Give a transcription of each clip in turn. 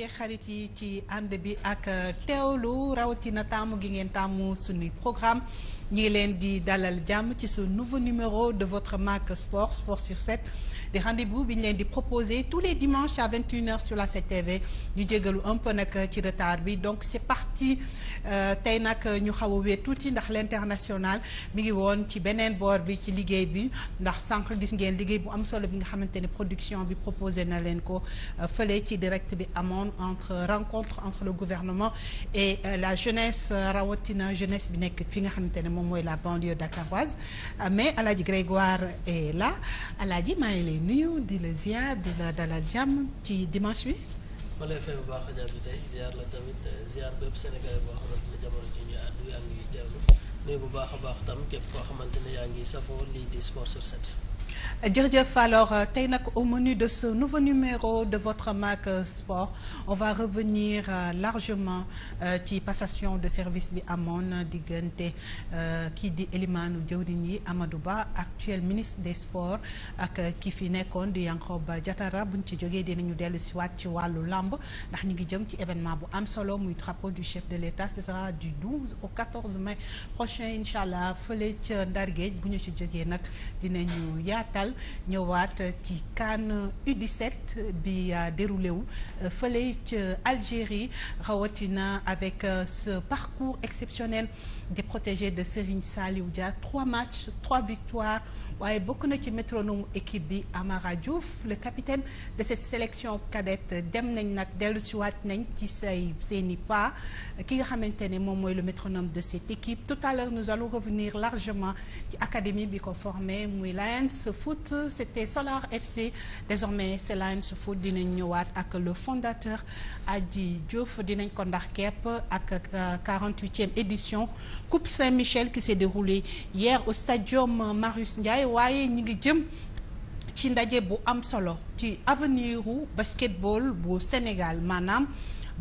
mbokki xarit yi ci ànd bi ak euh, teewlu rawatina taamu gi ngeen taamu suñuy programme ñu ngi leen di dalal jàmm ci ce nouveau numéro de votre marque sport sport sur 7 di rendez-vous bi ñu leen di proposer tous les dimanches à 21h sur la 7TV ñu jégalu un peu nag ci retard bi donc c'est parti euh, tey nag ñu xaw a wéet tuuti ndax l'international mi ngi woon ci beneen boor bi ci liggéey bi ndax sànq gis ngeen liggéey bu am solo bi nga xamante ne production bi proposé na leen ko euh, fële ci direct bi amoon entre rencontre entre le gouvernement et euh, la jeunesse rawatina jeunesse bi nekk fi nga xamante ne moom mooy la banlieue de mais Alaaji Grégoire est là Alaaji maa ngi lay nuyu di la ziar di la dalal jàmm ci dimanche bi. ma lay fay bu baax a jàpp tey ziar la tamit ziar bépp sénégal boo xamante ne jamono ji ñuy àddu yaa ngi teewlu nuyu bu baax a baax tam képp koo xamante ne yaa ngi safoo lii di sport sur set jërëjëf alors euh, tey nag au menu de ce nouveau numéro de votre MAC euh, Sport on va revenir euh, largement ci passation de service bi amoon diggante kii di Elimaanu jëwriñ yi amadu Ba actuel ministre des sports ak ki fi nekkoon di Yankhoba bu buñ ci jógee ñu dellu si waat ci wàllu làmb ndax ñu ngi jëm ci événement bu am solo muy drapeau du chef de l'État ce sera du 12 au 14 mai prochain incha allah fële ca Ndargéej bu ñu ci jógee nag dinañu yaatal waat ci CAN U17 bi euh, déroulé wu euh, fële ca Algérie rawatina avec euh, ce parcours exceptionnel des protégés de Serigne Saliou Dia trois matchs trois victoires waaye bokk na ci métronome équipe bi Amara Diouf le capitaine de cette sélection cadette dem nañ nag dellusiwaat nañ ci say seeni pas ki nga xamante ne moom mooy le métronome de cette équipe tout à l'heure nous allons revenir largement ci académie bi ko formé muy Lions Foot c'était Solar FC désormais c'est Lions Foot dinañ ñëwaat ak le fondateur Adi Diouf dinañ ko ndax kepp ak 48e euh, édition Coupe Saint-Michel qui s'est déroulée hier au stadium Marius Ndiaye waaye ñi ngi jëm ci ndaje bu am solo ci avenir u basketball bu Sénégal maanaam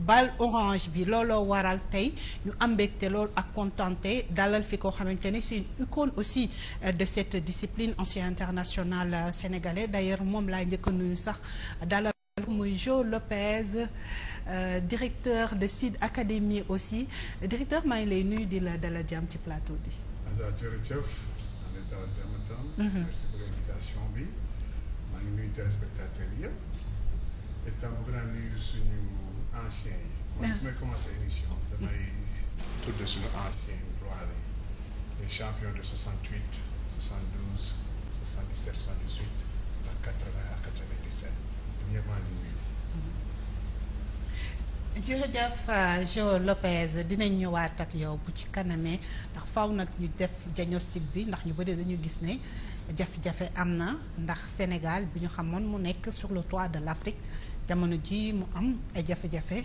bal orange bi looloo waral tey ñu am mbégte loolu ak contenté dalal fi koo xamante ne si une aussi euh, de cette discipline ancien international euh, sénégalais d'ailleurs moom laa njëkk a nuyu sax dalal muy Jo Lopez euh, directeur de Sud Académie aussi directeur maa ngi lay nuyu di la dalal ci plateau bi. ancien yi. man ah. su may commencé émission damay tudd suñu ancien yi les champions de mm-hmm. euh, Lopez dinañ ñëwaat ak yow bu ci kanamee ndax faw nag ñu def diagnostic bi ndax ñu bëri dañu gis ne jafe-jafe am na ndax Sénégal bi ñu xamoon mu nekk sur le toit de l'Afrique jamono ji mu am ay jafe-jafe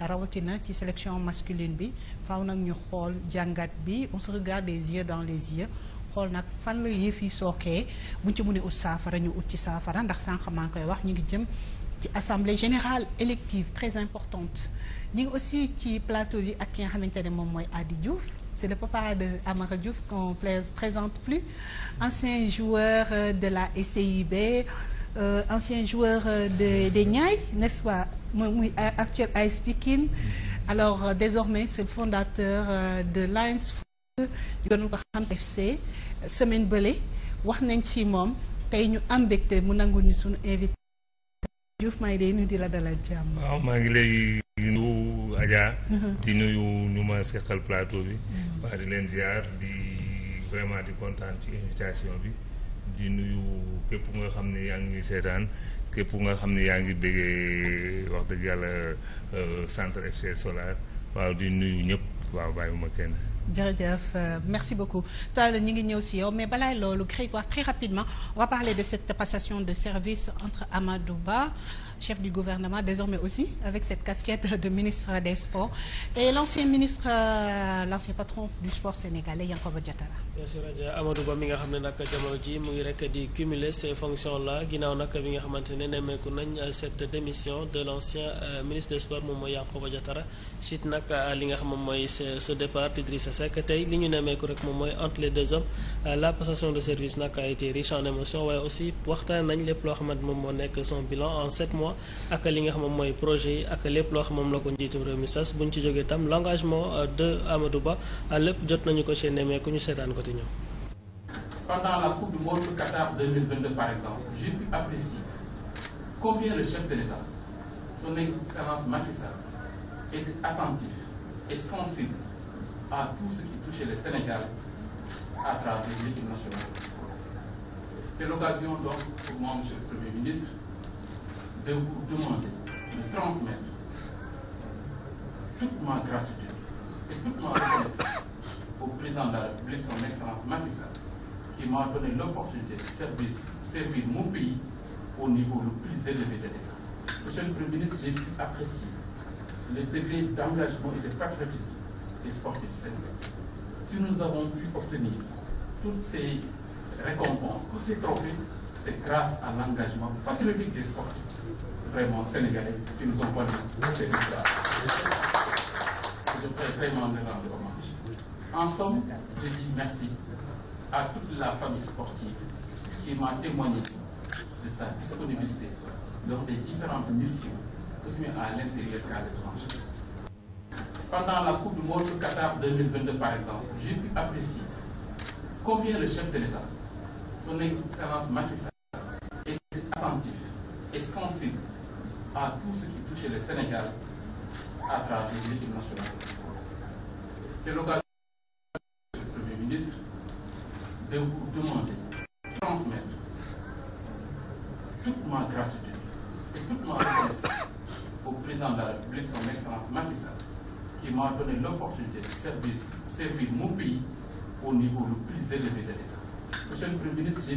rawatina ci sélection masculine bi faaw nag ñu xool jàngat bi on se regarde des yeux dans les yeux xool nag fan la yëf yi sookee buñ ci mënee ut saafara ñu ut ci saafara ndax sànq maa ngi koy wax ñu ngi jëm ci assemblée générale élective très importante ñu ngi aussi ci plateau yi ak ki nga xamante ne moom mooy Adi Diouf c'est le papa de Amara Diouf qu'on ne présente plus ancien joueur euh, de la SCIB euh, ancien joueur euh, de des Niayes n'est-ce pas muy euh, actuel AS Pikine alors euh, désormais c'est le fondateur de Lions Foot ñu ko xam FC semaine bële wax nañ ci moom tey ñu am mbégte mu nangu ñu suñu invité Diouf maa ngi lay nuyu di la dalal jàmm. waaw maa ngi lay nuyu Adja. Mhm. di nuyu ñu ma seqal plateau bi. Mhm. waa di leen ziar di vraiment di kontaan ci invitation bi. di nuyu képp nga xam ne yaa ngi seetaan képp nga xam ne yaa ngi bëggee wax dëgg yàlla euh, centre FC Solar waaw di nuyu ñëpp waaw bàyyiwuma kenn. jërëjëf euh, merci beaucoup Tall ñu ngi ñëw si yow mais balaay loolu Grégoire très rapidement on va parler de cette passation de service entre Amadou Ba. chef du gouvernement, désormais aussi avec cette casquette de ministre des Sports, et l'ancien ministre, euh, l'ancien patron du sport sénégalais, Amadou Ba nga xam ne nag jamono ji mu ngi rek di cumuler ces fonctions-là ginnaaw nag bi nga xamante ne nemmeeku nañ cette démission de l'ancien euh, ministre des Sports moom mooy Yankhoba Diattara suite nag li nga xam mooy ce départ d'Idrissa Seck tey li ñu nemmeeku rek moom mooy entre les deux euh, la passation de service a été riche moo nekk son bilan en sept mois mois ak li nga xam moom mooy projet yi ak lépp loo xam moom la ko njiitu réew mi sas bu ci jógee tam l'engagement euh, de Amadou Ba euh, lépp jot nañu ko ci nemmeeku ñu seetaan ko ci ñëw. Pendant la Coupe du Monde Qatar 2022 par exemple, j'ai pu combien le chef de l'État, son excellence Macky était attentif et sensible à tout ce qui touchait le Sénégal à travers l'équipe nationale. C'est l'occasion donc pour moi, Monsieur Premier ministre, de vous demander de transmettre toute ma gratitude et toute ma reconnaissance au président de la République, son Excellence Macky Sall, qui m'a donné l'opportunité de servir, servir mon pays au niveau le plus élevé de l'État. ministre, j'ai pu apprécier le degré d'engagement et de patriotisme des sportifs sénégalais. Si nous avons pu obtenir toutes ces récompenses, tous ces trophées, c'est grâce à l'engagement patriotique des sportifs. vraiment sénégalais qui nous ont permis Je voudrais vraiment les rendre hommage. En je dis merci à toute la famille sportive qui m'a témoigné de sa disponibilité dans ses différentes missions, aussi bien à l'intérieur qu'à l'étranger. Pendant la Coupe du Monde Qatar par exemple, j'ai pu apprécier combien le chef de l'État, son Excellence Macky Sall, attentif et a ah, tout ce qui touchait le Sénégal à travers l'équipe nationale. C'est l'occasion, Monsieur le Premier ministre, de vous demander de transmettre toute gratitude et toute ma reconnaissance au président la République, son Excellence Macky Sall, m'a donné l'opportunité de servir, servir mon pays au niveau le plus élevé de l'État. Monsieur ministre, j'ai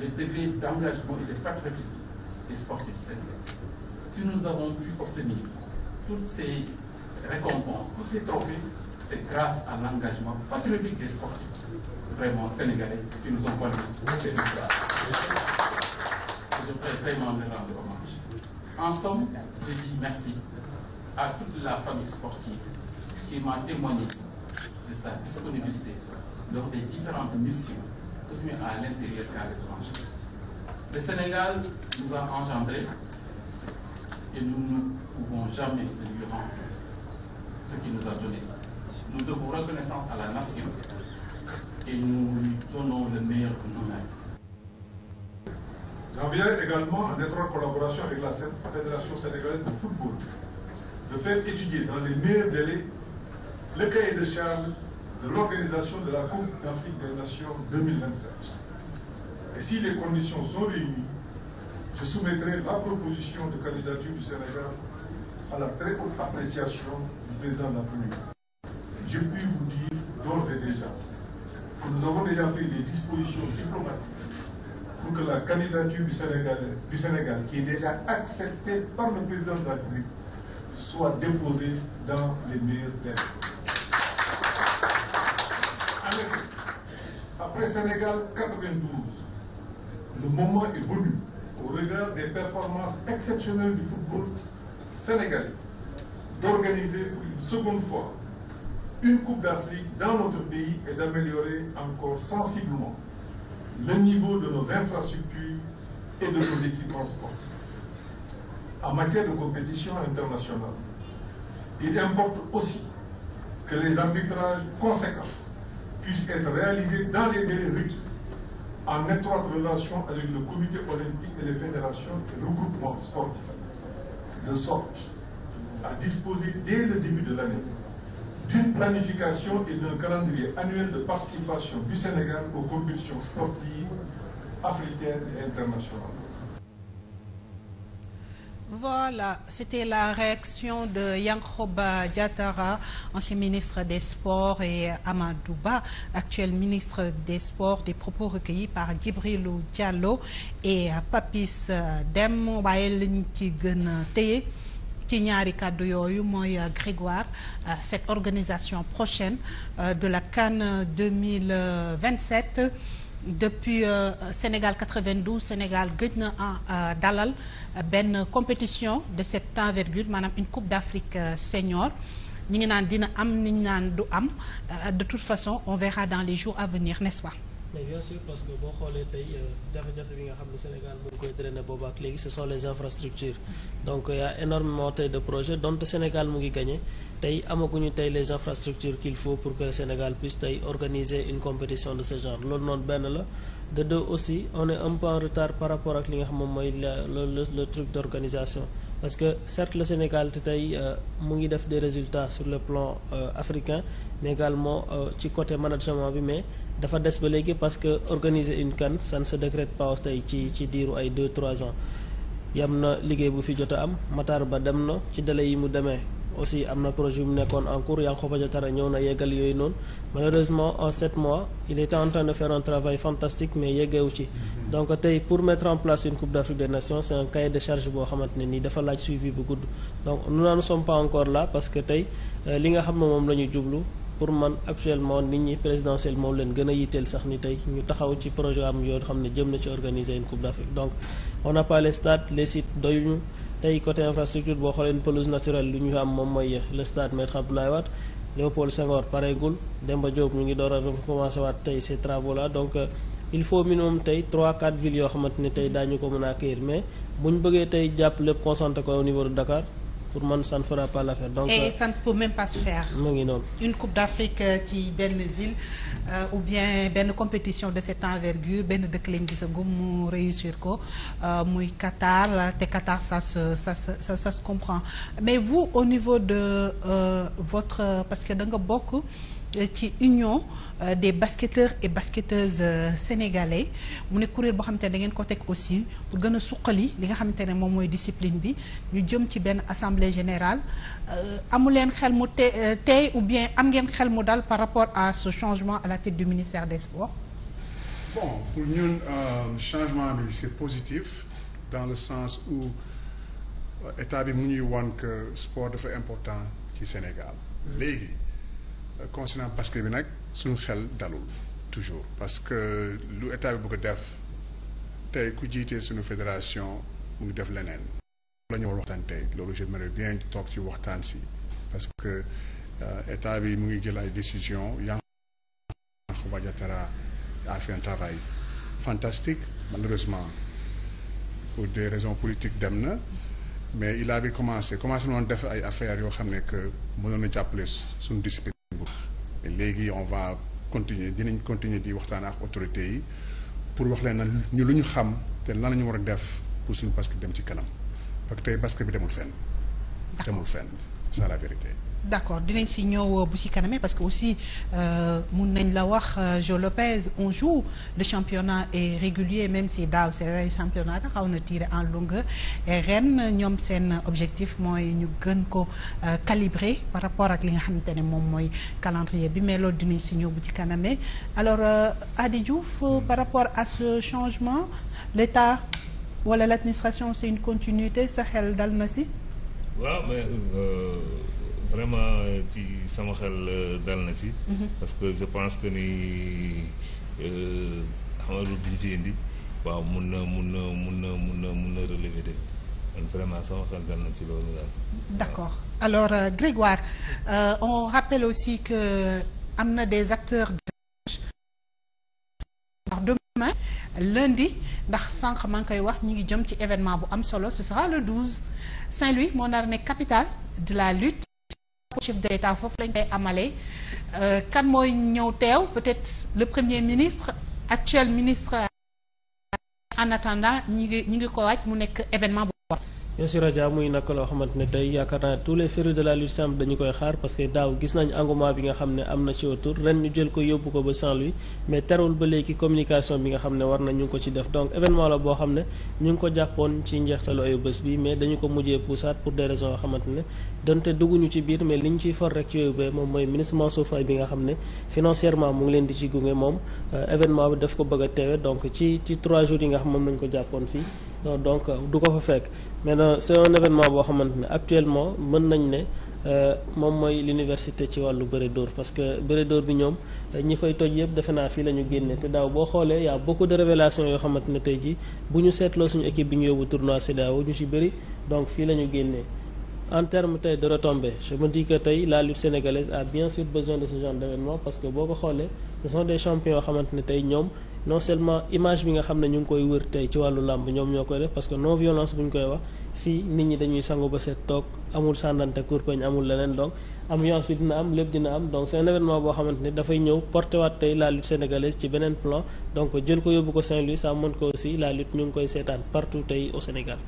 le degré d'engagement et de patriotisme des sportifs sénégalais. Si nous avons pu obtenir toutes ces récompenses, tous ces trophées, c'est grâce à l'engagement patriotique des sportifs, vraiment sénégalais, qui nous ont permis ces victoires. Je voudrais vraiment leur rendre hommage. En somme, je dis merci à toute la famille sportive qui m'a témoigné de sa disponibilité dans ses différentes missions, que ce à l'intérieur qu'à l'étranger. Le Sénégal nous a engendrés et nous ne pouvons jamais lui rendre ce qu'il nous a donné. Nous devons reconnaissance à la nation et nous lui donnons le meilleur que nous-mêmes. J'en également en étroite collaboration avec la Fédération sénégalaise de football de faire étudier dans les meilleurs délais le de charge de l'organisation de la Coupe d'Afrique Et si les conditions sont réunies, je soumettrai la proposition de candidature du Sénégal à la très haute appréciation du président de la République. Je puis vous dire d'ores et déjà que nous avons déjà fait des dispositions diplomatiques pour que la candidature du Sénégal, qui est déjà acceptée par le président de la République, soit déposée dans les meilleurs délais. Après Sénégal le moment est venu, au regard des performances exceptionnelles du football sénégalais, d'organiser pour une seconde fois une Coupe d'Afrique dans notre pays et d'améliorer encore sensiblement le niveau de nos infrastructures et de nos équipements sportifs. En matière de compétition internationale, il importe aussi que les arbitrages conséquents puissent être réalisés dans les délais requis en étroite relation avec le comité olympique et les fédérations et regroupements sportifs, de sorte à disposer dès le début de l'année d'une planification et d'un calendrier annuel de participation du Sénégal aux compétitions sportives africaines et internationales. Voilà, c'était la réaction de Yankhoba Diattara, des Sports, et Amadou des Sports, des propos recueillis par Djibrilou Diallo et ci gën a ñaari kàddu yooyu mooy Grégoire organisation prochaine euh, de la CAN 2027 depuis euh, Sénégal 92 Sénégal gëj na en euh, euh, dalal euh, benn compétition de cette envergure maanaam une coupe d'Afrique senior ñi ngi naan dina am ni ñu naan du am de toute façon on verra dans les jours à venir n'est-ce pas mais bien parce que boo xoolee tey euh, jafe-jafe bi nga xam ne Sénégal mu ngi koy drainer boobu ak léegi ce sont les infrastructures donc y a énormément tey de projet donte Sénégal mu ngi gagné tey amaguñu tey les infrastructures qu'il faut pour que le Sénégal puisse tey organiser une compétition de ce genre loolu noonu benn la de deux aussi on est un en retard par rapport ak li nga xam moom mooy le le truc d'organisation parce que certes le Sénégal te tey euh, mu ngi def des résultats sur le plan euh, africain mais ci euh, côté management bi mais dafa des ba léegi parce que organiser une CAN ça ne se décrète pas ci ci diiru ay deux trois ans yam na liggéey bu fi jot am Matar Ba dem na ci délai yi mu demee aussi am na projet yu mu nekkoon en cours Yankhoba tara ñëw na yeggal yooyu noonu malheureusement en sept mois il était en train de faire un travail fantastique mais yeggeewu ci mm-hmm. donc tey pour mettre en place une coupe d'Afrique des nations c'est un de charge boo xamante ne nii dafa laaj suivi bu gudd donc nous n'en sommes encore là parce que tey euh, li nga xam ne moom la ñu jublu pour man actuellement nit ñi présidentielle moom leen gën a yitteel sax ni tey ñu taxaw ci programme yoo xam ne jëm na ci organiser une coupe d'Afrique donc on n'a pas les stades les sites doyuñu tey côté infrastructure boo xoolee pelouse naturelle lu ñu am moom mooy le stade Maître Abdoulaye Wade Léopold Senghor pareegul Demba Diop ñu ngi door a recommencer waat tey ces travaux là donc euh, il faut minimum tey 3 4 villes yoo xamante ne tey daañu ko mën a accueillir mais ñu bëggee tey jàpp lépp ko au Dakar. pour man ça ne fera pas l'affaire donc et euh, ça ne mu ngi noonu. une coupe d'Afrique euh, ci benn ville euh, ou bien benn compétition de cette envergure benn dëkk lañ gisagum mu réussir ko muy Qatar te Qatar ça se ça se comprend mais vous au niveau de votre parce que da nga bokk ci union. Euh, des basketteurs et basketteuses euh, sénégalais mu ne kuréel boo xamante ne da ngeen ko teg aussi pour gën a suqali li nga xamante ne moom mooy discipline bi ñu jëm ci benn assemblée générale euh, amu leen xel mu te tey ou bien am ngeen xel mu dal par rapport à ce changement à la tête du ministère des sports bon pour ñun changement bi c'est positif dans le sens où état bi mu ñuy wan que sport dafa important ci Sénégal mm-hmm. léegi concernant basket bi nag suñu xel dalul toujours parce que lu état bi bëgg a def tey ku jiitee suñu fédération mu ngi def leneen la ñu war waxtaan tey loolu j'aimerais bien toog ci waxtaan si parce que euh, état bi mu ngi jël ay décision Yankhoba Diattara a fait un travail fantastique malheureusement pour des raisons politiques dem na mais il bi commencé commencé noonu def ay affaire yoo xam ne que mënoon a jàppale suñu discipline léegi on va continuer dinañ continuer di waxtaan ak autorités yi pour wax leen na ñu lu ñu xam te lan la ñu war a def pour suñu basket dem ci kanam parce que tey basket bi demul fenn demul fenn c'est la vérité d'accord dinañ si ñëw euh, bu si kaname parce que aussi euh, mun nañ la wax euh, Jo Lopez on joue le championnat est régulier même si daaw c'est vrai championnat bi xaw na tiire en longueur et ren ñoom seen objectif mooy ñu gën ko calibrer par rapport ak li nga xamante ne moom mooy calendrier bi mais loolu dinañ si ñëw bu ci kaname alors Adi Diouf par rapport à ce changement l'État wala l'administration c'est une continuité sa xel dal na si vraiment euh, ci sama xel euh, dal na ci. Mhm. parce que je pense que ni euh, xam nga lu ci indi waaw mun na mun na mun na mun na mun na relever de man vraiment sama xel dal na ci loolu daal. d'accord alors euh, Grégoire euh, on rappelle aussi que am na des acteurs de. demain lundi ndax sànq maa ngi koy wax ñu ngi jëm ci événement bu am solo ce sera le 12 Saint-Louis moo nar ne capitale de la lutte. chef de l'État foofu lañ koy amalee euh, kan mooy ñëw teew peut-être le premier ministre actuel ministre en attendant ñi ngi ñi ngi ko waaj mu nekk événement bien sûr Adja muy loo xamante ne tey yaakaar naa tous les férus de la lutte simple dañu koy xaar parce que daaw gis nañ engouement bi nga xam ne am na ci autour ren ñu jël ko yóbbu ko ba Saint-Louis mais terewul ba léegi communication bi nga xam ne war na ñu ko ci def donc événement la boo xam ne ñu ngi ko jàppoon ci njeextalu ayu bés bi mais dañu ko mujjee poussaat pour des raisons yoo xamante ne donte dugguñu ci biir mais li ñu ciy for rek ci yooyu ba moom mooy ministre Mansour Faye bi nga xam ne financièrement mu ngi leen di ci gunge moom euh, événement bi ko bëgg a teewe donc ci ci trois yi nga xam moom nañ ko jàppoon fii euh, donc du ko fa fekk mais non c'est un événement boo xamante ne actuellement mën nañ ne euh, moom mooy l'université ci wàllu bëre dóor parce que bëre dóor bi ñoom euh, ñi koy toj yëpp defe naa fii la ñu génne te daaw boo xoolee y'a beaucoup de révélations yoo xamante ne tey jii bu ñu seetloo suñu équipe bi ñu yóbbu tournoi CEDEAO ñu ci bëri donc fii la ñu génnee en terme tey de retombées je me dis tey la lutte sénégalaise à bien sûr besoin de ce genre parce que boo ko xoolee ce sont des champions xamante ne tey ñoom non seulement image bi nga xam ne ñu ngi koy wér tey ci wàllu làmb ñoom ñoo koy def parce que non violence bu ñu koy wax fii nit ñi dañuy sangu ba set toog amul sànnante kurpeñ amul leneen donc ambiance bi dina am lépp dina am donc c'est un événement boo xamante ne dafay ñëw porté waat tey la lutte sénégalaise ci beneen plan donc jël ko yóbbu ko Saint-Louis ça montre que aussi la lutte ñu ngi koy seetaan partout tey au Sénégal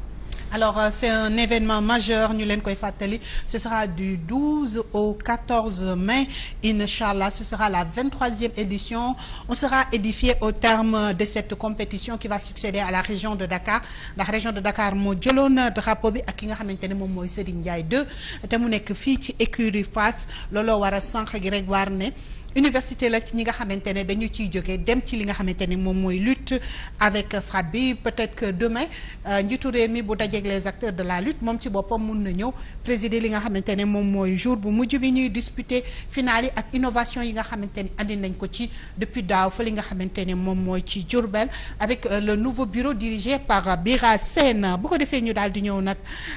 alors euh, c'est un événement majeur ñu leen koy fàttali ce sera du 12 au 14 mai inchallah ce sera la 23e édition on sera édifié au terme de cette compétition qui va succéder à la région de Dakar ndax région de Dakar moo jëloon drapeau bi ak ki nga xamante ne moom mooy Serigne Ndiaye 2 te mu nekk fii ci écurie Fass looloo war a sànq gi rek waar ne université la ci ñi nga xamante ne dañu ciy jógee dem ci li nga xamante ne moom mooy lutte avec frappe bi peut-être que demain euh, njiitu réew mi bu dajeeg les acteurs de la lutte moom ci boppam mun na ñëw présider li nga xamante ne moom mooy jour bu mujj bi ñuy disputer final ak innovation yi nga xamante ne andi nañ ko ci depuis daaw fa li nga xamante ne moom mooy ci Diourbel avec euh, le nouveau bureau dirigé par euh, Bira Sène bu ko defee ñu daal di ñëw nag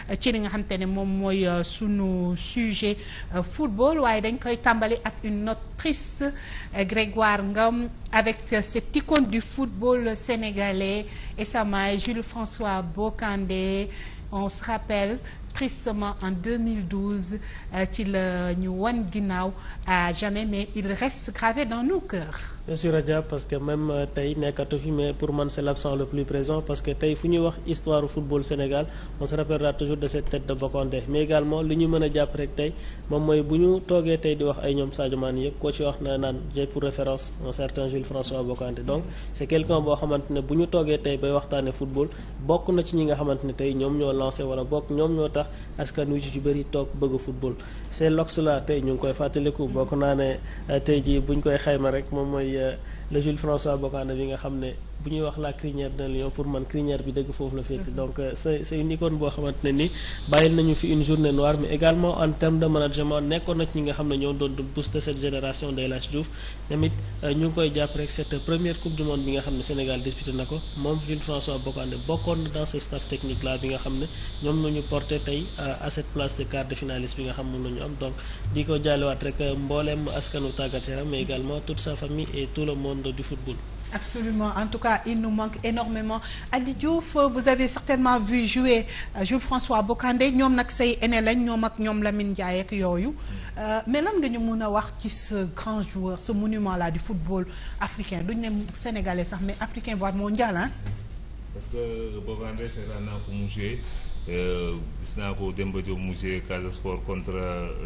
euh, ci li nga xamante ne moom mooy sunu sujet football waaye dañ koy tàmbali ak une note triste Grégoire Ngom avec cette icône du football sénégalais et Jules François Bocandé on se rappelle tristement en 2012 euh, ci la ñu wan ginnaaw à jamais mais il reste gravé dans nos cœurs bien parce que même euh, tey nekkatu fi mais pour man c'est l'absent le plus présent parce que tey fu ñuy wax histoire football Sénégal on se rappellera toujours de cette tête mais également li ñu mën a jàpp rek tey moom mooy bu ñu toogee tey di wax ay ñoom Sadio Mané yëpp koo ci wax na naan j'ai pour référence un certain ne bu ñu toogee tey bay waxtaane football bokk na ci ñi nga xamante ne tey ñoom ñoo lancé wala bokk ñoom ñoo tax askan wi ci bëri toog bëgg football c'est lox tey ñu ngi koy fàttaliku bokk naa ne euh, tey ji buñ koy xayma rek moom mooy Euh, le Jules François Bocandé bi nga xam ne bu ñuy wax la crinière de lion pour man crinière bi dëgg foofu la féete mm-hmm. donc euh, c'est c'est boo xamante ne ni bàyyil nañu fi une journée noire mais également en termes de management nekkoon na ci ñi nga xam ne ñoo doon booster cette génération euh, de El nga xam ne Sénégal disputé na ko moom Jules François Bocandé bokkoon dans ne ñoom la ñu porté tey euh, à cette place de quart de finaliste bi nga xam moom la ñu am donc di ko jàllewaat rek mbooleem askanu tàggat yaram mais également toute sa famille et tout le monde du football Absolument. En tout cas, il nous manque énormément. Adi Diouf, vous avez certainement vu jouer euh, Jules François Bocandé ñoom nag say aîné lañ ñoom ak ñoom Lamine Ndiaye ak yooyu euh, mais lan nga ñu mën a wax ci ce grand joueur ce monument là du football africain duñ ne sénégalais sax mais africain voire mondial hein. parce que Bocandé c'est un an mu joué Euh, gis naa ko Demba Diop mu joué Casa Sport contre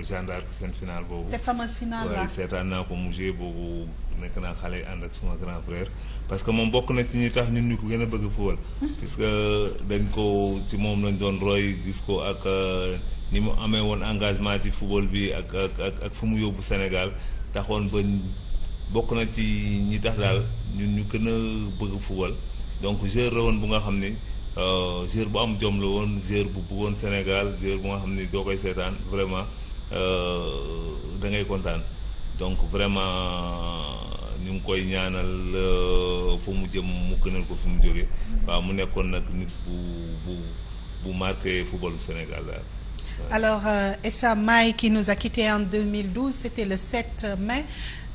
Jeanne seen final boobu. cette fameuse finale la seetaan naa ko mu joué boobu nekk naa xale yi ànd ak suma grand frère. parce que moom bokk na ci ñi tax ñun ñu ko gën a bëgg a fubal. que dañ ko ci moom lañ doon roy gis ko ak euh, ni mu amee woon engagement ci football bi ak ak fu mu yóbbu Sénégal taxoon ba bokk na ci ñi tax daal ñun ñu gën a bëgg a donc joueur la bu nga xam ni. Euh, joueur bu am jom la woon joueur bu bëggoon Sénégal joueur bu nga xam ni doo koy seetaan vraiment euh, da ngay kontaan donc vraiment ñu ngi koy ñaanal euh, fu mu jëm mu gënal ko fi mu jógee waa mu nekkoon nag nit bu bu bu marqué footballu Sénégal daal. alors Essa May qui nous a quitté en 2012 c'était le 7 mai.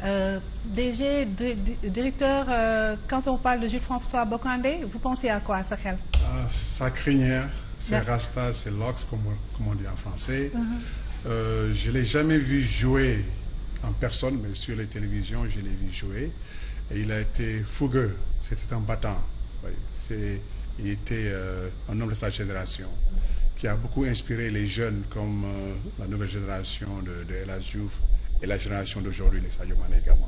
Euh, DG di, di, directeur euh, quand on parle de Jules-François Bocandé vous pensez à quoi à ah, c'est rasta c'est lox comme on dit en français. Uh-huh. Euh, je l'ai jamais vu jouer en personne mais sur les télévisions je l'ai vu jouer et il a été fougueux c'était un battant il était euh, un homme de sa génération qui a beaucoup inspiré les jeunes comme euh, la nouvelle génération de de El Hadj Diouf et la génération d'aujourd'hui les Sadio Mané également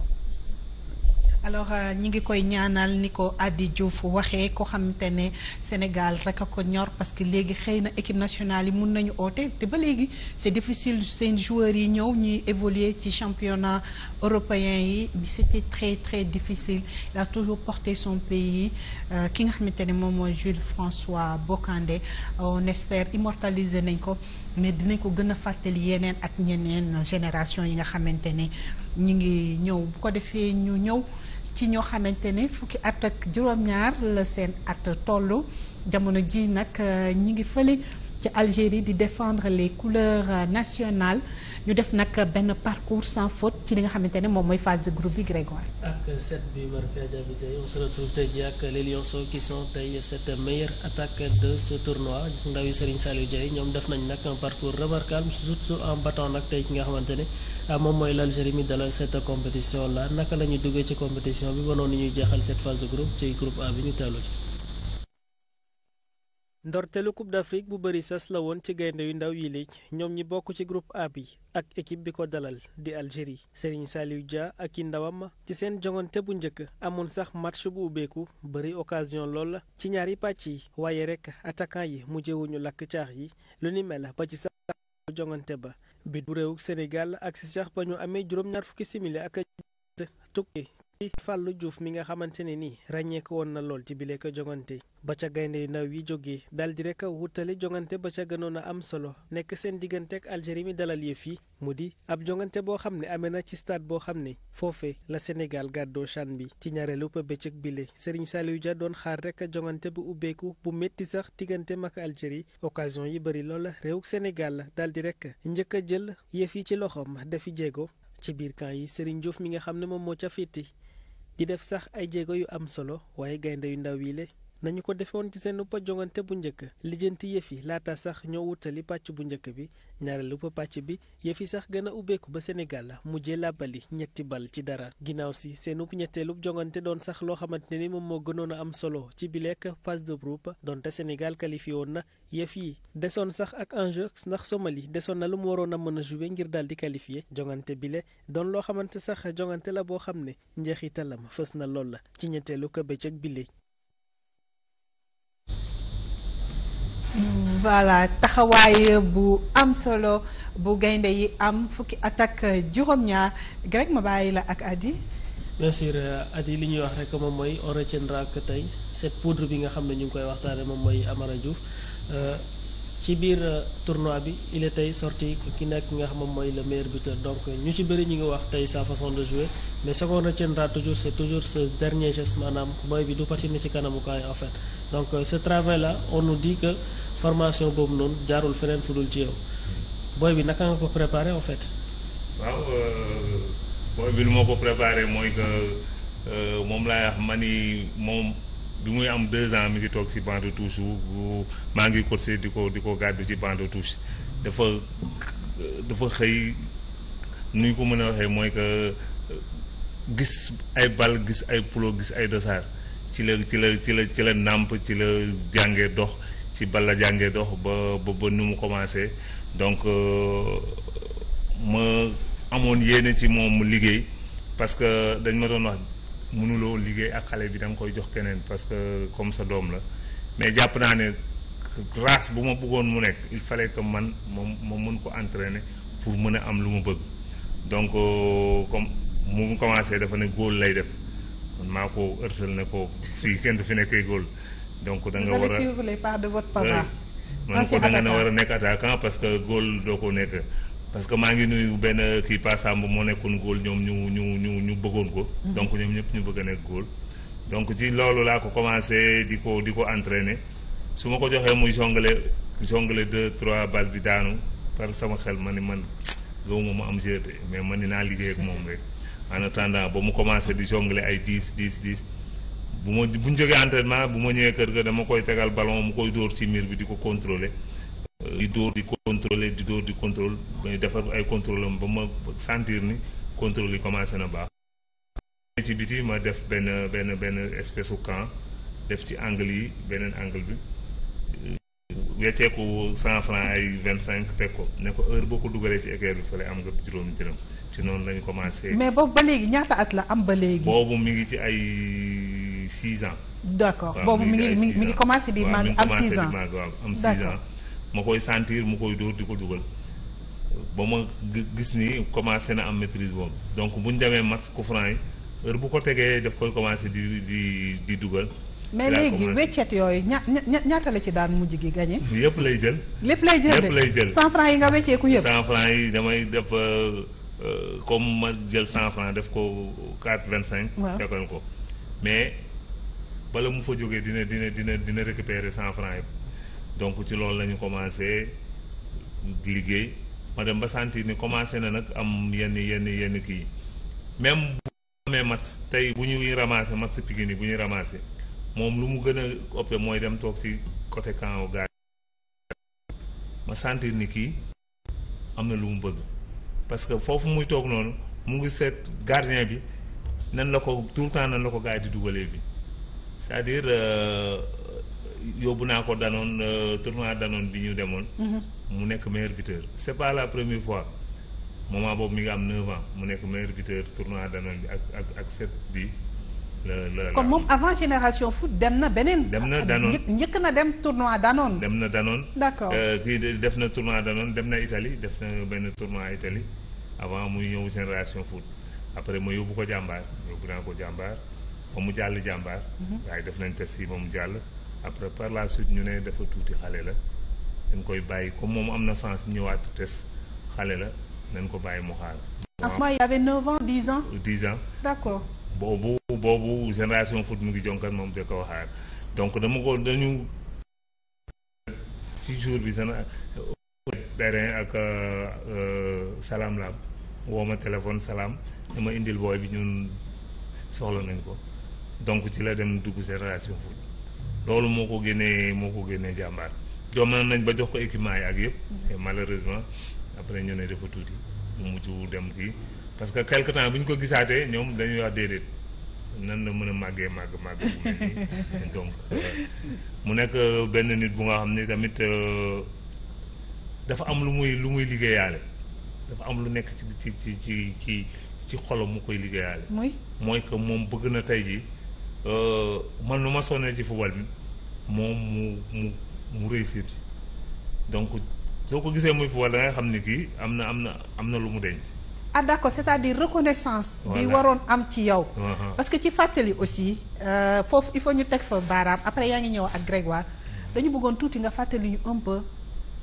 euh, ñi ngi koy ñaanal ni ko Adi Diouf waxee ko xamante ne Sénégal rek a ko ñor parce que léegi xëy na équipe nationale yi mun nañu oote te ba léegi c'est difficile seen joueurs yi ñëw ñuy évoluer ci championnat européens yi bi c'était très très difficile il a toujours porté son pays euh, ki nga xamante ne moom mooy Jules François Bocandé on espère immortaliser nañ ko mais dinañ ko gën a fàttali yeneen ak ñeneen génération yi nga xamante ne ñi ngi ñëw bu ko defee ñu ñëw ci ñoo xamante ne fukki at ak juróom-ñaar la seen at toll jamono ji nag euh, ñi ngi fële ci Algérie di défendre les couleur nationales ñu def nag benn parcours sans faute ci li nga xamante ne moom mooy phase de groupe bi Grégoire. ak set bi Marca Diaby Diaye on se retrouve tey jii ak les Lions qui sont tey cette meilleure attaque de ce tournoi ndaw yi Serigne Saliou Diaye ñoom def nañ nag un parcours remarquable surtout en battant nga xamante ne ah, moom mooy l'Algérie mi dalal cette compétition là naka la ñuy duggee ci compétition bi ba noonu ñuy jeexal cette phase de groupe ci groupe A bi ñu teewlu ci. ndorteelu Coupe d'Afrique bu bëri sas la woon ci gaynde yu ndaw yi léegi ñoom ñi bokk ci groupe A bi ak équipe bi ko dalal di Algérie Serigne Saliou Dia ak i ndawam ci seen jongante bu njëkk amoon sax match bu ubbeeku bëri occasion lool la ci ñaari pàcc yi waaye rek attaquant yi mujjewuñu lakk caax yi lu ni mel ba ci sax jongante ba bi bu réew Sénégal ak sax ba ñu amee juróom-ñaar fukki simili ak tukki fàllu juuf mi nga xamante ne nii ràññeeku na lool ci bile ko jongante ba ca gaynde yu ndaw yi jógee daal di rek wutale jongante ba ca gënoon a am solo nekk seen diggante ak Algérie mi dalal yëf yi mu di ab jongante boo xam ne amee na ci stade boo xam ne foofee la Sénégal gàddoo CHAN bi ci ñaareelu bëccëg bile Serigne Saliou Dia doon xaar rek jongante bu ubbeeku bu métti sax diggante mag Algérie occasion yi bëri loola réewug senegal daal di rek njëkk a jël yëf yi ci loxoom dafi jéego ci biir camp yi Serigne Diouf mi nga xam ne moom moo ca féete di def sax ay jéego yu am solo waaye gaynde yu ndaw yi le nañu ko defoon ci seen uppa jongante bu njëkk lijjanti yëf yi laata sax ñoo wutali pàcc bu njëkk bi ñaareelu uppa pàcc bi yëfi sax gën a ubbeeku ba Sénégal mujjee làbbali ñetti bal ci dara ginnaaw si seen upp ñetteelu jongante doon sax loo xamante ni moom moo gënoon a am solo ci bilekk phase de groupe donte Sénégal qualifié woon na yëf yi desoon sax ak enjeu ndax Somalie desoon na lu mu waroon a mën a joué ngir daal di qualifié jongante bile doon loo xamante sax jongante la boo xam ne njeexitalam fës na lool la ci ñetteelu ko bëccëg bile voilà taxawaay bu am solo bu gaynde yi am fukki attaque juróom-ñaar Greg ma bàyyi la ak Adi. bien sûr euh, Adi li ñuy wax rek moom mooy on retiendra que tey cette poudre bi nga xam ne ñu ngi koy waxtaane moom mooy Amara Diouf euh, ci biir euh, tournoi bi il est tey sorti ki nekk nga xam moom mooy le meilleur buteur donc ñu ci bëri ñu ngi wax tey sa façon de jouer mais ce qu'on retiendra toujours c'est toujours ce dernier geste maanaam booy bi du patiner ci kanamu kaay en fait donc ce travail là on nous dit formation boobu noonu jaarul feneen fu dul ci yow booy bi naka nga ko préparé en fait. waaw euh, booy bi lu ma ko préparé mooy que euh, moom laay wax ma ni moom bi muy am deux ans mi ngi toog ci banc de touche maa ngi corsé di ko di ko gàddu ci banc de touche dafa dafa xëy nu ñu ko mën a waxee mooy que euh, gis ay bal gis ay pulo gis ay dosaar ci la ci la ci la ci la nàmp ci la jàngee dox. si balla jàngee dox ba ba ba nu mu commencé donc euh, ma amoon yéene ci moom mu liggéey parce que dañ ma doon wax mënuloo liggéey ak xale bi da nga koy jox keneen parce que comme sa doom la mais jàpp naa ne race bu ma buggoon mu nekk il fallait que man moom ma mën ko entraîner pour mën a am lu mu bëgg donc euh, comme mu commencé dafa ne góol lay def man maa ko ërtal ne ko fii kenn du fi nekkee góol donc da nga war a suivre les de votre papa. man ko da nga war a nekk attaquant parce que góol doo ko nekk. parce que maa ngi nuyu benn kii Passamb moo nekkoon góol ñoom ñu ñu ñu ñu bëggoon ko. Mhm. donc ñoom ñëpp ñu bëgg a nekk góol. donc ci loolu laa ko commencé di ko di ko entraîner su ma ko joxee muy jongle jongle deux trois bal bi daanu par sama xel ma ni man gëwuma mu am jeu mais man ni naa liggéey ak moom rek en attendant ba mu commencé di jongle ay dix dix dix. bu ma bu ñu jógee entraînement bu ma ñëwee kër ga dama koy tegal ballon mu koy dóor ci mur bi di ko contrôler euh, di dóor di contrôler di dóor di contrôle ba defar ay contrôle am ba ma sentir ni contrôle yi commencé na baax ci biti ma def benn benn benn espèce u camp def ci angle yi beneen angle bi euh, weccee ko cent franc ay vingt cinq teg ko ne ko heure boo ko dugalee ci équerre bi fële am nga juróomi dërëm ci noonu lañu commencé mais boobu ba léegi ñaata at la am ba léegi boobu mi ngi ci ay six ans. d'accord boobu mi ngi mi ngi commencé di màgg am six ans ma koy sentir mu koy dóor di ko dugal ba ma gis ni commencé na am maîtrise boobu donc bu ñu demee match coup franc yi heure bu ko tegee daf koy commencé di di di dugal. mais léegi weccet yooyu ña ña ñaata la ci daan mujj gi gagné. yëpp lay jël. lépp lay jël de lépp lay jël. cent franc yi nga wecceeku yëpp. cent franc yi damay def euh, euh, comme ma jël cent franc def ko quatre vingt cinq. waaw tegal ko mais. bala mu fa jógee dina dina dina dina récupérer cent francs donc ci loolu lañu commencé liggéey ma dem ba sentir ni commencé na nag am yenn yenn yenn kii même bu amee mat tey bu ñuy ramassé mat si Pikine bu ñuy ramassé moom lu mu gën a opté mooy dem toog ci côté camp gaa ma sentir ni kii am na lu mu bëgg parce que foofu muy toog noonu mu ngi seet gardien bi nan la ko tout le temps nan la ko gars yi di dugalee bi c'est-à-dire euh, yóbbu naa ko danoon euh, tournoi danoon bi ñu demoon. Mhm. mu nekk meilleur buteur c'est pas la première fois moment boobu mi ngi am 9 ans mu nekk meilleur buteur tournoi danoon bi ak ak ak set bi. la la kon moom avant génération foot dem na beneen. dem na danoon njëkk na dem tournoi danoon. dem na danoon. d'accord euh, kii def na tournoi danoon dem na Italie def na benn tournoi Italie avant muy ñëw génération foot après ma yóbbu ko jàmbaar yóbbu naa ko jàmbaar. ba mu jàll jàmbaar. Mhm. waaye def nañ test yi ba mu jàll. après par la suite ñu ne dafa tuuti xale la dañ koy bàyyi comme moom am na sens ñëwaat test xale la nañ ko bàyyi mu xaar. en ce moment il avait 9 ans boobu boobu génération foot mu ngi jonkan moom da ko xaar donc dama ko dañu ci jour bi sana terrain ak euh, salaam la woo ma téléphone salaam dama indil booy bi ñun soxla nañ ko donc ci la dem dugg génération foot loolu moo ko génnee moo ko génnee jàmbaar jommal nañ ba jox ko équipement yi ak yëpp mais malheureusement après ñu ne dafa tuuti mu mucc dem kii parce que quelque temps bu ñu ko gisaatee ñoom dañuy wax déedéet nan la mën a màggee màgg màgg bu mel euh, mu nekk euh, benn nit bu nga xam ni tamit euh, dafa am lu muy lu muy liggéeyaale dafa am lu nekk ci ci ci ci ci xolo mu koy liggéeyaale. mooy mooy que moom bëgg na tey ji Euh, man nu ma sonnee ci football bi moom mu mu mu réussir ci donc soo ko gisee muy football da nga xam ni kii am na am na am na lu mu denc. ah d'accord c'est-à-dire reconnaissance. bi waroon am ci yow. parce que ci fàttali aussi euh, foofu il faut ñu teg fa baaraam après yaa ngi ñëw ak Grégoire dañu bëggoon tuuti nga fàttali ñu un peu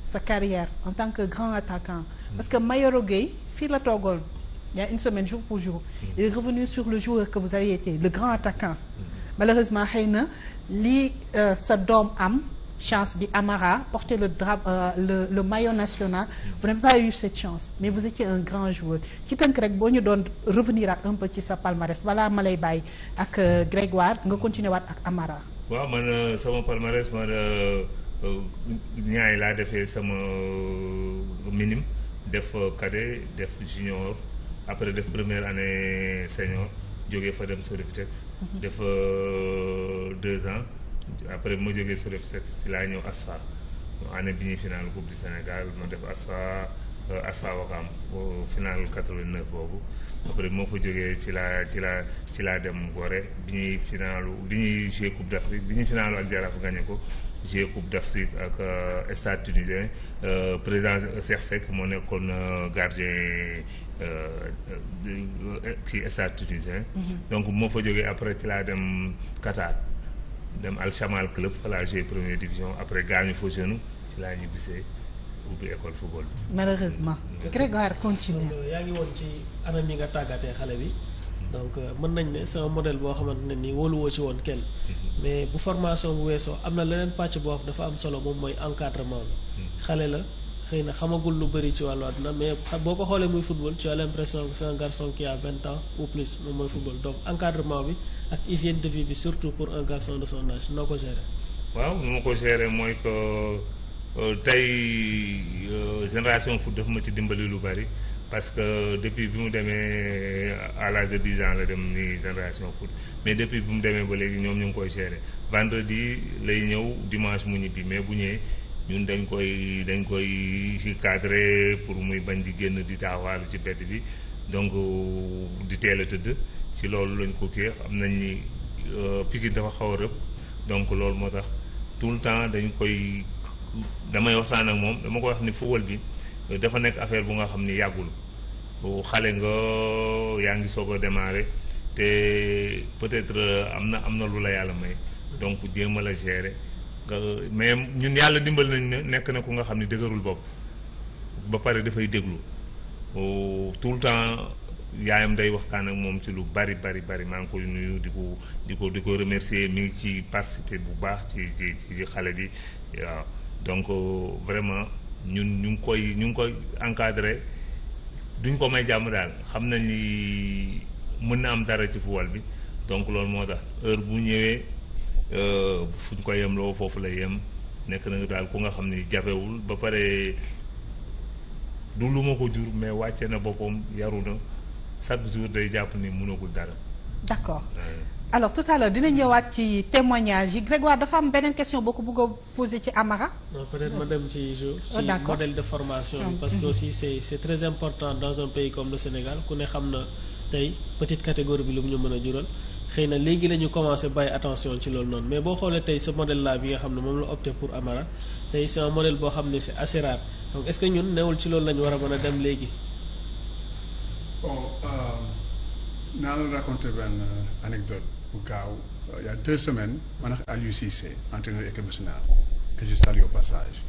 sa carrière en tant que grand attaquant. parce que Mayoro Gueye fii la toogoon. il y a une semaine jour pour jour il est revenu sur le joueur que vous avez été le grand attaquant malheureusement xëy na lii euh, sa doom am chance bi Amara porter le drap euh, le le maillot national vous n'avez pas eu cette chance mais vous étiez un grand joueur ci tank rek boo ñu doon revenir ak un peu ci sa palmarès balaa ma lay bàyyi ak euh, Grégoire nga continuer waat ak Amara. waaw man sama palmarès man ñaay laa defee sama minime def cadet def junior. après def première année senior jógee fa dem Sodefitex. Mhm. def fa euh, deux ans après bu ma jógee Sodefitex ci laa ñëw ASFA année bi ñuy final coupe du Sénégal ma def ASFA euh, ASFA Wakam final 89 boobu après moo fa jógee ci laa ci laa ci laa dem Gorée bi ñuy finalu bi ñuy jouer coupe d'Afrique bi ñuy finalu ak Jaraaf gagné ko. jouer coupe d'Afrique ak euh, stade tunisien euh, président Cheikh Seck moo nekkoon euh, gardien kii stade tunisien mhm. donc moo fa jógee après ci laa dem Qatar dem Al Shamal club fa laa jouer première division après gaañu fa genou ci laa ñu ubbi école football bi malheureusement mm. Grégoire continue yaa ngi woon ci anam yi nga tàggatee xale bi donc euh, mën nañ ne c'est model boo xamante ne nii wóoluwoo ci woon kenn mm-hmm. mais bu formation bu weesoo am na leneen pàcc boo xam dafa am solo moom mooy encadrement bi mm-hmm. xale la xëy na xamagul lu bëri ci wàllu na mais boo ko xoolee muy football ci as l'impression que c'est un garçon qui a vingt ans ou plus moom mooy football mm-hmm. donc encadrement bi ak hygiène de bi surtout pour un garçon de son noo ko gérer waaw nu ma ko gérer mooy que euh, tey euh, génération foot dafa ma ci dimbali lu bëri parce que depuis bi mu demee à l'âge de dix la dem ni génération foot mais depuis bi mu demee ba léegi ñoom ñu ngi koy gérer vendredi lay ñëw dimanche mu ñibbi mais bu ñëwee ñun dañ koy dañ koy cadré pour muy bañ di génn di taawaalu ci bedd bi donc di teel a tëdd ci loolu lañ ko kii xam nañ ni euh, Pikine dafa xaw a rëb donc loolu moo tax tout le temps dañ koy damay waxtaan ak moom dama koy wax ni football bi. dafa nekk affaire bu nga xam ni yàggul xale nga yaa ngi soog a démarrer te peut-être euh, am na am na lu la yàlla may donc jéem a la gérer mais ñun yàlla dimbal nañ ne nekk na ku nga xam ni dëgërul bopp ba pare dafay déglu tout le temps yaayam day waxtaan ak moom ci lu bari bari bari maa ngi koy nuyu di ko di ko di ko remercier mi ngi ci participer bu baax ci ci ci xale bi waaw donc euh, vraiment. ñun ñu ngi koy ñu ngi koy encadré duñ ko may jàmm daal xam nañ ni mën na am dara ci football bi donc loolu moo tax heure bu ñëwee euh, fuñ ko yem loo foofu la yem nekk na daal ku nga xam ni jafewul ba pare du lu ma ko jur mais wàcce na boppam yaru na chaque jour day jàpp ni mënagul dara. d'accord. alors tout à dina ñëwaat ci témoignage yi Grégoire dafa am beneen question boo ko bëgg a poser ci Amara. non ma dem ci jour. ci oh, modèle de formation bi. parce que mhm. aussi c'est c'est très important dans un pays comme le Sénégal ku ne xam na tey petite catégorie bi lu mu ñu mën a jural xëy na léegi la ñu commencé bàyyi attention ci loolu noonu mais boo xoolee tey ce modèle là bi nga xam ne moom la opté pour Amara tey c'est un boo xam ne c'est assez rare donc est-ce que ñun newul ci loolu a mën a dem léegi. bon euh, naa la raconter euh, bu gaaw euh, il y a deux semaines man ak Aliou Cissé entraîneur équipe nationale que je salue passage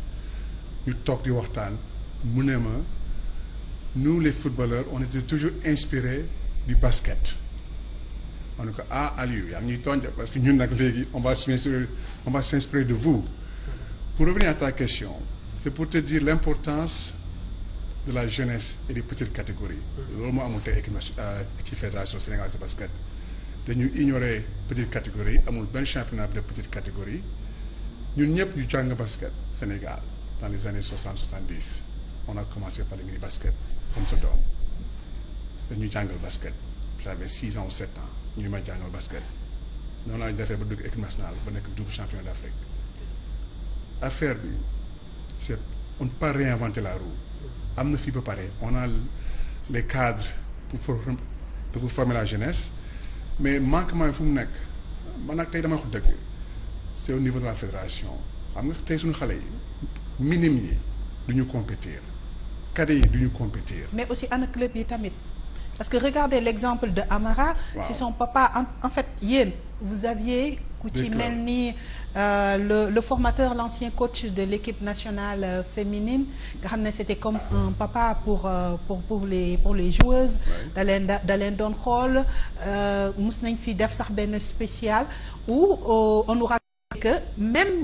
ñu toog di waxtaan mu ne ma nu les footballeurs on était toujours inspirés du basket ma ne ko ah Aliou yaa ngi ñuy tonja parce que ñun nag léegi on va s'inspirer on va s'inspirer de vous pour revenir à ta question c'est pour te dire l'importance de la jeunesse et des petites catégories loolu moo amul tey équipe ci euh, fédération sénégalaise de basket dañuy ignorer petite categorie amul benn championnat de petite catégorie ñun ñëpp ñu jàng basket Sénégal dans les années soixante soixante-dix on a commencé par le mini basket comme sa doom dañuy jàngal basket j'avais six ans ou sept ans ñuy ma jàngal basket noonu laa defee ba dugg équipe nationale ba nekk double champion d'Afrique affaire bi c'est on ne réinventer la roue am na fii ba pare on a les cadres pour former la jeunesse mais manquement yi fu mu nekk man nag tey damay wax dëgg c'est au niveau de la fédération xam nga tey suñu xale yi minime yi du ñu compétir cadets yi du ñu compétir. mais aussi ana club yi tamit parce que regardez l'exemple de Amara. waaw si son papa en fait yéen vous aviez. ku ci mel ni. Euh, le le formateur l'ancien coach de l'équipe nationale euh, féminine nga xam ne c'était comme un papa pour euh, pour pour les pour les joueuses da leen da leen doon xool mus nañ fi def sax benn spécial où on nous rappelle que même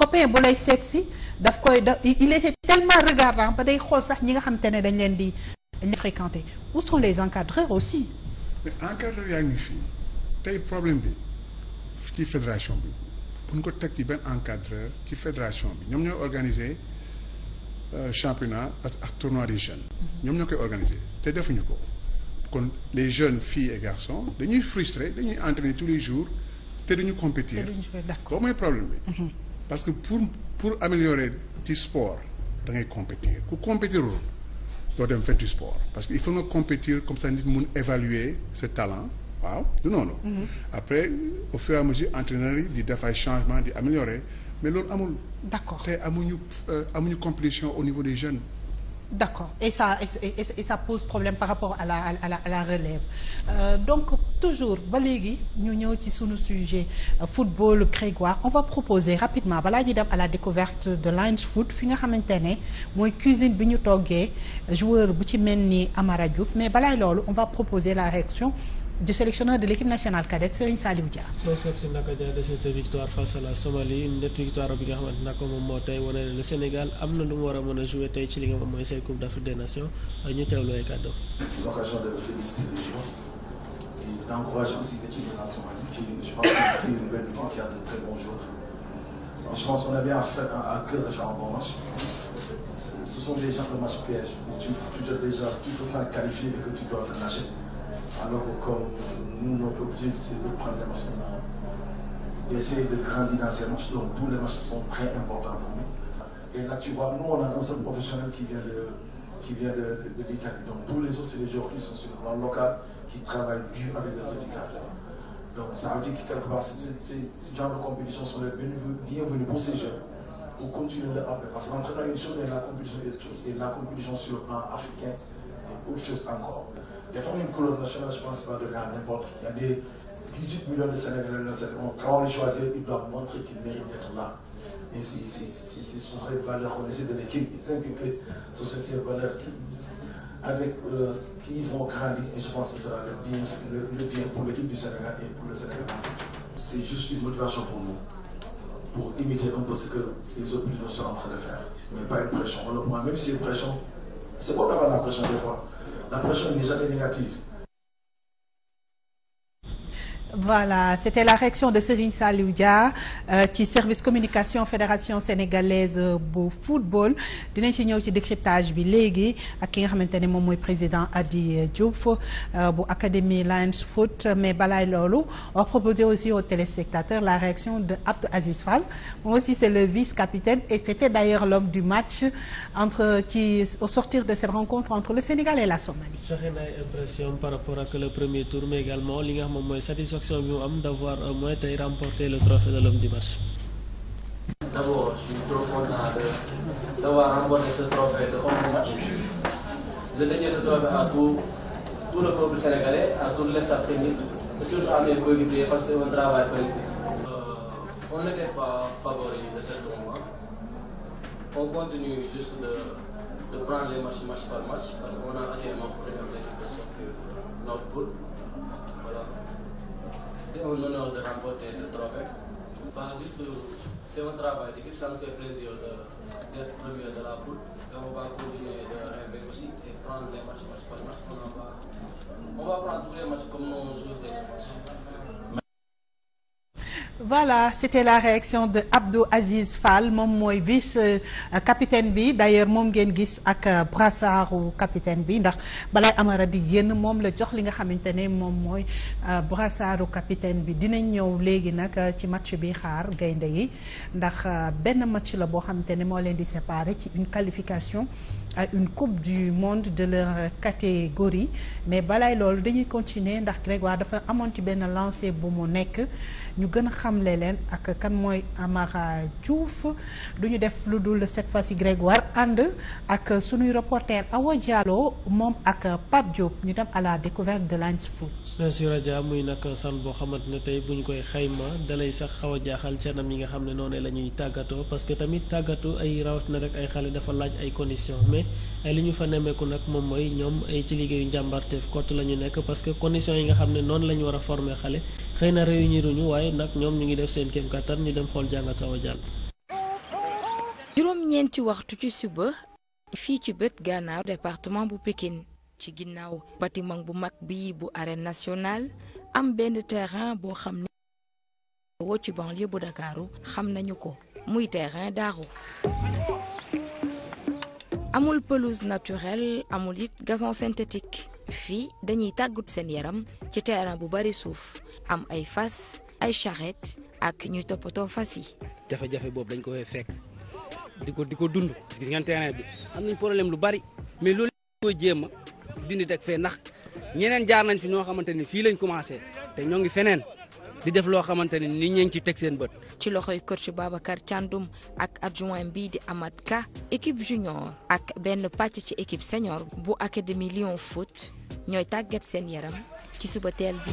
copain bu lay seet si daf koy daf il était tellement regardant ba day xool sax ñi nga xam te ne dañ leen di dañ fréquenter où sont les encadreurs aussi mais encadreurs yaa ngi fii tey problème bi ci fédération bi buñ ko teg ci benn encadreur ci fédération bi ñoom ñoo organiser euh, championnat ak tournoi des jeunes. Mm-hmm. ñoom ñoo koy organiser te defuñu ko kon les jeunes filles et garçons dañuy frustré dañuy entraîner tous les jours te duñu compétir. boobu mooy problème bi. Mm-hmm. parce que pour pour améliorer ci sport da ngay compétir ku compétirul doo dem fenn ci sport parce que il faut nga compétir comme ça nit mun évaluer ses talents. waaw noonu. Mhm. après au fur et à mesure yi di def ay changement di améliorer mais loolu amul. d'accord te amuñu euh, amuñu compétition au niveau des jeunes. d'accord et ça ça pose problème par rapport à la à la relève euh, donc toujours ba léegi ñu ñëw ci sunu sujet euh, football grégoire on va proposer rapidement balaa ñuy dem à la découverte de Lions Foot fi nga xamante ne mooy cuisine bi ñu toggee joueur bu ci mel ni Amara Diouf mais balaa loolu on va proposer la réaction du sélectionneur de l'équipe nationale cadette Serigne Saliou Dia. mooy soob si naka jaay de cette victoire face à la victoire bi nga xamante naka moom moo tey wane Sénégal am na lu mu war a a jouer tey ci li nga xam mooy seen Coupe d'Afrique des Nations ñu teewlu ay kàddu. l'occasion de féliciter les joueurs et d'encourager de la Somalie a de très bons joueurs. Alors, je pense qu'on avait à faire à cœur de faire un bon match. Ce sont de match piège où tu tu alors que comme nous, notre objectif, tout prendre les matchs d'essayer de grandir dans ces très importants pour Et là, tu vois, nous, on a professionnel qui vient de, qui Donc tous les autres, c'est des Donc ça veut quelque part, ces genres compétition sont les bienvenus pour ces jeunes pour continuer Parce que la compétition est autre sur le plan africain, autre chose encore. Défendre une nationale, je pense, pas donné à n'importe qui. Il y a des 18 millions de Sénégalais Quand on les choisit, ils doivent montrer qu'ils méritent d'être là. Et c'est sur cette valeur qu'on essaie euh, Et je pense que ce le bien, pour l'équipe du Sénégal et pour le Sénégal. C'est juste une motivation pour nous pour imiter un peu ce que les autres sont en train de faire. Mais pas une pression. même si une C'est pourquoi on a l'impression des fois. La pression n'est jamais négative. voilà c'était la réaction de Serigne Saliou Dia euh, ci service communication fédération sénégalaise euh, bu football dinañ ci ñëw ci décryptage bi léegi ak ki nga xamante ne moom mooy président Adi euh, Diouf bu académie Lions Foot mais balaay loolu on proposé aussi aux téléspectateurs la réaction de Abdou Aziz Fall moom le vice-capitaine et c'était d'ailleurs l'homme du match entre ci au sortir de cette rencontre entre le Sénégal et la Somalie. satisfaction bi mu am d'avoir au moins tey remporté trophée de l'homme du d'avoir remporté ce trophée de l'homme du match. je trophée à tout tout le peuple sénégalais à tout l'État technique et surtout à mes coéquipiers parce que c'est un travail collectif. Euh, on n'était pas favori de ce on continue juste de de prendre les match par match parce a actuellement notre première c'était un honneur de remporter ce trophée. Enfin, juste, euh, c'est un travail d'équipe, ça nous fait plaisir d'être premier de la poule. Et on va continuer de rêver aussi et prendre les matchs match par match. On, on va prendre tous les matchs comme on joue déjà. voilà c'était la réaction de Abdou Aziz Fall moom mooy vice euh, capitaine bi d'ailleurs moom ngeen gis ak euh, brassaru capitaine bi ndax balay Amara di génn moom la jox li nga xamante ne moom mooy euh, brassaru capitaine bi dinañ ñëw léegi nag euh, ci match bi xaar gaynde yi ndax benn match la boo xamante ne moo leen di séparer ci une qualification à une coupe du monde de leur catégorie mais balay loolu dañuy continuer ndax Grégoire dafa amoon ci benn lancé bu mu nekk ñu gën a xamle leen ak kan mooy Amara Diouf du ñu def lu dul cette fois ci Grégoire ànd ak sunuy reporter Awa Diallo moom ak Pape Diop ñu dem à la découverte de Lens Foot. merci Raja muy nag san boo xamante ne tey bu ñu koy xayma dalay sax xaw a jaaxal ca nam yi nga xam ne noonu la ñuy tàggatoo parce que tamit tàggatu ay rawatina rek ay xale dafa laaj ay condition mais li ñu fa nemmeeku nag moom mooy ñoom ay ci liggéeyu njàmbarteef kott la ñu nekk parce que conditions yi nga xam ne noonu la ñu war a former xale. xëy na réunir ñu waaye nag ñoom ñu ngi def seen kéem kattan ñu dem xool jàngat awa jàll. juróom-ñeenti waxtu ci suba fii ci bët gànnaaw département bu Pikine ci ginnaaw bâtiment bu mag bii bu arène national am benn terrain boo xam ne woo ci banlieue bu xam nañu ko muy terrain daaru amul pelouse naturelle amul it gason synthétique fii dañuy tàggut seen yaram ci terrain bu bari suuf am ay fas ay charrette ak ñuy toppatoo fas yi. jafe-jafe boobu dañ ko fekk di ko di ko dund parce que gis ngeen terrain bi am nañ problème lu bari mais loolu jéem a dindi teg fee ndax ñeneen jaar nañ fi ñoo xamante ni fii lañ commencé te ñoo ngi feneen di def loo xamante ni nit ñi ci teg seen bët. ci loxoy coach Babacar Thiandoum ak adjoint bii di amat Ka équipe junior ak benn pàcc ci équipe senior bu académie Lion foot. ñooy tàggat seen yaram ci suba teel bi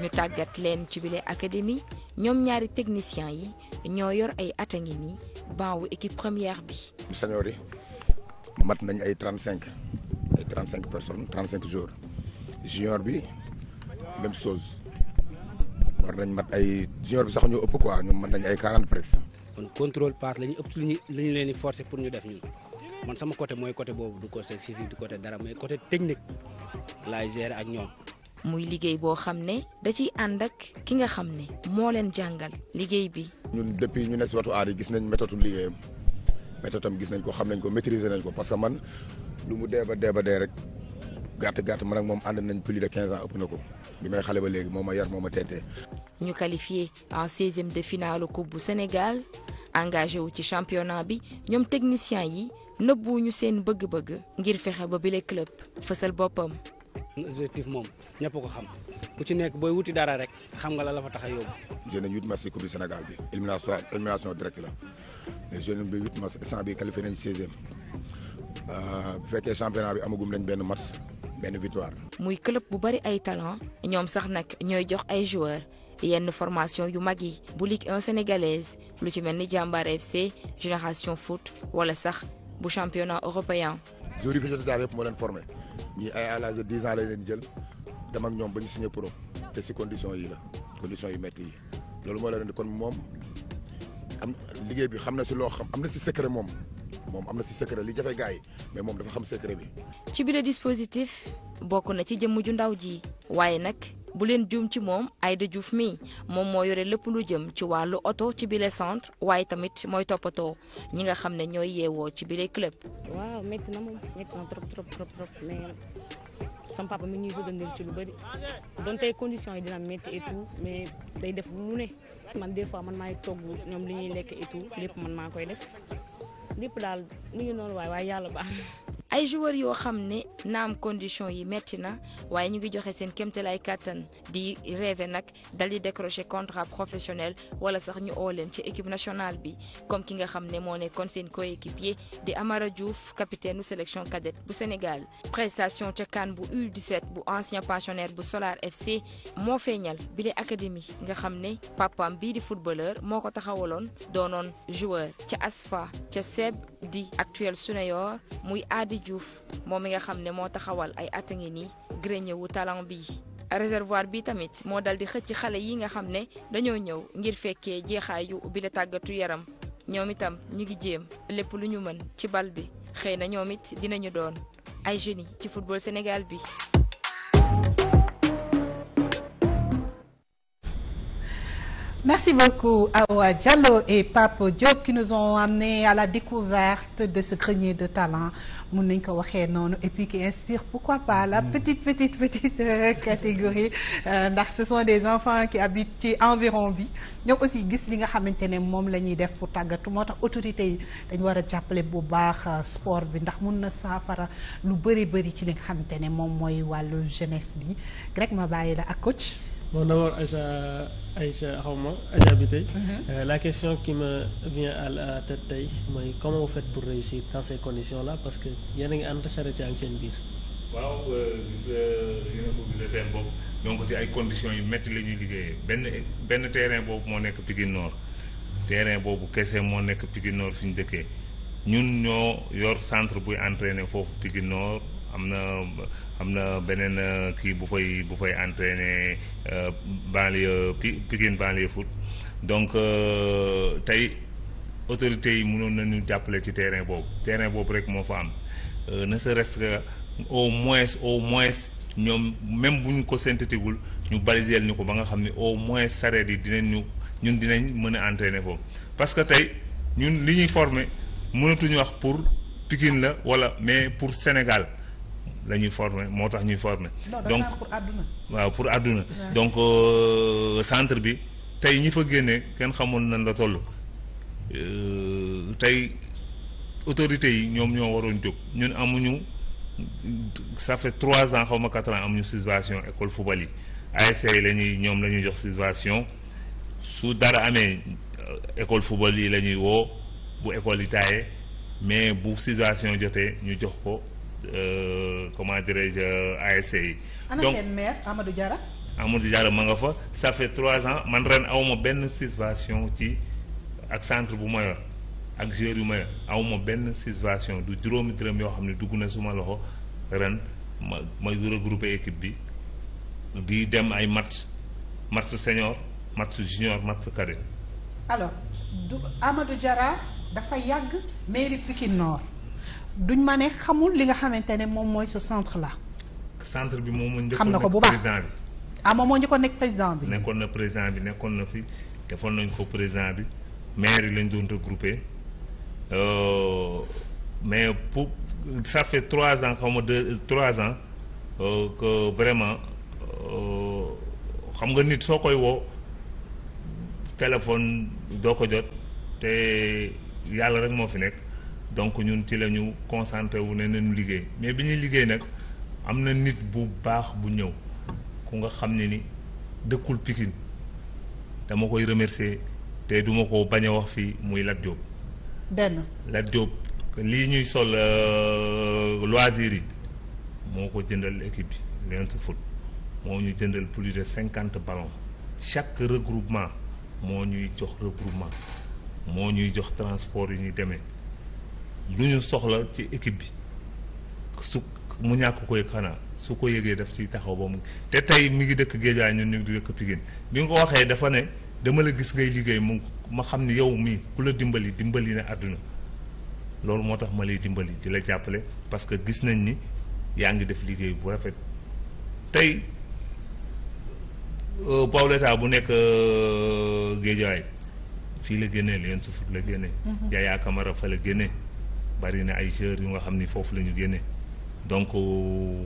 ñu tàggat leen ci bile académie ñoom ñaari technicien yi ñoo yor ay at a ngi nii banc wu équipe première bi. senior yi mat nañ ay trente cinq ay trente cinq personnes trente cinq jours junior bi même chose war nañ mat ay junior bi sax ñu ëpp quoi ñu mat nañ ay quarante presque. kon contrôle passe la ñu ëpp lu ñu leen di forcer pour ñu def ñun. man sama côté mooy côté boobu du côté physique du côté dara mais côté technique laay gérer ak ñoom. muy liggéey boo xam ne da ciy ànd ak ki nga xam ne moo leen jàngal liggéey bi. ñun depuis ñu ne si watu aar yi gis nañ méthode liggéeyam méthode gis nañ ko xam nañ ko maîtriser nañ ko parce que man lu mu dee ba dee ba dee rek gàtt gàtt man ak moom ànd nañ plus de 15 ans ëpp na ko bi may xale ba léegi moom ma yar moo ma teetee. ñu qualifié en 16e de finale coupe bu Sénégal engagé wu ci championnat bi ñoom technicien yi. ñu seen bëgg-bëgg ngir fexe ba bile club fësal boppam. objectif moom ñëpp ko xam ku ci nekk booy wuti dara rek xam nga la la fa tax a yóbbu. jël nañ huit match ci Sénégal bi élimination élimination directe la mais jël nañ bi huit match instant bi qualifié nañ seizième euh, bu fekkee championnat bi amagum nañ benn match benn victoire. muy club bu bari ay talent ñoom sax nag ñooy jox ay joueurs. yenn formation yu mag yi bu Ligue en sénégalaise lu ci mel ni Jàmbaar FC Génération Foot wala sax bu championnat européen. joueurs yi fi jot a jaar yëpp moo leen formé ñii ay à l'âge de dix ans lañ leen jël dem ñoom ba ñu signé pro te si condition yi la condition yi métti yi loolu moo la leen di kon moom am liggéey bi xam na si loo xam am na si secret moom moom am na si secret li jafe gars yi mais moom dafa xam secret bi. ci bile dispositif bokk na ci jëmm ju ndaw ji waaye nag. bu leen juum ci moom ay Aïda Diouf mi moom moo yore lépp lu jëm ci wàllu oto ci bile centre waaye tamit mooy toppatoo ñi nga xam ne ñooy yeewoo ci bile club. waaw metti na moom métti na trop trop trop trop mais sama mi ngi ñuy soutenir ci lu bëri doon tey conditions yi dina métti et tout mais day def lu ne man des fois man maay togg ñoom li ñuy lekk et tout lépp man maa koy def lépp daal mi ngi waaye waaye yàlla baax ay joueurs yoo xam ne naam condition yi metti na waaye ñu ngi joxe seen kéemtalaay kàttan di rêvé nag dal di décrocher contrat professionnel wala sax ñu oo leen ci équipe nationale bi comme ki nga xam ne moo nekkoon seen coéquipier di Amara Diouf capitaine u sélection cadette bu Sénégal prestation ca CAN bu U17 bu ancien pensionnaire bu Solar FC moo feeñal bile académie nga xam ne papam bii di footballeur moo ko taxawaloon doonoon joueur ca ASFA ca di actuelle Suneyor muy Adi juuf moom mi nga xam ne moo taxawal ay at a ngi nii wu talent bi réservoir bi tamit moo dal di xëcc xale yi nga xam ne dañoo ñëw ngir fekkee jeexaay yu bile tàggatu yaram ñoom itam ñu ngi jéem lépp lu ñu mën ci bal bi xëy na ñoom it dinañu doon ay génie ci football Sénégal bi Merci beaucoup Awa Diallo et Pape Diop qui nous ont amené à la découverte de ce grenier de talent mun nañ ko waxee noonu et puis qui inspire pourquoi pas la mm. petite petite petite euh, catégorie euh, ndax euh, ce sont des enfants qui habitent ci environ bi ñoom aussi gis li nga xamante ne moom la ñuy def pour tàggatu moo tax autorités yi dañ war a jàppale bu baax euh, sport bi ndax mun na saafara lu bëri bëri ci li nga xamante ne moom mooy wàllu jeunesse bi Greg ma bàyyi la ak coach bon d'abord Aïcha Aïcha xaw ma Aïcha bi tey mhm. euh, la question qui me vient à la tête tey mooy comment vous faites pour réussir dans ces la parce que yéen a ngi ànd charrette yaa ngi seen biir waaw euh, gis euh, yéen a ko gisee seen bopp donc si ay conditions yu métti la ñuy liggéeyee benn benn terrain boobu moo nekk Pikine Nord terrain boobu kese moo nekk Pikine Nord fi ñu dëkkee ñun ñoo yor centre buy entraîner foofu Pikine Nord am na am na beneen uh, kii bu fay bu fay entraîner uh, banlieue Pikine banlieue foot donc uh, tey autorités yi mënoon nañu jàppale ci terrain boobu terrain boobu rek moo fa am ne serait-ce que au moins au moins ñoom même buñ ko synthétique wul ñu baliseel ñu ko ba nga xam ne au moins sareet yi dinañ ñu ñun dinañ mën a entraîner foofu parce que tey ñun li ñuy former mënatuñu wax pour Pikine la wala mais pour Sénégal la ñuy former moo tax ñuy former. donc waaw pour àdduna. donc euh, centre bi tey ñi fa génne kenn xamul nañ la toll euh, tey autorités yi ñoom ñoo waroon jóg ñun amuñu ça fait trois ans xaw ma quatre ans amuñu situation école football yi ASC la ñoom la ñuy jox situation su dara amee euh, école football yi la ñuy woo bu école yi mais bu situation jotee ñu jox ko. Euh, comment dirais-je euh, ASC yi. donc ana seen maire Amadou Diarra. Amadou Diarra ma nga fa ça fait trois ans man ren awma benn situation ci ak centre bu ma ak joueur yu ma yor awma benn situation du juróomi dërëm yoo xam ne dugg na suma loxo ren ma ma regroupé équipe bi di dem ay match match senior match junior match cadet. alors du Amadou Diarra dafa yàgg mairie Pikine duñ ma ne xamul li nga xamante ne moom mooy sa centre la centre bi moom moo njëkkoon nekk président bi ah moom moo njëkkoon nekk président nekkoon na président bi nekkoon na fi defoon nañ ko président bi maire yi lañ doon regroupé euh, mais pour ça fait trois ans xaw ma deux trois ans euh, que vraiment euh, xam nga nit soo koy woo téléphone doo ko jot te yàlla rek moo fi nekk. donc ñun ci la ñu concentré wu ne nañu liggéey mais bi ñuy liggéey nag am na nit bu baax bu ñëw ku nga xam ne ni dëkkul Pikine dama koy remercier te duma ko bañ a wax fii muy Lat Diop. benn Lat Diop lii ñuy sol euh, loisir yi moo ko jëndal équipe bi Lions foot moo ñu jëndal plus de cinquante ballons chaque regroupement moo ñuy jox regroupement moo ñuy jox transport yu ñu demee. lu ñu soxla ci équipe bi su mu ñàkk ko yëg xanaa su ko yëgee daf ci taxaw ba mu te tey mi ngi dëkk Géejawaay ñun ñu ngi dëkk Pikine bi nga ko waxee dafa ne dama la gis ngay liggéey mu ma xam ni yow mii ku la dimbali dimbali ne àdduna loolu moo tax ma lay dimbali di la jàppale parce que gis nañ ni yaa ngi def liggéey bu rafet tey euh, Paoletta bu nekk euh, Géejawaay fii la génnee Lyon su fut la génnee mm-hmm. Yaya Camara fa la génnee bari na ay joueurs yu nga xam ni foofu la ñu génnee donc euh,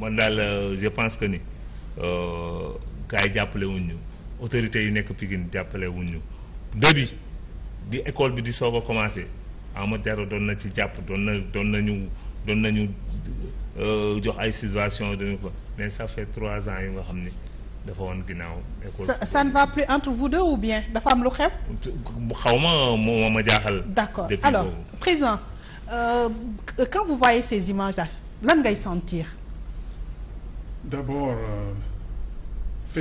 mën daal euh, je pense que ni euh, gars yi jàppale wuñ ñu autorités yi nekk Pikine jàppale wuñ ñu début di école bi di soog a commencé Amath Diarra doon na ci jàpp doon na doon nañu doon nañu jox ay situation dañu ko mais ça fait trois ans yu nga xam ni dafa woon ginnaaw. école ça, ça ne entre vous bien dafa am lu xew. xaw ma moo ma jaaxal. d'accord alors présent Euh, quand vous voyez ces images là lan ngay sentir. d'abord euh,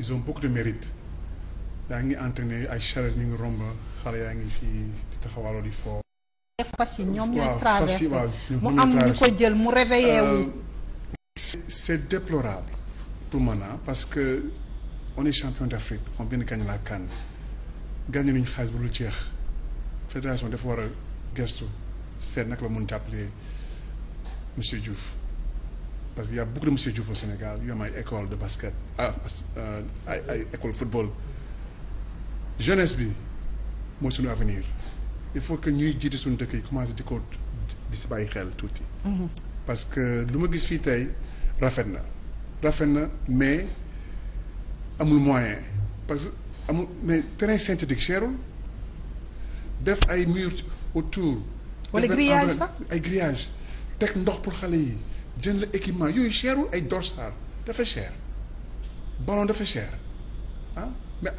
ils ont beaucoup de mérite yaa ngi entraîné ay charrette ñu ngi romb xale yaa ngi fi taxawaloo di fo. fas yi ñoom ñooy traversé mu am ñu ko jël mu réveillé wu. Euh, c'est déplorable pour Mana parce que on est champion d'Afrique on vient de gagner la CAN gagné xaalis bu dul jeex fédération dafa war gëstu seet nag la mun jàppale monsieur Diouf parce que y' a beaucoup de monsieur Diouf au Sénégal yu am ay école de basket ah euh, ay ay école football jeunesse bi mooy suñu avenir il faut que ñuy jiite suñu dëkk yi commencé di ko di si bàyyi xel tuuti. Mhm. parce que lu ma gis fii tey rafet na rafet na mais amul moyen parce que amul mais terrain synthétique cherul def ay murs. autour. wala grillage sax ay grillage teg ndox pour xale yi jënd la équipement yooyu cherul ay dorsar dafa cher ballon dafa cher ah mais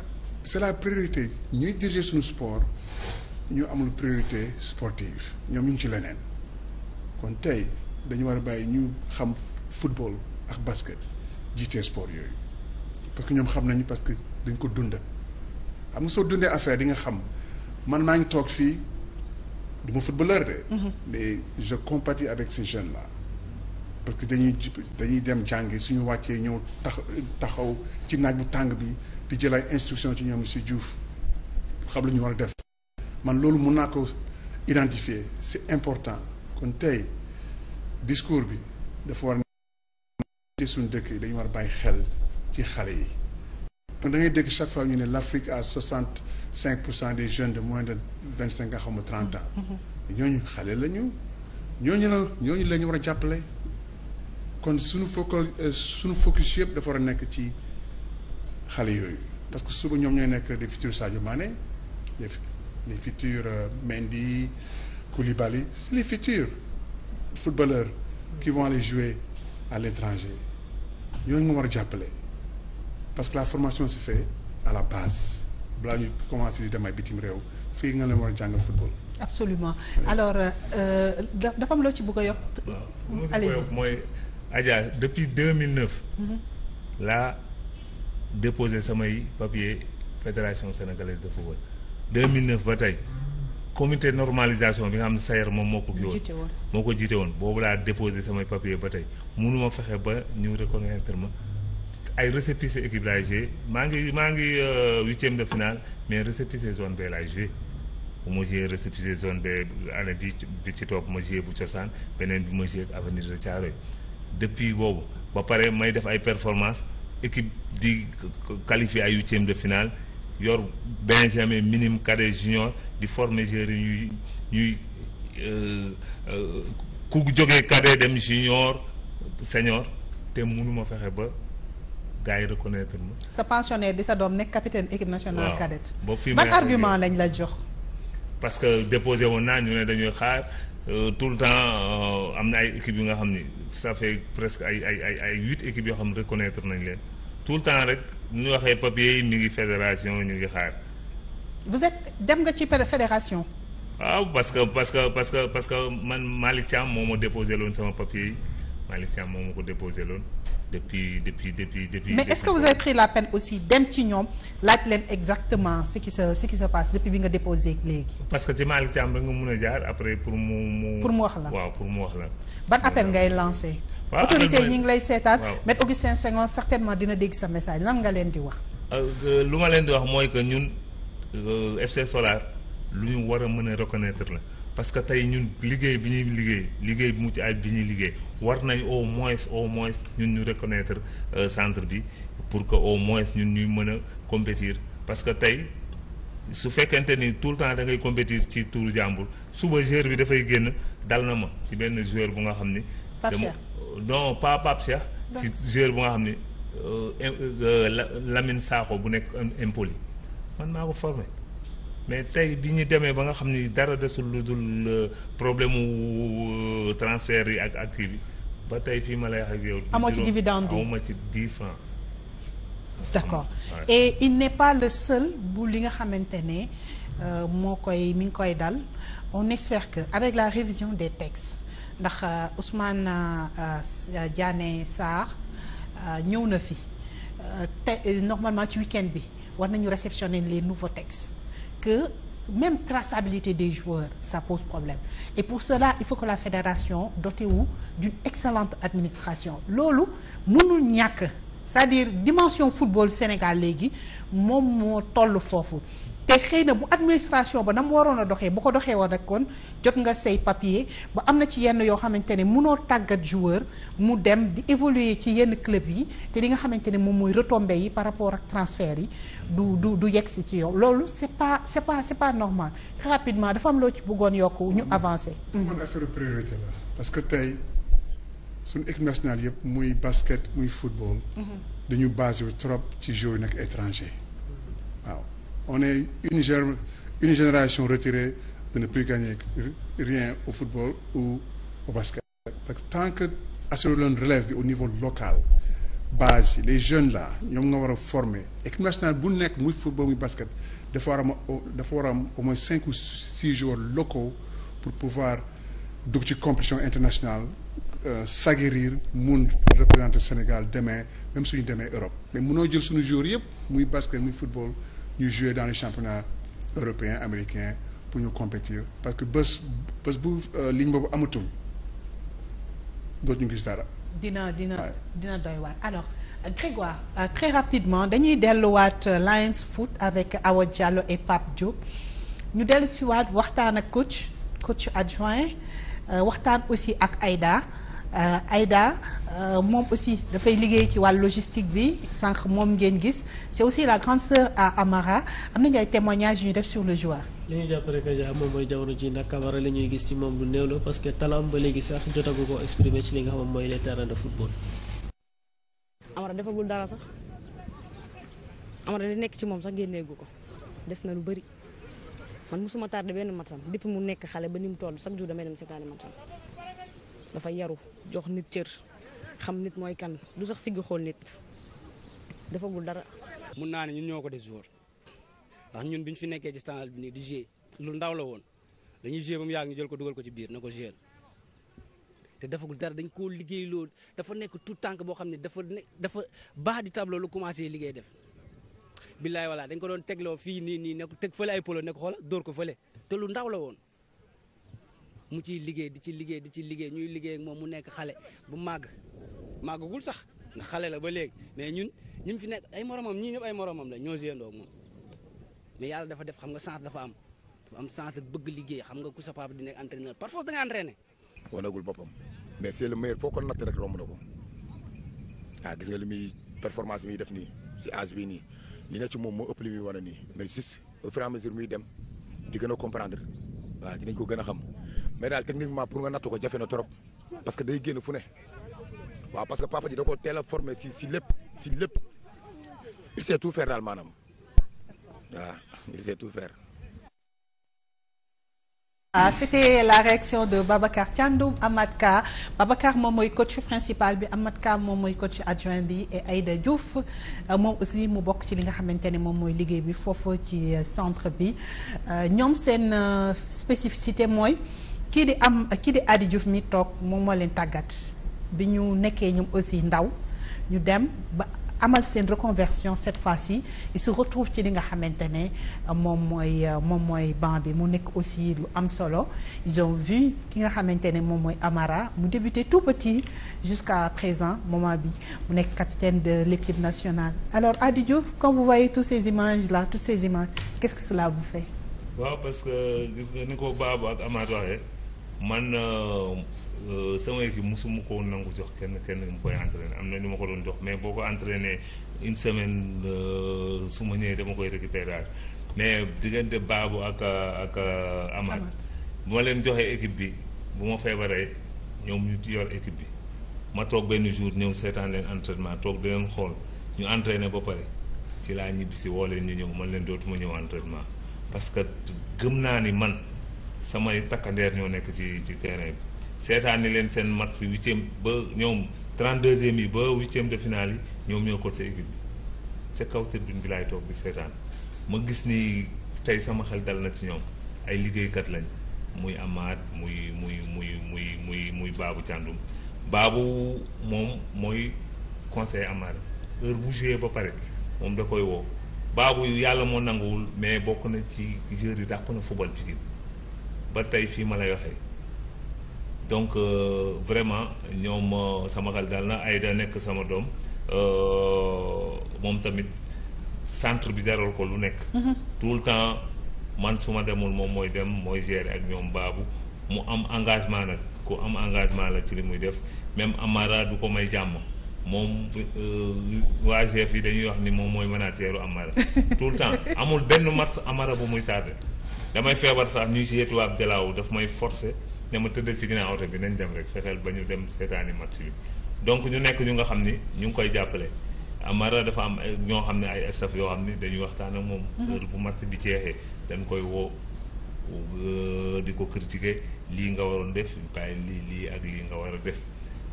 c'est la priorité ñuy diriger suñu sport ñu amul priorité sportive ñoom ñu ngi ci leneen kon tey dañu war a bàyyi ñu xam football ak basket jiitee sport yooyu parce que ñoom xam nañu parce que dañ ko dund xam nga soo dundee affaire di nga xam man maa ngi toog fii. du ma footballeur de. mais je compatis avec ces jeunes là parce que dañuy dañuy dem jàngi suñu wàccee ñëw tax taxaw ci naaj bu tàng bi di jël ay instruction ci ñoom monsieur Diouf xam lañu war a def man loolu mun naa ko identifier c'est important kon tey discours bi dafa war a suñu dëkk yi dañu war a bàyyi xel ci xale yi. kon da ngay dégg chaque fois ñu ne l'Afrique à soixante. cinq pour cent des jeunes de moins de vingt cinq à xaw ma trente ans. Mhm. ñooñu xale la ñu ñooñu la ñooñu la war a jàppale. kon suñu focal euh, suñu focus yëpp dafa war a nekk ci xale yooyu parce que suba ñoom ñooy nekk des futurs Sadio Mané les les futurs euh, Mendy Koulibaly c'est les futurs footballeurs qui vont aller jouer à l'étranger ñooñu nga war a jàppale parce que la formation se fait à la base. balaa ñu commencé di dem ay bitim réew fii nga leen war a jàngal football. absolument alors euh, euh, dafa am loo ci bëgg a yokk. allez waaw mooy Adja depuis 2009. Mhm. laa déposé samay papier fédération sénégalaise de football 2009 ba tey comité normalisation bi nga xam ne Sayer moom moo ko. jiite moo ko jiite woon boobu laa déposé samay papier ba tey mënuma fexe ba ñu reconnaître ma. ay récépissé équipe laay joué maa ngi maa ngi euh, huitième de finale mais récépissé zone B laay joué bu ma joué récépissé zone B année bi ci toog ma joué bu cosaan beneen bi ma joué avenir de Thiaroye depuis boobu ba pare may def ay performance équipe di qualifié ay huitième de finale yor benjamin minime cadet junior di former joueurs yi ñuy ñuy euh, euh, ku jógee cadet dem junior senior te mënuma fexe ba gars yi reconnaître ma. sa pensionnaire di sa doom nekk capitaine équipe nationale cadette. boobu fii ban argument la jox. parce que déposé woon naa ñu ne dañuy xaar euh, tout le temps euh, am na ay équipes yi nga xam ni sa fait presque ay ay ay ay équipes yoo xam ne reconnaître nañ leen tout le temps rek ñu waxee papier yi ñu ngi fédération ñu ngi xaar. vous êtes dem nga ci fédération. waaw parce que parce que parce que parce que man Malick Thiam moo ma déposé loon sama papier yi Malick Thiam moo ko déposé loon. depuis depuis depuis depuis. mais est-ce que vous avez pris la peine aussi dem ci ñoom laaj leen exactement ce qui se ce qui se passe depuis bi nga déposé léegi. parce que ci Malick Thiam rek nga mun a jaar après pour mu mu. pour mu wax la la. ban appel ngay lancé. waaw autorité yi ñu ngi lay seetaan. waaw maître Augustin Senghor certainement dina dégg sa message lan nga leen di wax. Euh, euh, lu ma leen di wax mooy que ñun euh, FC Solar lu ñu war a mën a reconnaître la. parce que tey ñun liggéey bi ñuy liggéey liggéey bi mu ci ay bi ñuy liggéey war nañ au moins au moins ñun ñu reconnaître euh, centre bi pour que au moins ñun ñuy mën a compétir parce que tey su fekkente ni tout le temps da ngay compétir ci tour jàmbur suba joueur bi dafay génn dal na ma ci benn joueur bu nga xam ni. non pas Pape Cheikh. ci joueur bu nga xam ni euh, euh, Lamine saako bu nekk impoli man maa ko formé. mais tey bi ñu demee ba nga xam ni dara desul lu dul euh, problème mu euh, transfert yi ak ak kii ba tey fii ma lay wax ak yow. amoo ci dividende bi awma ci dix francs d'accord mm, et il n'est pas le seul bu li nga xamante ne euh, moo koy mi ngi koy dal on espère que avec la révision des textes ndax Ousmane Diané Sarr ñëw na fi te normalement ci week-end bi war nañu réceptionner les nouveaux textes. que même traçabilité des joueurs ça pose problème et pour cela il faut que la fédération dotée wu d'une excellente administration loolu mënul ñàkk c'est-à-dire dimension football Sénégal léegi moom moo toll foofu te xëy na bu administration ba na mu waroon a doxee bu ko doxee woon rek kon jot nga say papier ba am na ci yenn yoo xamante ne munoo tàggat joueur mu dem di évoluer ci yenn club yi te li nga xamante ne moom mooy retombées yi par rapport ak transfert yi du du du yegg si ci yow loolu c'est pas c'est pas c'est pas normal très rapidement dafa am loo ci bëggoon yokk ñu mm-hmm. avancer. man affaire priorité la parce que tey suñu équipe nationale yëpp muy basket muy football. Mm-hmm. dañu basé wu trop ci joueurs nag étranger on est une germe, une génération retirée de ne plus gagner au football ou au basket. parce que tant que assurer leen relève bi au niveau local base yi les jeunes la ñoom nga war a former équipe nationale bu nekk muy football muy basket dafa war a am dafa war a am au moins cinq ou six joueurs locaux pour pouvoir dugg ci compétition internationale euh, s'aguerrir mun représenter Sénégal demain même suñu demee Europe mais mënoo jël suñu joueurs yëpp muy basket muy football ñu jouer dans les championnats européens américains pour ñu compétir parce que bés bés bu euh, ligne boobu amatul dootuñu gis dara. dina dina dina doy waar alors. Grégoire euh, très rapidement dañuy delluwaat euh, Lions Foot avec Awa Diallo et Pape Diop ñu dellu dellusiwaat waxtaan ak coach coach adjoint waxtaan aussi ak Aïda. Euh, Aïda euh, moom aussi dafay liggéey ci wàllu logistique bi sànq moom ngeen gis c'est aussi la grande sœur Amara am nañu ay témoignages yu ñu def sur le joueur. li ñu jàpp rek ja moom mooy jamono ji nag Amara la ñuy gis ci moom lu néew la que talent ba léegi sax jotagu ko exprimer ci li nga xam mooy les terrains Amara defagul dara sax Amara li nekk ci moom sax génneegu ko des na lu bari man mosuma tardé benn match am depuis mu nekk xale ba ni mu toll chaque jour damay dem seetaani match dafa yaru jox nit cër xam nit mooy kan lu sax sigg xool nit defagul dara. mun naa ne ñun ñoo ko de jour ndax ñun bi ñu fi nekkee ci stade bi nii di jouer lu ndaw la woon dañuy jouer ba mu yàgg ñu jël ko dugal ko ci biir na ko jouer te defagul dara dañ ko liggéey loolu dafa nekk tout tànk boo xam ne dafa ne dafa baax di tableau lu commencé liggéey def. billaay wala dañ ko doon tegloo fii nii nii ne ko teg fële ay polo ne ko xoola dóor ko fële te lu ndaw la woon. mu ciy liggéey di ci liggéey di ci liggéey ñuy liggéey moom mu nekk xale bu màgg màggagul sax ndax xale la ba léegi mais ñun ñun fi nekk ay moromam ñii ñëpp ay moromam la ñoo siyandoo moom mais yàlla dafa def xam nga sant dafa am dafa am centre bëgg liggéey xam nga ku sa papa di nekk entraîneur par force da boppam mais c'est le meilleur foo ko natt rek romb na ko ah gis nga li muy performance mi def nii si âge bii nii li nga ci moom moo ëpp li muy wane nii mais juste au fur et à muy dem di gën a comprendre waaw dinañ ko gën a xam. mais daal techniquement pour nga nattu ko jafe na trop parce que day génn fu ne waaw parce que papa ji da ko teel a si si lépp si lépp il sait tout faire daal maanaam waaw il sait tout faire. Ah, c'était la réaction de Babacar Thiandoum Amath Ka Babacar moom mooy coach principal bi Amath Ka moom mooy coach adjoint bi et Aïda Diouf euh, moom aussi mu bokk ci li nga xamante ne moom mooy liggéey bi foofu ci euh, centre bi euh, ñoom seen spécificité mooy. kii di am kii di Adi Diouf mi toog moom moo leen tàggat bi ñu nekkee ñoom aussi ndaw ñu dem ba amal seen reconversion cette fois-ci il retrouve ci li nga xamante ne moom mooy moom mooy banc bi mu nekk aussi lu am solo ils ont ki nga xamante ne moom mooy Amara mu débuté tout petit jusqu'à présent moment bi mu nekk capitaine de l'équipe nationale alors Adi Diouf quand vous voyez toutes ces images là toutes ces images qu'est-ce que cela vous fait waaw parce que gis nga ni ko Babou ak Amath waxee man euh, euh, sama équipe mosuma ko nangu jox kenn kenn mu koy entraîner am na ñu ma ko doon jox mais boo ko entraîner une semaine euh, su ma ñëwee dama koy récupérer mais diggante Babou ak ak Amath. bu ma leen joxee équipe bi bu ma feebaree ñoom ñu yor équipe bi ma toog benn jour ñëw seetaan leen entraînement toog di xool ñu entraîner ba pare ci laa si woo leen ñu ñëw man leen dootuma ñëw entraînement parce que gëm naa ni man. samay takkandeer ñoo nekk ci ci terrain bi seetaan ni leen seen match huitième ba ñoom trente deuxième yi ba huitième de finale yi ñoom ñoo coaché équipe bi ca kaw tribune bi laay toog di seetaan ma gis ni tey sama xel dal na ci ñoom ay liggéeykat lañ muy amaat muy muy muy muy muy muy baabu càndum baabu moom mooy conseil amaat heure bu joué ba pare moom da koy woo baabu yàlla moo nanguwul mais bokk na ci joueur yi dàq na football Pikine ba tey fii ma lay waxee donc euh, vraiment ñoom euh, sama xel dal na ay da nekk sama doom euh, moom tamit centre bi jaral ko lu nekk. Mhm. tout le temps man su ma demul moom mooy dem mooy gérer ak ñoom baabu mu am engagement nag ku am engagement la ci li muy def même Amara du ko may jàmm. moom waa chef yi dañuy wax ni moom mooy manager Amara tout le temps amul benn match Amara bu muy tardé. damay feebar sax ñuy si yetuwaab jalaaw daf may forcer ne ma tëddal ci ginnaaw oto bi nañ dem rek fexeel ba ñu dem seetaani match bi donc ñu nekk ñu nga xam ni ñu ngi koy jàppale Amara dafa am ñoo xam ne ay staff yoo xam ni dañuy waxtaan ak moom mhm. heure bu match bi jeexee dañ koy woo euh, di ko critiquer lii nga waroon def bàyyi lii lii ak lii nga war a def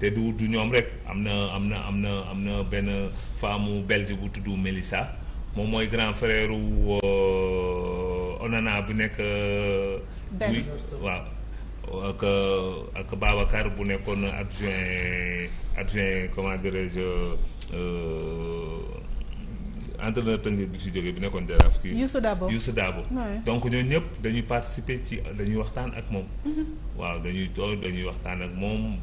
te du du ñoom rek am na am na am na am na benn femme belge bu tudd Mélissa moom mooy grand frère wu euh, Onana bu nekk. Euh, benn waaw. ak euh, ak Babacar bu nekkoon adjoint adjoint comment dirais-je euh, entraîneur tënk bi ci jógee bu nekkoon jaraaf kii. Youssou Dabo Youssou Dabo. donc ñooñu ñëpp dañuy participer ci dañuy waxtaan ak moom. Mm-hmm. waaw dañuy toog dañuy waxtaan ak moom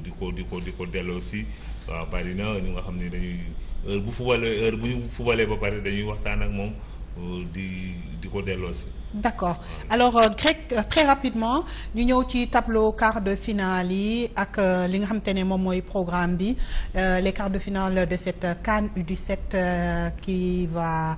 di ko di ko di ko delloosi si waaw bari ñu nga xam ne dañuy heure bu fubalee heure bu ñu fubalee ba pare dañuy waxtaan ak moom. Euh, di di ko delloosi. d' accord alors euh, Greg euh, très rapidement ñu ñëw ci tableau quart de finale yi ak li nga xam xamante ne moom mooy programme bi les quarts de finale de cette CAN U17 qui va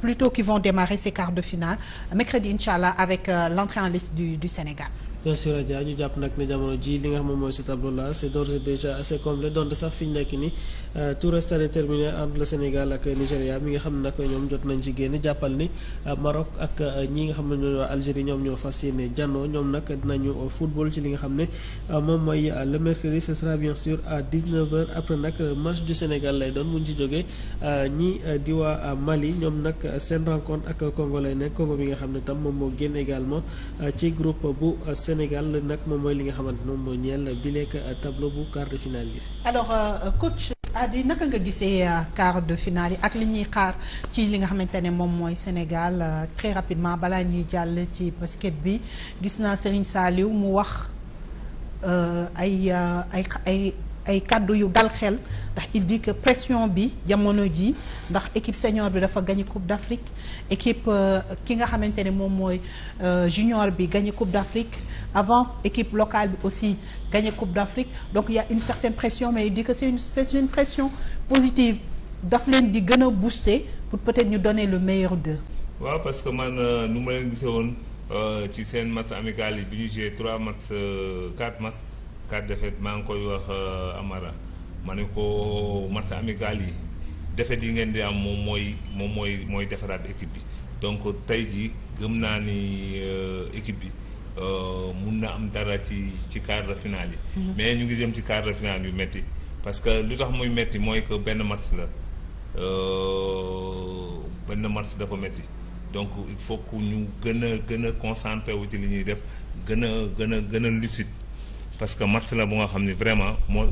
plutôt qui vont démarrer ces quarts de finale mercredi incha avec l' entrée en liste du du Sénégal. bien sûr Adja ñu jàpp nag ne jamono ji li nga xam moom mooy ce tableau là c' est d'ores et déjà assez complet donc sax fi nekk nii. Euh, tout reste à déterminer entre le Sénégal ak Nigéria mi nga xam ne nag ñoom jot nañ ci génn jàppal ni euh, Maroc ak euh, ñi nga xam ne ñoo Algérie ñoom ñoo fas yéene jànnoo ñoom nag dinañu football ci li nga xam ne moom mooy le mercredi ce sera bien sûr à après nag match du Sénégal lay doon mu ñu ci jógee ñi di waa Mali ñoom nag seen rencontre ak Congo lay nekk Congo bi nga xam ne tam moom moo génn également ci groupe bu Sénégal nag moom mooy li nga xamante moom moo ñeel bileek tableau bu quart de finale bi alors coach Adi naka nga gisee euh, quart de finale yi ak li ñuy xaar ci li nga xamante ne moom mooy Sénégal euh, très rapidement balaa ñuy jàll ci basket bi gis naa Serigne Saliou mu wax euh, ay ay ay ay kàddu yu dal xel ndax il dit que pression bi jamono ji ndax équipe senior bi dafa gagné coupe d'Afrique équipe euh, ki nga xamante ne moom mooy euh, junior bi gagné coupe d'Afrique avant équipe locale bi aussi gagné coupe d'Afrique donc il une certaine pression mais il dit que c'est une c'est une pression positive daf leen di gën a booster pour peut-être ñu donner le meilleur d'eux waaw parce que man euh, nu ma leen gisee woon ci seen match amical yi bi ñu joué trois matchs quatre défaites maa ngi koy wax euh, Amara ma ne ko match amical yi défaites yi ngeen di am moom mooy moom mooy mooy defaraat équipe bi donc tey jii gëm naa ni euh, équipe bi euh, mun na am dara ci ci quart de finale yi. Mm-hmm. mais ñu ngi jëm ci quart de finale yu métti. parce que lu tax muy métti mooy que benn match la benn match dafa métti donc il faut que ñu gën a gën a concentré wu ci li ñuy def gën a gën a gën a lucide. parce que match la bu nga xam ne vraiment moo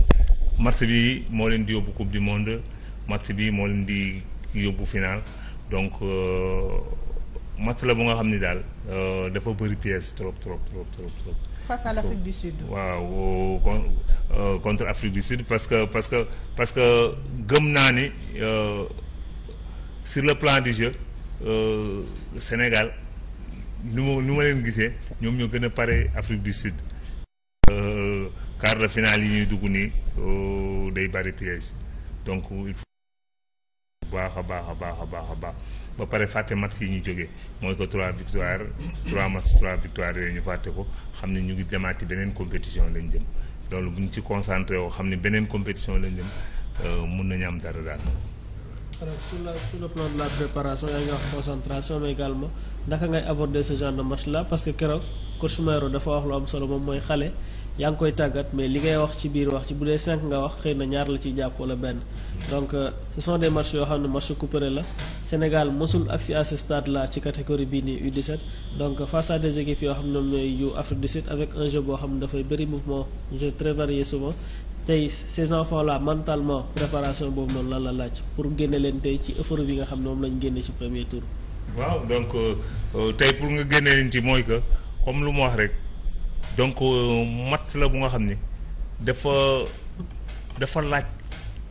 match bi moo leen di yóbbu coupe du monde match bi moo leen di yóbbu final donc euh, match la bu nga xam ni daal euh, dafa bëri pièce trop trop trop trop trop. face à l'Afrique du Sud. waaw euh, con contre Afrique du Sud parce que parce que parce que gëm naa ni sur le plan du jeu Sénégal nu ma ma leen gisee ñoom ñoo gën a pare Afrique du Euh, quart de finale yi ñuy dugg nii euh, day bari piège donc il faut baax a baax a baax a baax a baax ba pare fàtte match yi ñu jógee mooy que trois victoire trois match trois victoire yooyu ñu fàtte ko xam ne ñu ngi demaati beneen compétition lañ jëm loolu bu ci concentré woo xam ne beneen compétition lañ jëm euh, mun nañu am dara daal. alors sur la sur le la préparation yaa ngi wax concentration mais également naka ngay aborder ce genre match là parce que ko coach Mayoro dafa wax lu am mooy xale. yaa ngi koy tàggat mais li ngay wax ci biir wax ci bu dee cinq nga wax xëy na ñaar la ci jàpp wala benn donc euh, ce sont des yoo xam ne match couperé la Sénégal mosul agsi à ce stade là ci catégorie bii nii U17 donc face des équipes yoo xam ne ñoom ñooy yu Afrique du Sud xam ne dafay bëri mouvement jeu très tey ces enfants là mentalement préparation boobu noonu lan la laaj pour génne leen tey ci effort bi nga xam ne moom lañ génne ci premier tour. waaw donc euh, euh, tey pour nga génne leen ci mooy que comme lu mu wax rek. donc euh, matt la bu nga xam ni dafa dafa laaj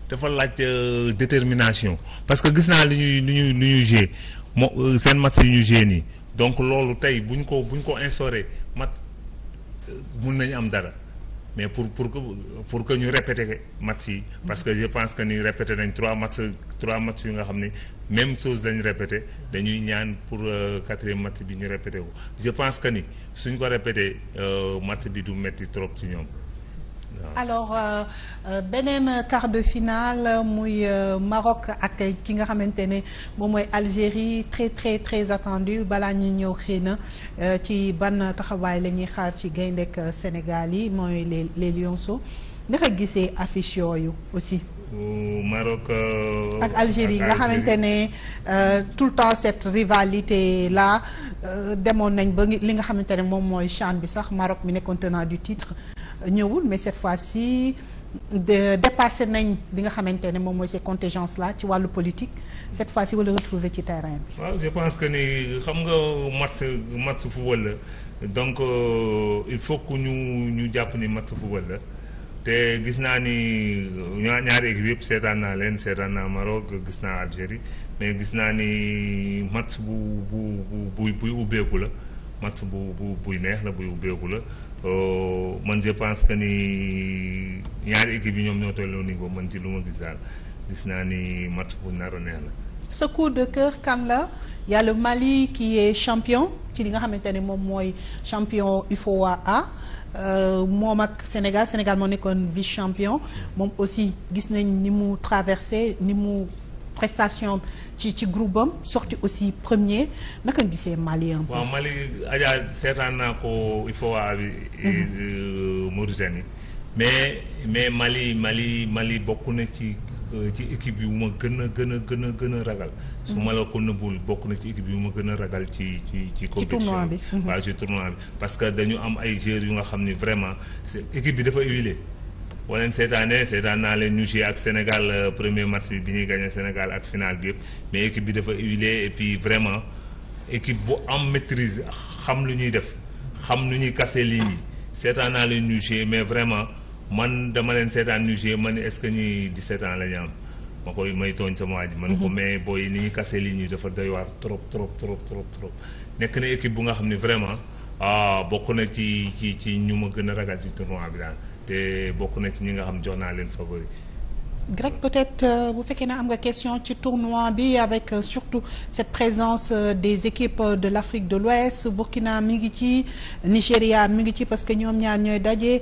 dafa laaj euh, détermination parce que gis naa li ñuy li ñuy li ñuy joué moo euh, seen match yi ñu joué nii donc loolu tey bu ñu ko bu ñu ko instauré mat mun nañu am dara mais pour pour que pour que ñu répété match yi parce que je pense que ni répété nañ trois match trois match yu nga xam ni même chose lañ répété dañuy ñaan pour euh, quatrième match bi ñu répété wu je pense que ni suñ ko répété euh, match bi du metti trop ci ñoom alors euh, beneen quart de finale muy euh, Maroc ak ki nga xamante ne moom mooy Algérie très très très attendu balaa ñu ñëw xëy na ci ban taxawaay la ñuy xaar ci gayndek Sénégal yi mooy les les lionceaux naka gisee affiche yooyu aussi. Maroc. Euh, ak Algérie nga xamante ne euh, tout le temps cette rivalité là euh, demoon nañ ba li nga xamante ne moom mooy CHAN bi sax Maroc mi nekkoon tenant du titre ñëwul mais cette fois-ci de dépassé nañ li nga xamante ne moom mooy ces contingences la ci wàllu politique cette fois-ci wala retrouver ci terrain bi. waaw je pense que ni xam nga match match football la donc il faut que ñu ñu jàpp ni match football la. te gis naa ni ñaari équipe yëpp seetaan naa leen seetaan naa Maroc gis naa Algérie mais gis naa ni match bu bu bu buy buy ubbeeku la match bu bu buy neex la buy ubbeeku la euh, man je pense que ni ñaari équipe yi ñoom ñoo tolloo niveau man ci lu ma gis daal gis naa ni match bu nar a neex la. sa coup de cœur kan la y a Mali kii est champion ci li nga xamante ne moom mooy champion UFOA A. Euh, moom ak Sénégal Sénégal moo nekkoon vice champion moom aussi gis nañ ni mu traversé ni mu prestation ci ci groupe am sorti aussi premier naka gisee Mali. waaw Mali Adja seetaan naa ko il faut waa Mauritanie mais mais Mali Mali Mali bokk na ci euh, ci équipe bi wu ma gën a gën a gën a gën a ragal. su ma la ko nëbbul bokk na ci équipe bi ma gën a ragal ci ci ci compétition bi waaw ci tournoi bi parce que dañu am ay joueurs yu nga xam ni vraiment équipe bi dafa huilé boo leen seetaanee seetaan naa leen ñu ak Sénégal euh, premier match bi bi ñuy gagné Sénégal ak final bi yëpp mais équipe bi dafa huilé et puis vraiment équipe bu am maîtrise xam lu ñuy def xam lu ñuy casser ligne yi seetaan naa leen ñu mais vraiment man dama leen seetaan ñu joué man est-ce que ñuy 17 ans la ñu am ma koy may tooñ sama waa man ko mhm. mais booy ni ñu kase lii ñi dafa doy waar trop trop trop trop trop nekk na équipe bu nga xam ne vraiment ah bokk na ci ci ci ñu ma gën a ragal ci tournoi bi daal te bokk na ci ñi nga xam jox naa leen favori Greg peut-être euh, bu fekkee na am nga question ci tournoi bi avec euh, surtout cette présence euh, des équipes de l'Afrique de l'Ouest Burkina mi ngi ci Nigéria mi ngi ci parce que ñoom ñaar ñooy daje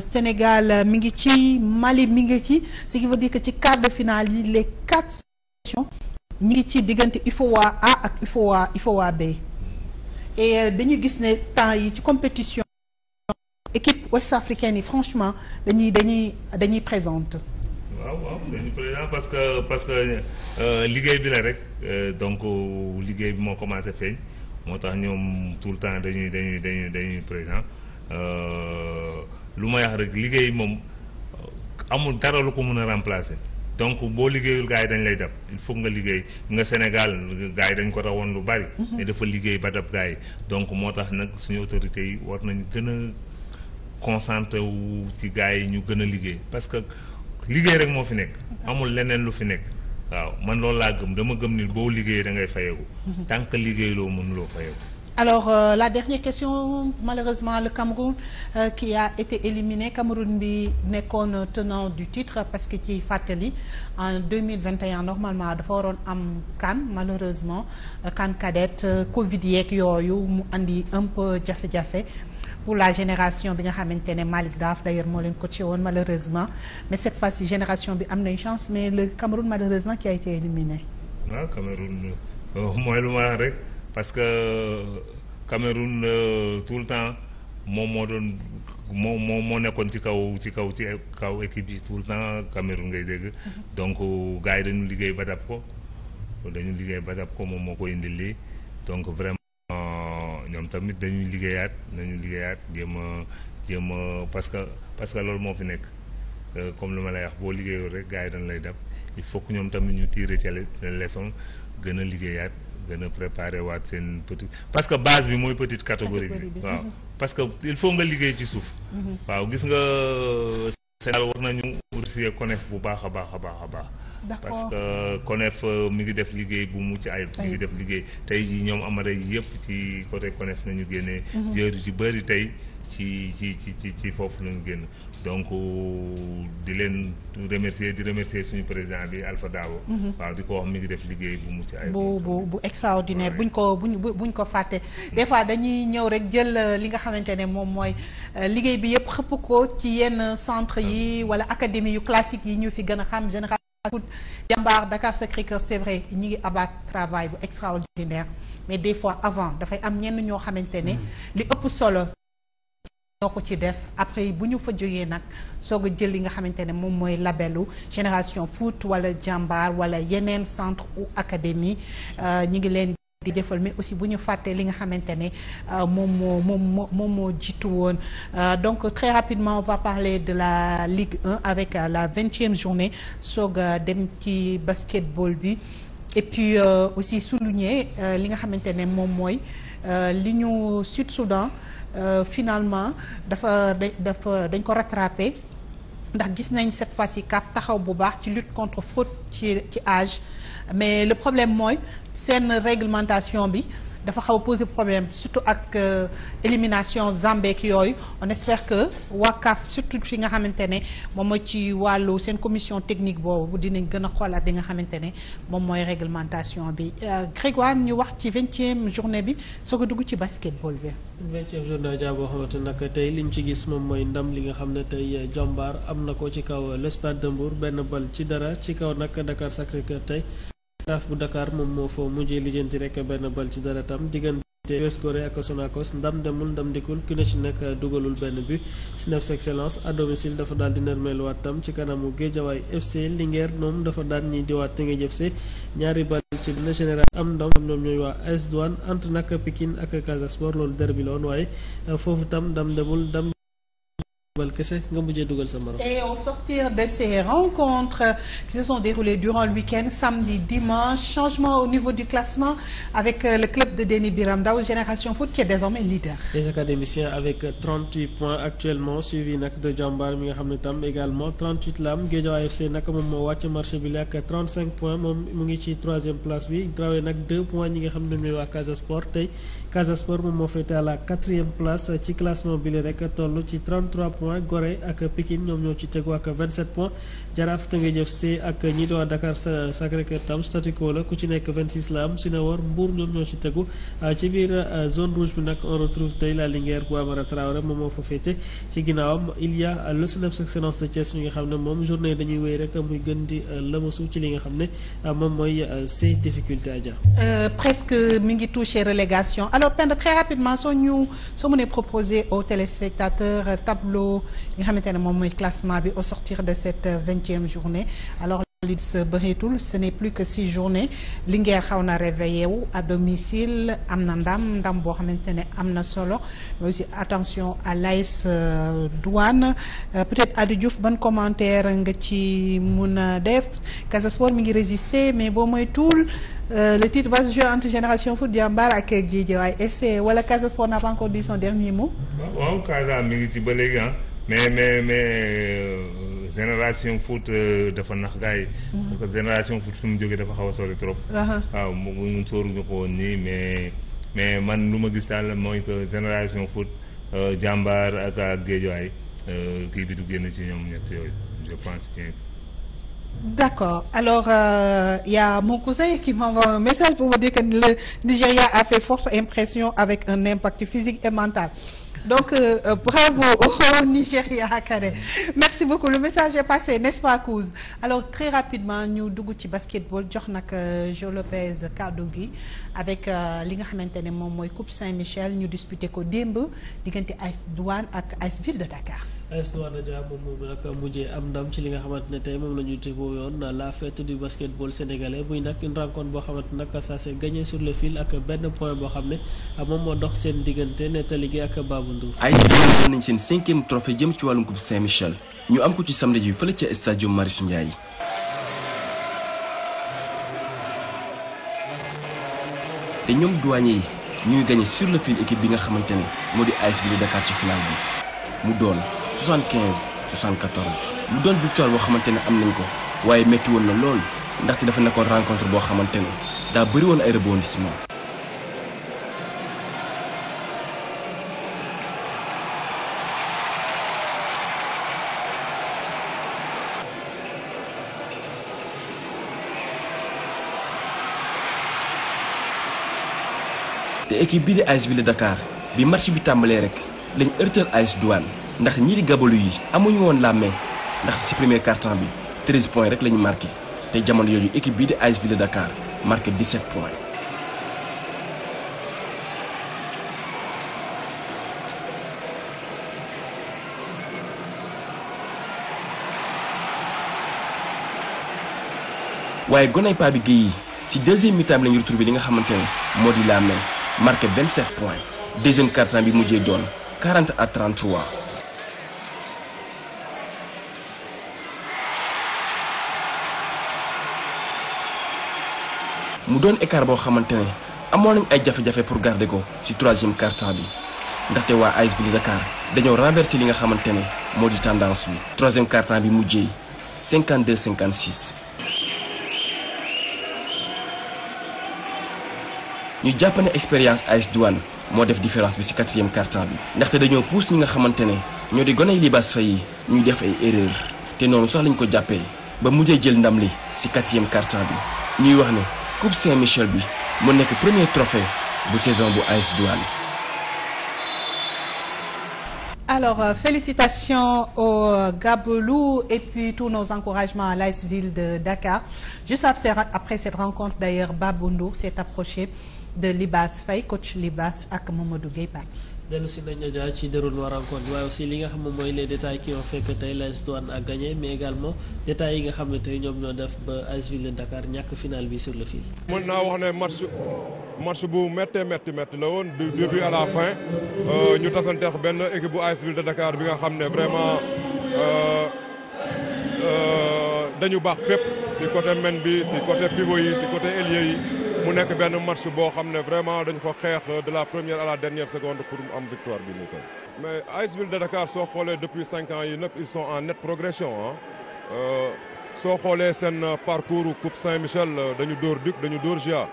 Sénégal mi ngi ci Mali mi ngi ci ce qui veut dire que ci quart de finale yi les quatre sélections ñi ngi ci diggante UFOA A ak UFOA UFOA B et dañu gis ne temps yi ci compétition équipe ouest africaine yi franchement dañuy dañuy présente waaw waaw benn parce que parce que euh, liggéey bi la rek euh, donc liggéey bi moo commencé feeñ moo tax ñoom tout le temps dañuy dañuy dañuy dañuy président euh, lu ma wax rek liggéey moom amul dara lu ko mën a remplacer donc boo liggéeyul gars yi dañ lay dab il faut nga liggéey nga Sénégal gars yi dañ ko woon lu bari. Mhm. mais dafa liggéey ba dab gars donc moo tax nag suñu autorités yi war nañ gën a concentré wu ci gars yi ñu gën a liggéey parce liggéey rek moo fi nekk amul leneen lu fi nekk waaw man loolu laa gëm dama gëm ni boo liggéey da ngay fayeeku tant que liggéey loo mënuloo fayeeku alors euh, la dernière question malheureusement le Cameroun ki euh, qui a été éliminé Cameroun bi nekkoon tenant du titre parce que ci fàttali en 2021 normalement dafa waroon am kan malheureusement euh, CAN cadette Covid yeeg yooyu mu indi un peu jafe-jafe pour la génération bi nga xamante ne Malick Daaf d'ailleurs moo leen coaché woon malheureusement mais cette fois-ci génération bi am na chance mais le Cameroun malheureusement qui a été éliminé. waaw ah, Cameroun euh, mooy lu ma rek parce que euh, euh, tout le temps moom moo doon moo moo nekkoon ci kaw ci kaw ci kaw équipe yi tout le temps Cameroun ngay dégg. Mhm. donc gars yi dañu liggéey ba dab ko dañu liggéey ba ko moom moo ko indi lii donc vraiment. ñoom tamit dañuy liggéeyaat nañu liggéeyaat jéem a jéem a parce que parce que loolu moo fi nekk euh, comme lu ma la wax boo liggéeyul rek gars yi dañ lay dab il faut ñoom tamit ñu tirer ca leçon gën a liggéeyaat gën a préparer waat seen petit parce que base bi mooy petite catégorie bi waaw parce que il faut nga liggéey ci suuf mm-hmm. waaw gis nga euh, Sénégal war nañu remercier CONEF bu baax a baax a baax a baax parce que CONEF euh, mi ngi def liggéey bu mucc ayib mi ngi def liggéey tey ji ñoom amara yi yëpp ci côté CONEF nañu génnee mhm. jër ci bëri tey ci ci ci ci ci foofu lañu génn donc euh, di leen remercier di remercier suñu président bi Alpha Dabo mhm. waaw di ko wax mi ngi def liggéey bu mucc ayib bu bu bu extraordinaire buñ ko buñ buñ ko fàtte mhm. des fois dañuy ñëw rek jël euh, li nga xamante ne moom mooy liggéey bi yëpp xëpp ko ci yenn centre yi wala académie yu classique yi ñu fi gën a xam général foot jàmbaar Dakar Sacré-Cœur c'est vrai ñu ngi abat travail bu extraordinaire mais des fois avant dafay am ñenn ñoo xamante ne mm. li ëpp solo ñoo ko ci def après bu ñu fa jógee nag soog a jël li nga xamante ne moom mooy labelu génération foot wala jàmbaar wala yeneen centre ou académie euh, ñu ngi leen di jëfal mais aussi bu ñu fàttee li nga xamante ne euh, moom moo moom moom moo jiitu woon euh, donc très rapidement on va parler de la Ligue 1 avec euh, la vingtième journée soog dem ci basketball bi et puis aussi souligner li nga xamante ne moom mooy li ñu Sud Soudan finalement dafa dafa dañ ko rattrapé ndax gis nañ cette fas yi CAF taxaw bu baax ci lutte contre faute ci ci âge mais le problème mooy seen réglementation bi dafa xaw a problème surtout ak euh, élimination Zambek yooyu on espère que Wakaaf surtout fi nga xamante ne moom mooy ci wàllu seen commission technique boobu dinañ gën a xoolaat li nga xamante ne moom mooy réglementation bi euh, Grégoire ñu wax ci vingtième journée bi soog a dugg ci basketball bi. vingtième journée ja boo xamante nag tey liñ ci gis moom mooy ndam li nga xam ne tey jàmbaar am na ko ci kaw le stade de Mbour benn bal ci dara ci kaw nag Dakar Sacré-Cœur tey. CAF bu Dakar moom moo fa mujjee lijjanti rek benn bal ci dara tam diggante US Gorée ak Sonacos ndam demul ndam dikul ku ne ci nekk dugalul benn bi Snaps Excellence à domicile dafa daal di nermeeluwaat tam ci kanamu Géejawaay FC Linguère moom dafa daan ñiy diwaat te nga jëf si ñaari bal ci benn général am ndam ñoom ñooy waa AS Douanes entre nag Pikine ak Casa Sport loolu derbi la woon waaye foofu ndam demul ndam kese Et au sortir de ces rencontres qui se sont déroulées durant le week-end, samedi, dimanche, changement au niveau du classement avec euh, le club de Denis Biramda ou Génération Foot qui est désormais leader. Les académiciens avec 38 points actuellement, suivi nag de Jambar mi nga xam ne tam également 38 la am Guédiawaye FC nag moom moo wàcc marché bi ak 35 points moom mu ngi ci troisième place bi rawee nag 2 points ñi nga xam ne ñooy waa Casa Sport moom moo féete à la quatrième place ci classement bi li a toll ci 33 points Gorée ak Pikine ñoom ñoo ci tegu ak 27 points jaraaf Tëngéej FC ak ñi doon Dakar Sacré-Cœur tam statu quo la ku ci nekk 26 la am Sinawar Mbour ñoom ñoo ci tegu ah, ci biir ah, zone rouge bi nag on retrouve tey la Linguère bu Amara Traoré moom moo fa ci ginnaawam il y a ah, le CNEPS excellence xam ne moom journée dañuy wéy rek muy gën di lëmasu ci li nga xam ne moom mooy ces difficultés Adja. Euh, presque mi ngi touché relégation alors Penda très rapidement soo ñu soo mënee cinquième journée alors lis euh, bëreetul ce n'est plus que six li Linguère xaw na réveillé wu à domicile am na ndam ndam boo xamante ne am na solo mais aussi attention à l'AS euh, Douane euh, peut-être Adi Diouf ban commentaire nga ci mun a def Casa Sport mi ngi résister mais boo moytuwul le titre va se jouer entre Génération Foot Diambar ak Guédiawaye FC wala Casa Sport n'a pas dernier mot. mi mais mais mais euh, génération foot euh, dafa nax gars mhm. parce que génération foot fi mu jógee dafa xaw a sori trop. waaw mu sóoruñu ko woon nii mais mais man lu ma gis daal mooy que génération foot euh, jàmbaar ak ak géejuwaay kii bi du génn ci ñoom ñett yooyu D'accord. Alors, il euh, y a mon message pour me dire que le Nigeria a fait forte impression avec un impact physique et mental. donc euh, euh bravo au oh, Nigéria Kare merci beaucoup le message est passé n'est-ce pas Kouz alors très rapidement ñu dugg ci basketball jox nag euh, Jo Lopez kaddu gi avec euh, li nga xamante ne moom mooy Coupe Saint-Michel ñu disputé ko démb diggante AS Douanes ak AS Ville de Dakar Aïssatou Dia moom moom nag mujjee am ndam ci li nga xamante ne tey moom la ñu teewoo yoon la fête du basketball sénégalais muy nag une rencontre boo xamante nag ça s'est gagné sur le fil ak benn point boo xam ne moom moo dox seen diggante nettali gi ak Babou Ndour. Aïssatou nañ seen cinquième trophée jëm ci wàllum coupe Saint-Michel ñu am ko ci samedi ji fële ca stade Marius Ndiaye. te ñoom douanier yi ñuy gagné sur le fil équipe bi nga xamante ne moo di AS Dakar ci final bi mu doon. 75 74 mu doon victoire boo xamante ne am nañ ko waaye métti na lool ndaxte dafa nekkoon rencontre boo xamante ne daa bëri woon ay rebondissement te équipe bii di AS Ville Dakar bi match bi tàmbalee rek lañ ërtal AS Douane ndax ñii di gabalu yi amuñu woon la ndax ci premier quart bi 13 points rek la ñu te jamono yooyu équipe bii di AS Ville de Dakar marqué 17 points. waaye gonay paa bi Guèye yi ci deuxième mi-temps bi la ñu li nga xamante ne moo di la main marqué 27 points deuxième quart-temps bi mujjee doon 40 à 33. mu doon écart boo xamante ne amoon nañ ay jafe-jafe pour garder ko ci troisième quart-temps bi ndaxte waa AS Ville Dakar dañoo renversé li nga xamante ne moo di tendance bi. troisième quart-temps bi mujjee 52 56. ñu jàpp ne expérience AS Douane moo def différence bi ci quatrième quart-temps bi ndaxte dañoo pousse ñi nga xamante ne ñoo di goney libaas fa yi ñuy def ay erreur te noonu sax lañ ko jàppee ba mujjee jël ndam li ci quatrième quart-temps bi ñuy wax ne. coupe Saint-Michel bi mu nekk premier trophée bu saison bu AS Douanes alors euh, félicitations au euh, Gabelou et puis tous nos encouragements à l'AS Ville de Dakar juste après cette rencontre d'ailleurs Babou Ndour s'est approché de Libas Faye coach Libas ak Mamadou Gueye Pape dellu si nañ Adja ci déroulement rencontre waaye aussi li nga xam ne mooy les détails qui ont fait que tey l'AS Douanes a gagné mais également détails yi nga xam ne tey ñoom ñoo def ba AS Ville de Dakar ñàkk final bi sur le fil. mën naa wax ne match match bu méttee métti métti la woon du début à euh, ñu fin ñu benn équipe bu AS Ville de Dakar bi nga xam ne vraiment euh, euh, dañu baax fépp si côté men bi si côté pivot yi si côté ailier yi. mu nekk benn match boo xam ne vraiment dañ ko xeex de la première à la dernière seconde pour mu am victoire bi mu koy. mais AS Ville de Dakar soo xoolee depuis cinq ans yi nëpp ils sont en nette progression euh, soo xoolee seen parcours Coupe Saint-Michel dañu dóor Duc dañu dóor GIA.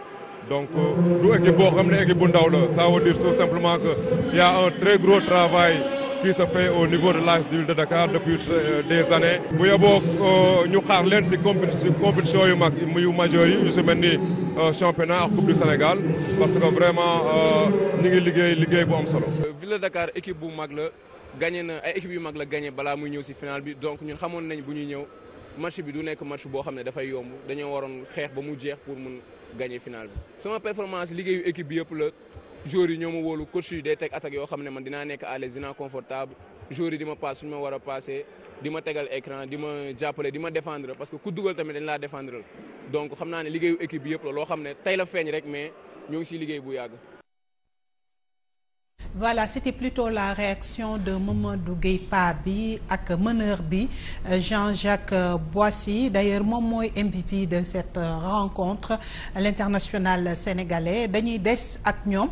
donc euh, du équipe boo xam ne équipe bu ndaw la ça veut dire tout simplement que y a un très gros travail qui se fait au niveau de l'AS Ville de Dakar depuis euh, des années. bu yeboo ñu xaar leen si compétition yu mag yu majeur yi yu si mel ni Euh, championnat ak coupe du Sénégal parce que vraiment euh, ñu ngi liggéey liggéey bu am solo. Dakar équipe bu mag la gagné na ay équipe yu mag la gagné balaa muy ñëw si final bi donc ñun xamoon nañ bu ñuy ñëw match bi du nekk match boo xam ne dafay yomb dañoo waroon xeex ba mu jeex pour mun gagné final bi. sama performance liggéeyu équipe bi yëpp la joueurs ñoo ma wóolu coach yi day teg attaque yoo xam ne man dinaa nekk à dinaa confortable joueurs a di ma tegal écran di ma jàppale di ma défendre parce que ku dugal tamit dañ laa défendre donc xam naa ne liggéeyu équipe yëpp la loo xam ne tey la feeñ rek mais ñoo ngi siy liggéey bu yàgg voilà c'était plutôt la réaction de Mamadou Gueye Pa bi ak mëneur bi euh, Jean-Jacques euh, Boissy d'ailleurs moom mooy MVP de cette euh, rencontre l'international sénégalais dañuy des ak ñoom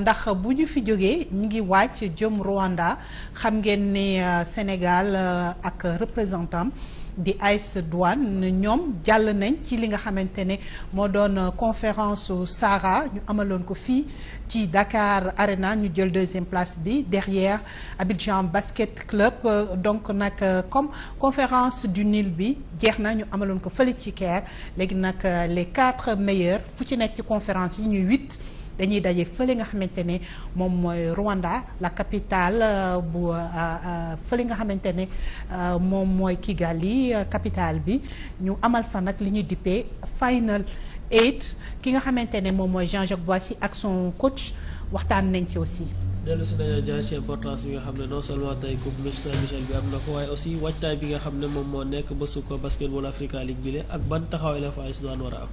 ndax bu ñu fi jógee ñu ngi wàcc jëm Rwanda xam ngeen ni Sénégal ak représentant di AS Douane ñoom jàll nañ ci li nga xamante ne moo doon conférence Sahara ñu amaloon ko fii ci Dakar Arena ñu jël deuxième place bi derrière Abidjan Basket Club donc nag comme conférence du Nil bi jeex na ñu amaloon ko fële ci Caire léegi nag les quatre meilleurs fu ci nekk ci conférence yi ñuy huit dañuy daje fële nga xamante ne moom mooy Rwanda la capitale euh, bu euh, euh, fële nga xamante ne moom mooy Kigali capitale bi ñu amal fan nag li ñuy dippee final eight ki nga xamante ne moom mooy Jean-Jacques Boissy ak son coach waxtaan nañ ci aussi. dellu si dañoo jaar ci importance bi nga xam ne non seulement tey coupe Louga bi am na ko aussi waajtaay bi nga xam ne moom moo nekk ba su ko basketball Africa League bi le ak ban taxawaay la fa AS Douanes war a am.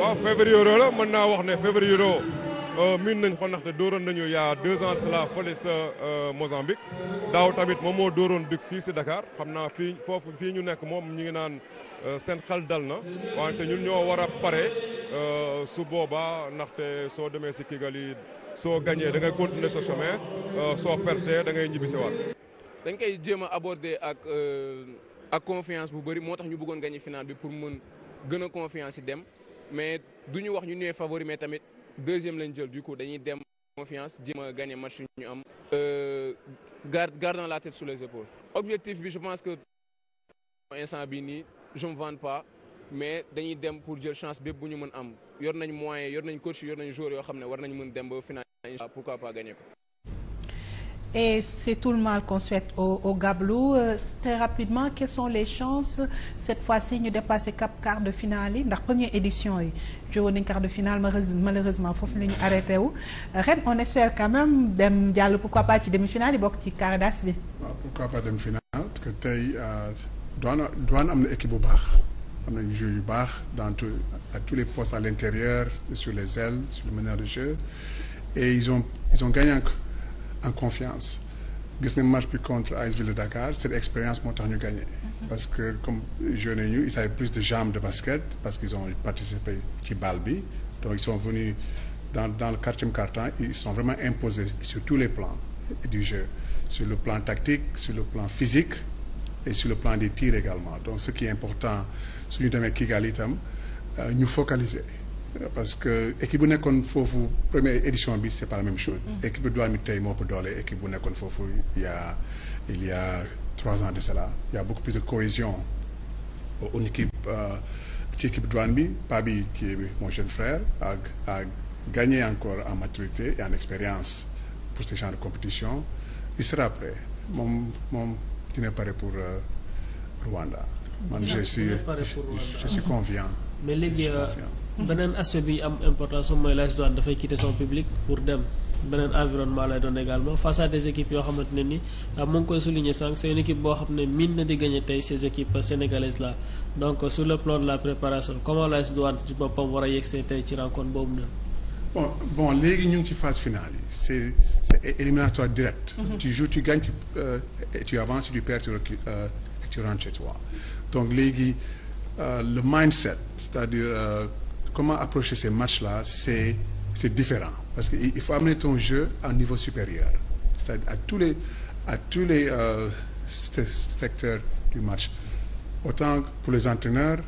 waaw Fevereero la mën naa wax ne Fevereero euh, miin nañ ko ndaxte dooroon nañu il y a deux ans cela fële sa euh, Mozambique daaw tamit moom moo dooroon dugg fii si dakaar xam naa fii foofu fii ñu nekk moom ñu ngi naan euh, seen xel dal na wante ñun ñoo war a pare su boobaa ndaxte soo demee si Kigali soo gañee da ngay continuer sa chemin soo pertee da ngay si waat dañ koy jéem a aborder ak ak confiance bu bëri moo tax ñu bëggoon gagné final bi pour mën gën a confiance dem mais du ñu wax ñu ñëwee favori mais tamit deuxième lañ jël du coup dañuy dem confiance jéem a gagné match yu ñu am. Euh, garde gardant la tête sur les épaules objectif bi je pense que instant bi nii je me vante pas mais dañuy dem pour jël chance bépp bu ñu mën am yor nañ moyen yor nañ coach yor nañ joueur yoo xam ne war nañ mën dem ba final incha pourquoi pas gagné ko. e c'est tout le mal qu'on souhaite au, Gablou. Euh, rapidement, quelles sont les chances cette fois-ci ñu dépasser cap quart de finale yi première édition yi jógoon nañ quart de finale malheureusement foofu la ñu arrêté wu ren on espère quand même dem jàll pourquoi pas ci demi-finale yi bokk ci quart d'as bi. waaw pourquoi pas demi-finale parce que tey douane euh, douane am na équipe bu baax am nañu jeu yu baax dans tout à tous les postes à l'intérieur sur les ailes sur le meneur de jeu et ils ont ils en confiance gis nga match bi contre AS Ville de Dakar cette expérience moo tax ñu gagné. parce que comme jeunes ñu ils avaient plus de jambes de basket parce qu'ils ont participé ci bal bi donc ils sont venus dans dans le quatrième quart-temps ils sont vraiment imposés sur tous les plans du jeu sur le plan tactique sur le plan physique et sur le plan des tirs également donc ce qui est important suñu demee Kigali itam euh, ñu focaliser. parce que équipe bu nekkoon foofu première édition bi c'est pas la même chose. Mm. équipe bu Douane bi tey moo ko doole équipe bu nekkoon foofu il y a il y trois ans de cela il y a plus de cohésion au équipe euh, ci équipe Douane bi pa bi qui est mon jeune frère a a gagné encore en maturité et en expérience pour ce genre de compétition il sera prêt moom moom dina pare pour euh, Rwanda. je suis confiant. beneen aspect bi am importance moom mooy l'AS Douanes dafay quitter son public pour dem beneen environnement lay doon également face à des équipes yoo xamante ne ni ah, mu ngi koy souligner sànq c'est une boo xam ne mine na di gagné tey ces équipes sénégalaises là donc sur le plan la préparation comment l'AS Douanes ci boppam war a yegsee tey ci rencontre boobu noonu. léegi ñu ci phase finale yi c'est éliminatoire direct. Mm -hmm. tu joues tu gagnes tu euh, tu euh, donc euh, comment approcher ces matchs-là, c'est c'est différent parce que il faut amener ton jeu à un niveau supérieur, cest à tous les à tous les euh, secteurs du match. Autant pour les entraîneurs,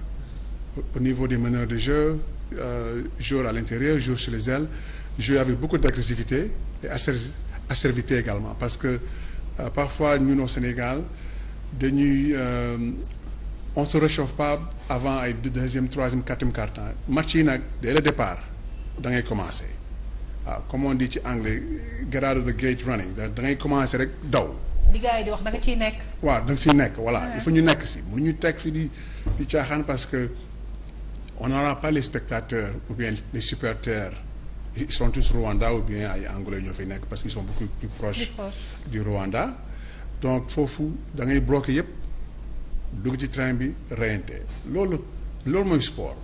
au niveau des meneurs de jeu, euh, joueurs à l'intérieur, joueurs sur les ailes, jouer avec beaucoup d'agressivité et asservité également parce que euh, parfois ñun au Sénégal dañuy euh, on se réchauffe pas avant ay deuxième troisième quatrième quart-temps match yi nag dès le départ da ngay commencer waaw comme di ci anglais get out of the gate running da ngay commencer rek daw. li gars yi di wax da nga nekk. waaw da nga nekk voilà il ñu nekk si ñu teg fi di di caaxaan parce que on n'aura pas les spectateurs ou bien les supporters ils sont tous Rwanda ou bien ay anglais ñoo fi nekk parce qu'ils sont beaucoup plus proches du Rwanda donc foofu da ngay bloquer yëpp. dugg ci train bi reyante loolu loolu mooy sport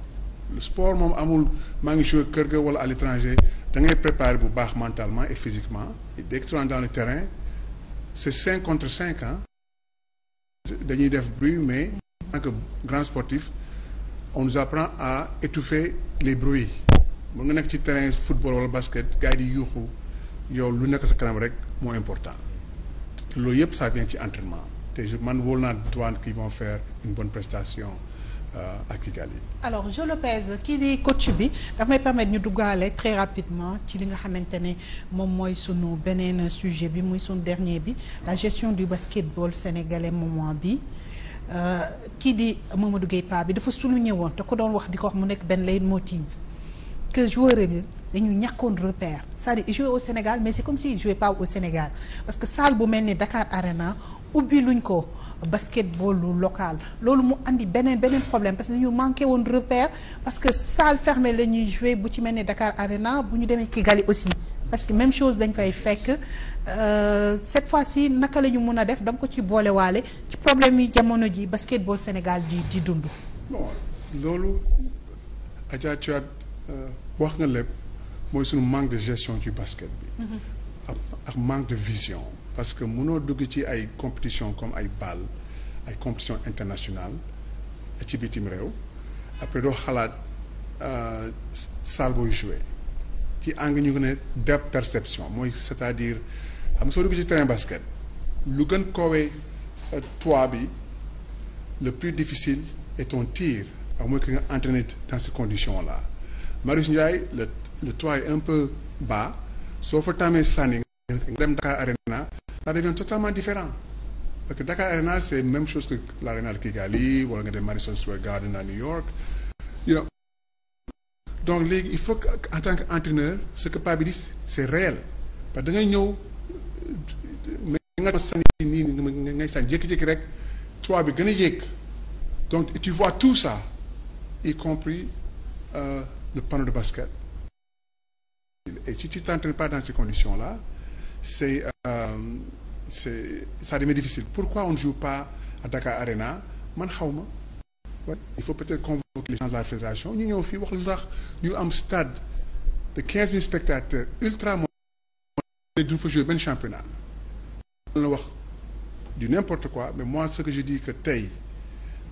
le sport moom amul maa ngi joué kër ga wala à l'étranger da ngay bu baax mentalement et physiquement et dès que tu rentres cinq contre dañuy def bruit mais en grand sportif on nous apprend à étouffer les bruits mën nga nekk ci terrain football wala basket gars yi di yuuxu yow lu nekk sa kanam rek moo important loolu yëpp ça vient ci entraînement te je man wóolu naa douane qui vont faire une bonne prestation euh, à Kigali. alors Joe Lopez kii di coach bi daf may permettre ñu duggaale très rapidement ci li nga xamante ne moom mooy sunu beneen sujet bi muy sunu dernier bi la gestion du basketball sénégalais moment bi euh, kii di Mamadou Gueye Paa bi dafa sulu ñëwoon te ko doon wax di ko wax mu nekk benn leitmotiv que joueur bi dañu ñàkkoon repère c'est-à-dire au Sénégal mais c'est comme s'il jouait pas au Sénégal parce que salle bu mel ni ubbi luñ ko basketball lu local loolu mu indi beneen beneen problème parce que dañu manqué woon repère parce que salle fermée la ñuy bu ci mel ne Dakar Arena bu ñu demee Kigali aussi parce que même chose dañ fay fekk euh, cette fois si naka la ñu mun a def da ko ci boolewaale ci problème yi jamono ji basketball Sénégal di di dund. bon loolu Adja euh, wax nga lépp mooy suñu manque de gestion ci basket bi. Mm-hmm. ak manque de vision. parce que mënoo dugg ci ay compétition comme ay BAL ay compétition internationale ci bitim réew après doo xalaat euh, salle booy joué ci angle ñu ngi ne de perception mooy c'est-à-dire xam nga soo dugg ci terrain basket lu gën koowee euh, toit bi le plus difficile est ton tir à moins que nga entraîné dans ces conditions la Marius Ndiaye le le toit un peu bas soo fa tamee sànni nga dem Dakar Arena ça devient totalement différent parce que Dakar Arena c'est même chose que l'Arena de Kigali wala nga dem Madison Square Garden à New York donc léegi il faut que en tant qu'entraîneur ce que Pape dit c'est réel parce que da ngay ñëw nga sànni nii ngay sànni jékki-jékki rek toit bi gën a yéeg donc tu vois tout ça y compris euh, le panneau de basket et si tu t'entraînes pas dans ces conditions-là c'est euh, c'est ça devient difficile pourquoi on ne joue pas à Dakar Arena man xaw ma il faut peut-être convoquer les gens de la fédération ñu ñëw fii wax lu tax ñu am stade de quinze mille spectateurs ultra mo du fa jouer benn championnat la wax du n'importe quoi mais moi ce que je dis que tey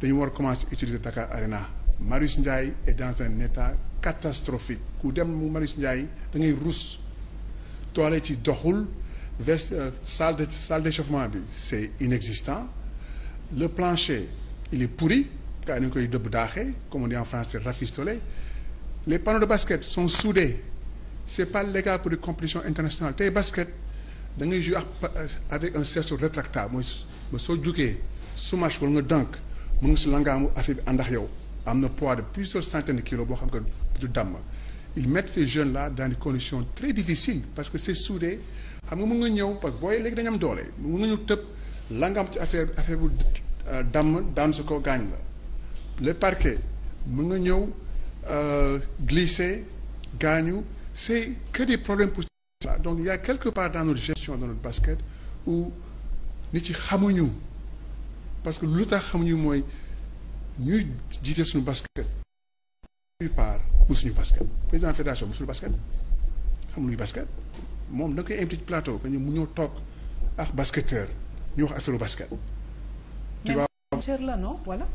dañu war commencer utiliser Dakar Arena Marius Ndiaye et dans un état catastrophique ku dem mu Marius Ndiaye da ngay rus toilettes yi doxul veste euh, salle de salle d'échauffement bi c'est inexistant le plancher il est pourri gaa yi ñu koy dëbb daaxee comme on dit en français rafistolé les panneaux de basket sont soudés c'est pas légal pour des compétitions internationales tey basket da ngay jouer euh, avec un cerceau rétractable mooy ba soo jugee smash wala nga dànk mu ngi si langaamu affaire bi àndax yow am na poids de plusieurs centaines de kilos boo xam que du damm ils mettent ces jeunes là dans des conditions très difficiles parce que c'est soudé xam nga mën nga ñëw parce que booy léegi dañu am doole mën nga ñëw tëb la nga am ci affaire affaire bu euh, damm daan su ko gaañ la le parquet mën nga ñëw euh, glisser gaañu c'est que des problème pour ça donc il y a quelque part dans notre gestion dans notre basket où nit yi xamuñu parce que lu tax xamuñu mooy ñuy jiite suñu basket musuñu basket président fédération musuñu basket xam luy basket moom da nga koy invité ci plateau que ñu mu ñëw toog ak basketteur ñu wax affaire basket. tu vois manager la non voilà.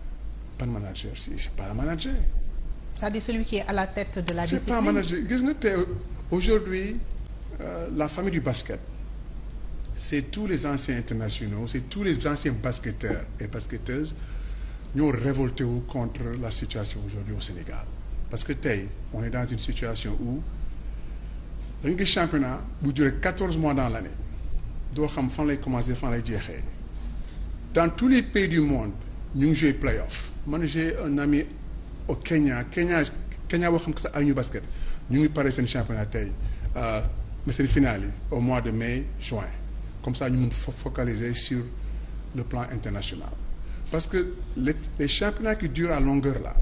ban manager si c' pas un manager. cest à celui qui est à la tête de la. discipline c' est pas un manager gis nga te aujourd'hui euh, la famille du basket. c'est tous les anciens internationaux c'est tous les anciens basketteurs et basketteuses ñoo révolté wu contre la situation aujourd'hui au Sénégal parce que tey on est dans une situation où da nga gis championnat bu jure quatorze mois dans la année doo xam fan lay commencer fan lay jeexee dans tous les pays du monde ñu ngi joué playoff man j'ai un ami au Kenya Kenya Kenya boo xam ko sax ay ñu basket ñu ngi pare seen championnat tey euh, mais seen finale yi au mois de mai juin comme ça ñu mun focaliser sur le plan international parce que les les championnats qui durent à longueur la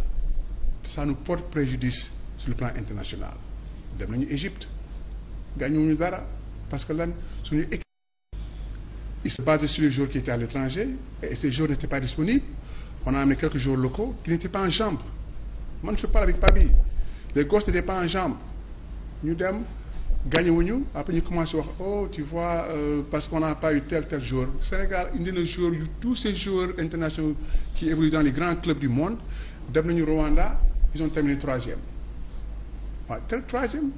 ça nous porte préjudice sur le plan international dem nañu Égypte gàñuwuñu dara parce que lan suñu équipe il se basait sur les joueurs qui étaient à l'étranger et ces joueurs n'étaient pas disponibles on a amené quelques joueurs locaux qui n'étaient pas en jambes man je parle avec Pabi les gosses n'étaient pas en jambes ñu dem gàñuwuñu après ñu commencé wax oh tu vois euh, parce qu'on n'a pas eu tel tel joueur Sénégal indi na joueur yu tous ces joueurs internationaux qui évoluent dans les grands clubs du dem nañu Rwanda ils ont terminé troisième waaw tel troisième.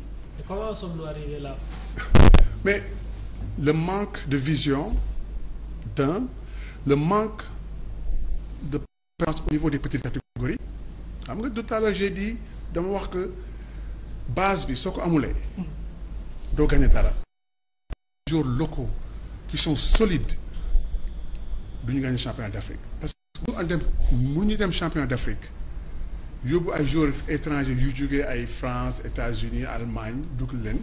mais mais le manque de vision d'un le manque de présence au niveau des petites catégories xam nga tout à l'heure j'ai dama wax que base bi soo ko amulee doo gagné dara. joueurs locaux qui sont solides du ñu gagné championnat d'Afrique parce que mënuñu dem mënuñu dem championnat d'Afrique. yóbbu ay joueurs étrangers yu jógee ay France États-Unis Allemagne dugg leen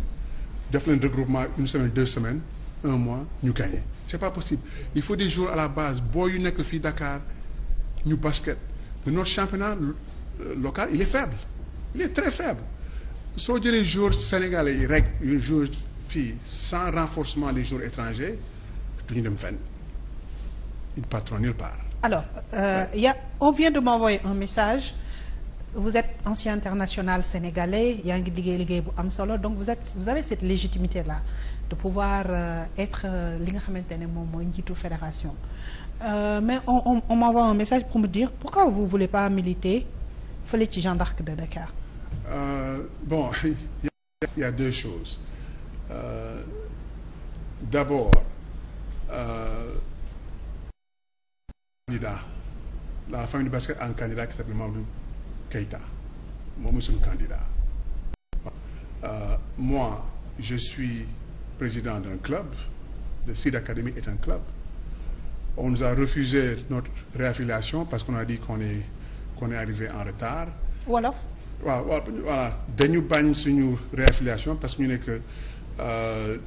def leen regroupement une semaine deux semaines un mois ñu gagné c'est pas possible il faut des joueurs à la base booy yu nekk fii Dakar ñu basket mais notre championnat euh, local il est faible il est très faible soo jëlee joueurs sénégalais yi rek yu joueurs fii sans renforcement des jours étrangers duñu dem fenn ils partiront nulle part. alors euh, a on vient de m'envoyer un message. vous êtes ancien international sénégalais yaa ngi liggéey liggéey bu am solo donc vous êtes vous avez cette légitimité là de pouvoir euh, être euh, li nga xamante ne moom mooy njiitu fédération euh, mais on on on m'envoie un message pour me dire pourquoi vous voulez pas militer fële ci Jeanne de Dakar. Euh, bon il y a deux choses d'abord Keïta moom mooy suñu candidat euh, moi je suis président d'un club le Sud Academy est un club on nous a refusé notre réaffiliation parce qu'on a dit qu'on est arrivé en retard wolof waaw waaw voilà dañu bañ suñu réaffiliation parce que ñu ne que euh,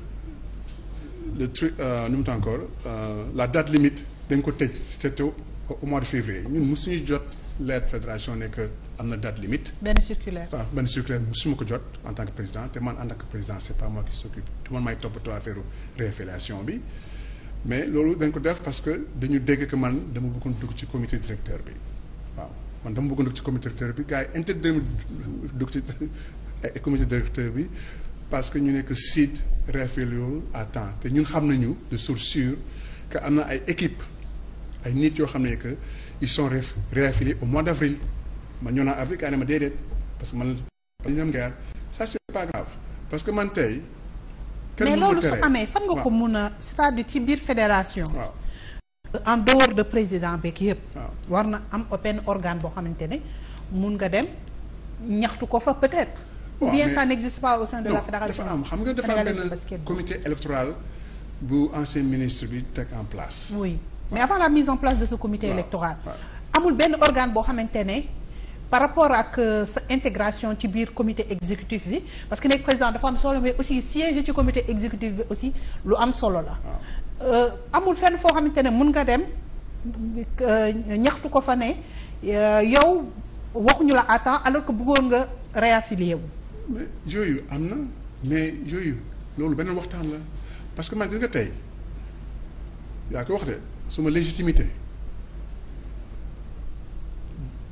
le truc euh, nu mu encore la date limite dañ ko tëj c'était au mois de février ñun mosuñu jot lettre fédération ne am na date limite. benn circulaire waaw benn circulaire musuma ko jot en tant que président te man en tant que président c'est pas moi qui s'occupe du man maay toppatoo affaire réaffiliation bi mais loolu dañ ko def parce que dañu dégg que man dama bëggoon dugg ci comité directeur bi waaw man dama bëggoon dugg ci comité directeur bi gars yi interdit dugg ci comité directeur bi parce que ñu ne que site réaffilié loolu à temps te ñun xam nañu de source sûre que am na ay équipe ay nit yoo xam ne que. ils sont réaffiliés au mois d'avril man ñoo naa avril ne ma déedéet parce que man que man tey mais loolu su amee fan nga ko mun a cest à ci biir fédération en dehors de président beeg yëpp war na am benn organe boo xamante ne mun nga dem ko fa peut xam nga dafa benn comité électoral bu ancien ministre bi teg en place mais avant la mise en place de ce comité électoral amul benn organe boo xamante ne par rapport ak euh, sa intégration ci biir comité exécutif bi parce que nekk président dafa am solo mais aussi siège ci comité exécutif bi aussi lu am solo la euh, amul fenn foo xamante ne mun nga dem euh, ñaxtu ko fa ne yow waxuñu la à temps alors que bëggoon nga réaffilier wu mais yooyu am na mais yooyu loolu beneen waxtaan la parce que man gis nga tey yaa ko wax de suma légitimité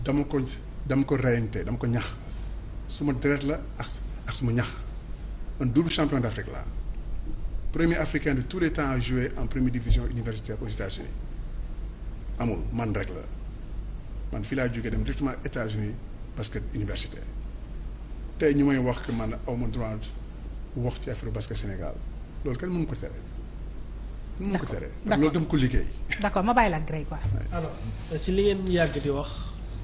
dama ko dama ko reyante dama ko ñax suma deret la ak ak suma ñax un double champion d'Afrique là premier africain de tous les temps à jouer en première division universitaire aux États-Unis amul man rek la man fii laa jógee dem directement États-Unis basket université tey ñu may wax que man awma droit wax ci affaire basket Sénégal loolu kenn mënu ko tere mu ko ko liggéey. d'accord ma bàyyi la ak Grey quoi. alors ci li ngeen yàgg di wax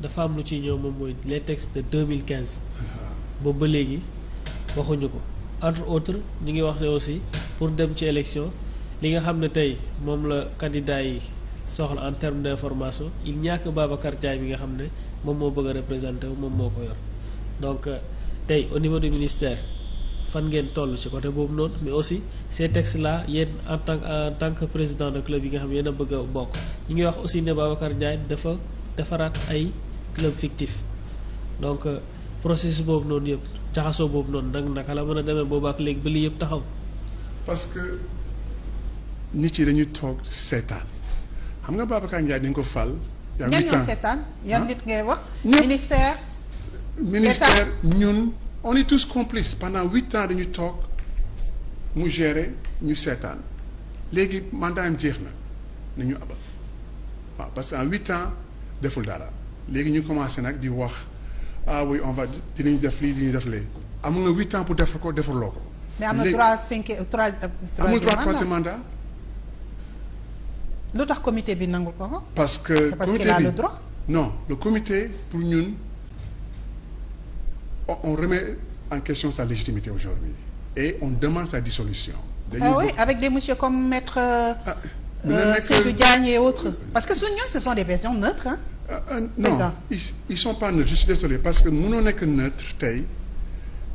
dafa am lu ci ñëw moom mooy les textes de 2015 uh-huh. boobu ba léegi waxuñu ko entre autres ñu ngi wax ne aussi pour dem ci élection li nga xam ne tey moom la candidat yi soxla en terme d'information il n'y a que bi nga xam ne moom moo bëgg a représenter moom moo ko yor donc euh, tey au niveau du ministère. fan ngeen toll ci côté boobu noonu mais aussi ces textes là yéen en tant en tant que président de club yi nga xam yéen a bëgg a bokk ñu ngi wax aussi ne Babacar Ndiaye dafa defaraat ay club fictif donc euh, processus boobu noonu yëpp jaxasoo boobu noonu nag naka la mën a demee boobu ak léegi ba lii yëpp taxaw. parce que nit yi dañuy toog seetaan xam nga Babacar Ndiaye dañ ko fal. yaa ah? ngi ngay wax. ministère ministère ñun. on est tous complices pendant huit ans dañu toog mu gérer ñu seetaan léegi mandat am jeex na nañu abal waaw parce que en huit ans deful dara léegi ñu commencé nag di wax ah oui on va dinañ def lii dinañ def lee am nga huit ans pour def ko defuloo ko. mais am na trois cinq trois. Euh, amul trois troisième mandat. lu tax comité bi nangul ko. parce que comité bi c'est parce qu'il a le droit. non le comité pour ñun. on remet en question sa légitimité aujourd'hui et on demande sa dissolution. ah oui avec des messieurs comme ah, euh, maître. Seydou Diagne et autres parce que suñu ñoom ce sont des personnes neutres hein. Ah, ah, non ils sont pas neutres je suis désolé parce que mënoo nekk neutre tey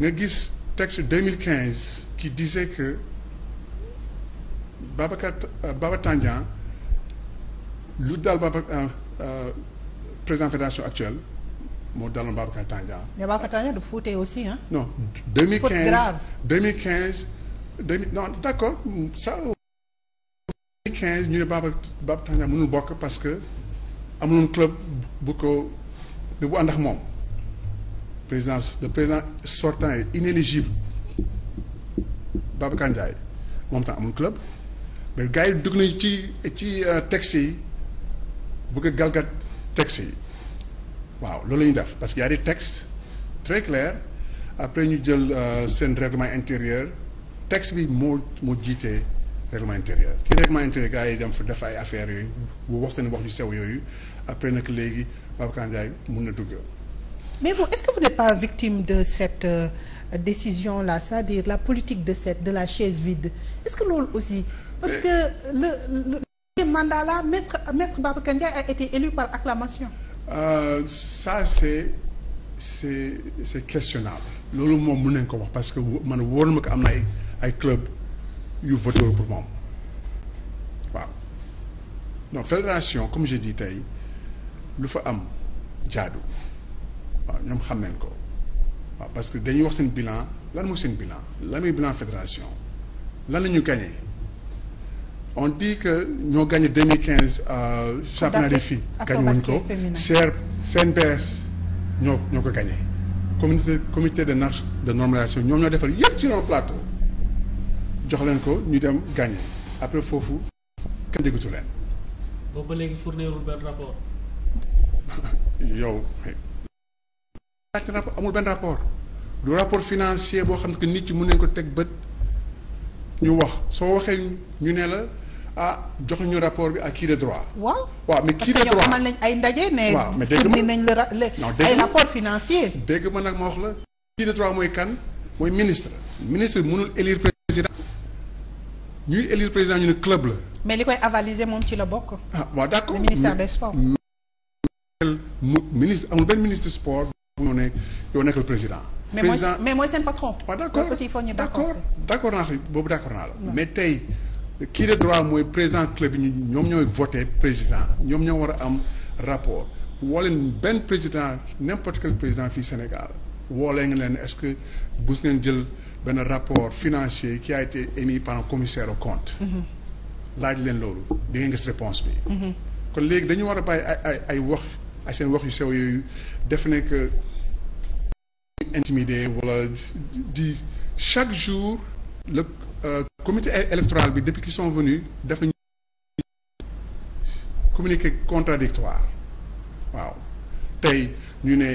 nga gis texte 2015 qui disait que Babacar euh, Baba Tandian lu daal Baba euh, président fédération actuelle. moo daloon Babacar Tandian. mais Babacar Tandian du Fouta aussi ah. non 2015 mm. grave d' accord ça. 2015 ñu bokk parce que amuloon club bu moom président le président sortant est inéligible Babacar Ndiaye moom tam amul club mais gars yi ci ci euh, texte yi bëgg a galgat texte waaw loolu la ñu def parce que y a des très clairs après ñu jël euh, seen règlement intérieur texte bi moo moo jiitee règlement intérieur ci règlement intérieur gars yi dem fa def ay affaires yooyu wax seen wax yu sew yooyu après nag léegi Babacar Ndiaye mun na dugg. mais vous est-ce que vous n'êtes pas victime de cette euh, décision la c'est-à-dire la politique de cette de la chaise vide est-ce que loolu aussi. parce mais... que le le mandat là maître maître Babacar a été élu Euh, ça c'est c'est c'est questionnable loolu moom mën nañ ko wax parce que man wóor na ma ko am na ay ay club yu voté pour moom waaw non fédération comme j'ai dit tey lu fa am jaadu waaw ñoom xam nañ ko waaw parce que dañuy wax seen bilan lan mooy seen bilan lan mooy bilan fédération lan la ñu gagné on di que ñoo gagné 2015 euh, championnat des filles ah, gagné wuñ ko CR CNPS ñoo ñoo ko gagné communauté comité de marche de normalisation ñoom ñoo defar yëpp ci ron plateau jox leen ko ñu dem gagné après foofu kenn déggatu leen. boobu ba léegi fournirul yow. amul benn rapport du rapport financier boo xam ne nit ci mën nañ ko teg bët ñu wax soo waxee ñu ne la. ah jox ñu rapport bi ak kii de droit. waaw waaw mais qui de droit parce que nañ ay ndaje. ne waaw mais nañ la ay rapport financier. dégg ma nag ma wax la. qui de droit mooy kan mooy ministre. ministre mënul élire président. ñuy élire président ñu ne club la. mais li koy avaliser moom ci la bokk. ah waaw d' accord le ministère des sports. mu ministre amul benn ministre sport bu ñoo nekk mais mooy mais mooy seen waaw d' accord d' accord boobu d' accord naa la mais tey. kii de droit mooy président club yi ñoom ñooy voté président ñoom ñoo war a am rapport woo leen benn président n'importe quel président fii Sénégal woolee nga leen est-ce que bus ngeen jël benn rapport financier qui a été émis par un commissaire aux comptes mhm. laaj leen loolu di ngeen gis réponse bi mhm. kon léegi dañu war a bàyyi ay ay wax ay seen wax yu sew yooyu def ne di chaque jour euh, comité électoral bi depuis qu'ils sont venus def nañu communiqué contradictoire waaw tey ñu ne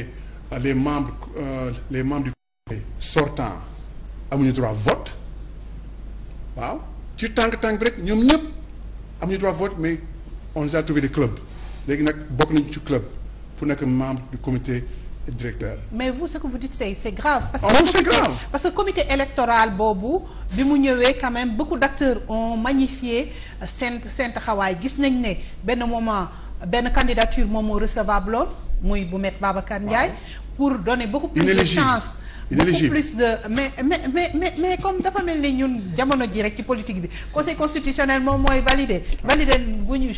euh, les membres euh, les membres du comité sortant amuñu droit vote waaw ci tànk tànk bi rek ñoom ñëpp amuñu droit vote mais on a trouvé des clubs léegi nag bokk nañu ci club pour nekk membre du comité directeur. mais vous ce que vous dites c'est c'est grave. parce que oh, comité, grave. électoral boobu bi mu ñëwee quand même beaucoup on ont magnifié euh, seen seen taxawaay gis nañ ne benn moment benn candidature moom moo recevable lool muy bu met Babacar Ndiaye. pour donner beaucoup plus de chance. beaucoup plus de mais mais mais comme dafa mel ni ñun jamono ji rek ci politique bi conseil constitutionnel moom mooy valider valider bu ñu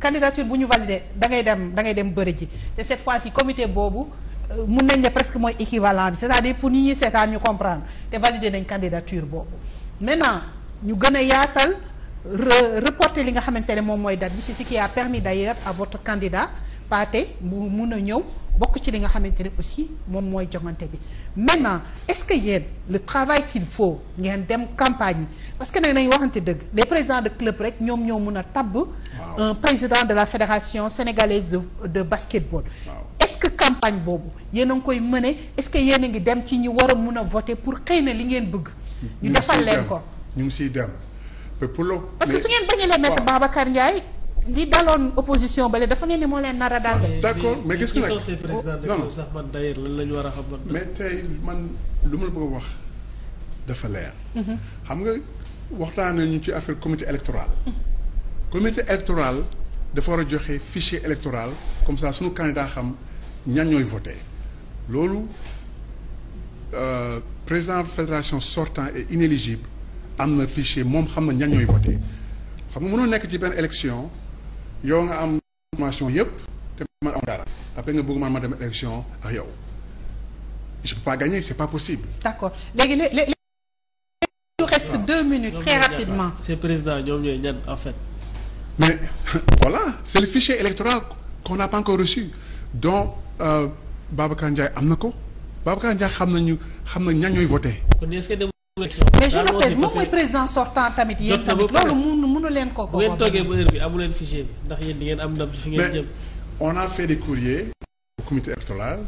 candidature bu ñu valider da ngay dem da ngay dem bëri ji te cette fois-ci comité boobu. mun nañ ne presque mooy équivalent bi c'est-à-dire pour ñi ñuy seetaan ñu comprendre te valider nañ candidature boobu maintenant ñu gën a yaatal reporter li nga xamante ne moom mooy date bi c'est ce qui a permis d'ailleurs a votre candidat Pathé mu mun a ñëw bokk ci li nga xamante ne aussi moom mooy joŋante bi maintenant est-ce que yéen le travail ngeen dem campagne yi parce que nag nañ waxante dëgg les présidents de club rek ñoom ñoo mun a tabb un président de la fédération sénégalaise de de basketball. est-ce que campagne boobu yéen a koy mëne est-ce que yéen a ngi dem ci ñi war a mun a voter pour xëy na li ngeen bëgg. ñu defal leen ko ñu ngi si dem mais pour le. parce que su ngeen bañalee mettre Babacar Ndiaye li daloon opposition bële dafa ne moo leen nar a dal. d'accord mais gis nga oh, ñu war ma la bëgg a wax dafa leer. Mhm. xam nga waxtaan nañu ci affaire comité électoral. Mhm. comité électoral dafa war a joxe fichier électoral comme ça suñu candidat xam. ñan ñooy voté loolu euh, président fédération sortant et inéligible am na fichier moom xam na ñan ñooy voté xam nga mënoo nekk ci benn élection yow nga am information yëpp te man am dara après nga bëgg man ma dem élection ak yow je peux pas gagner c'est pas possible. d'accord léegi léegi nous reste deux minutes très rapidement. président ñoom ñooy en fait. mais voilà c'est le fichier électoral qu'on n'a pas encore reçu donc. Euh, Babacar Ndiaye am na ko Babacar Ndiaye xam ñu xam na ñañooy voté. mais je le pèse moom mooy président sortant tamit yéen leen ko ko bu ngeen toogee ba heure bi amu on a fait des courriers au comité électoral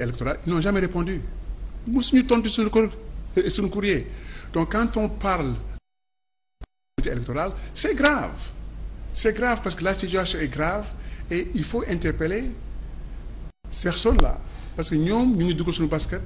électoral ils n'ont jamais répondu musuñu tontu suñu ko euh, suñu courrier donc quand on parle comité électoral parce que la situation est grave il faut interpeller personne là parce que ñoom ñu ngi dugal suñu basket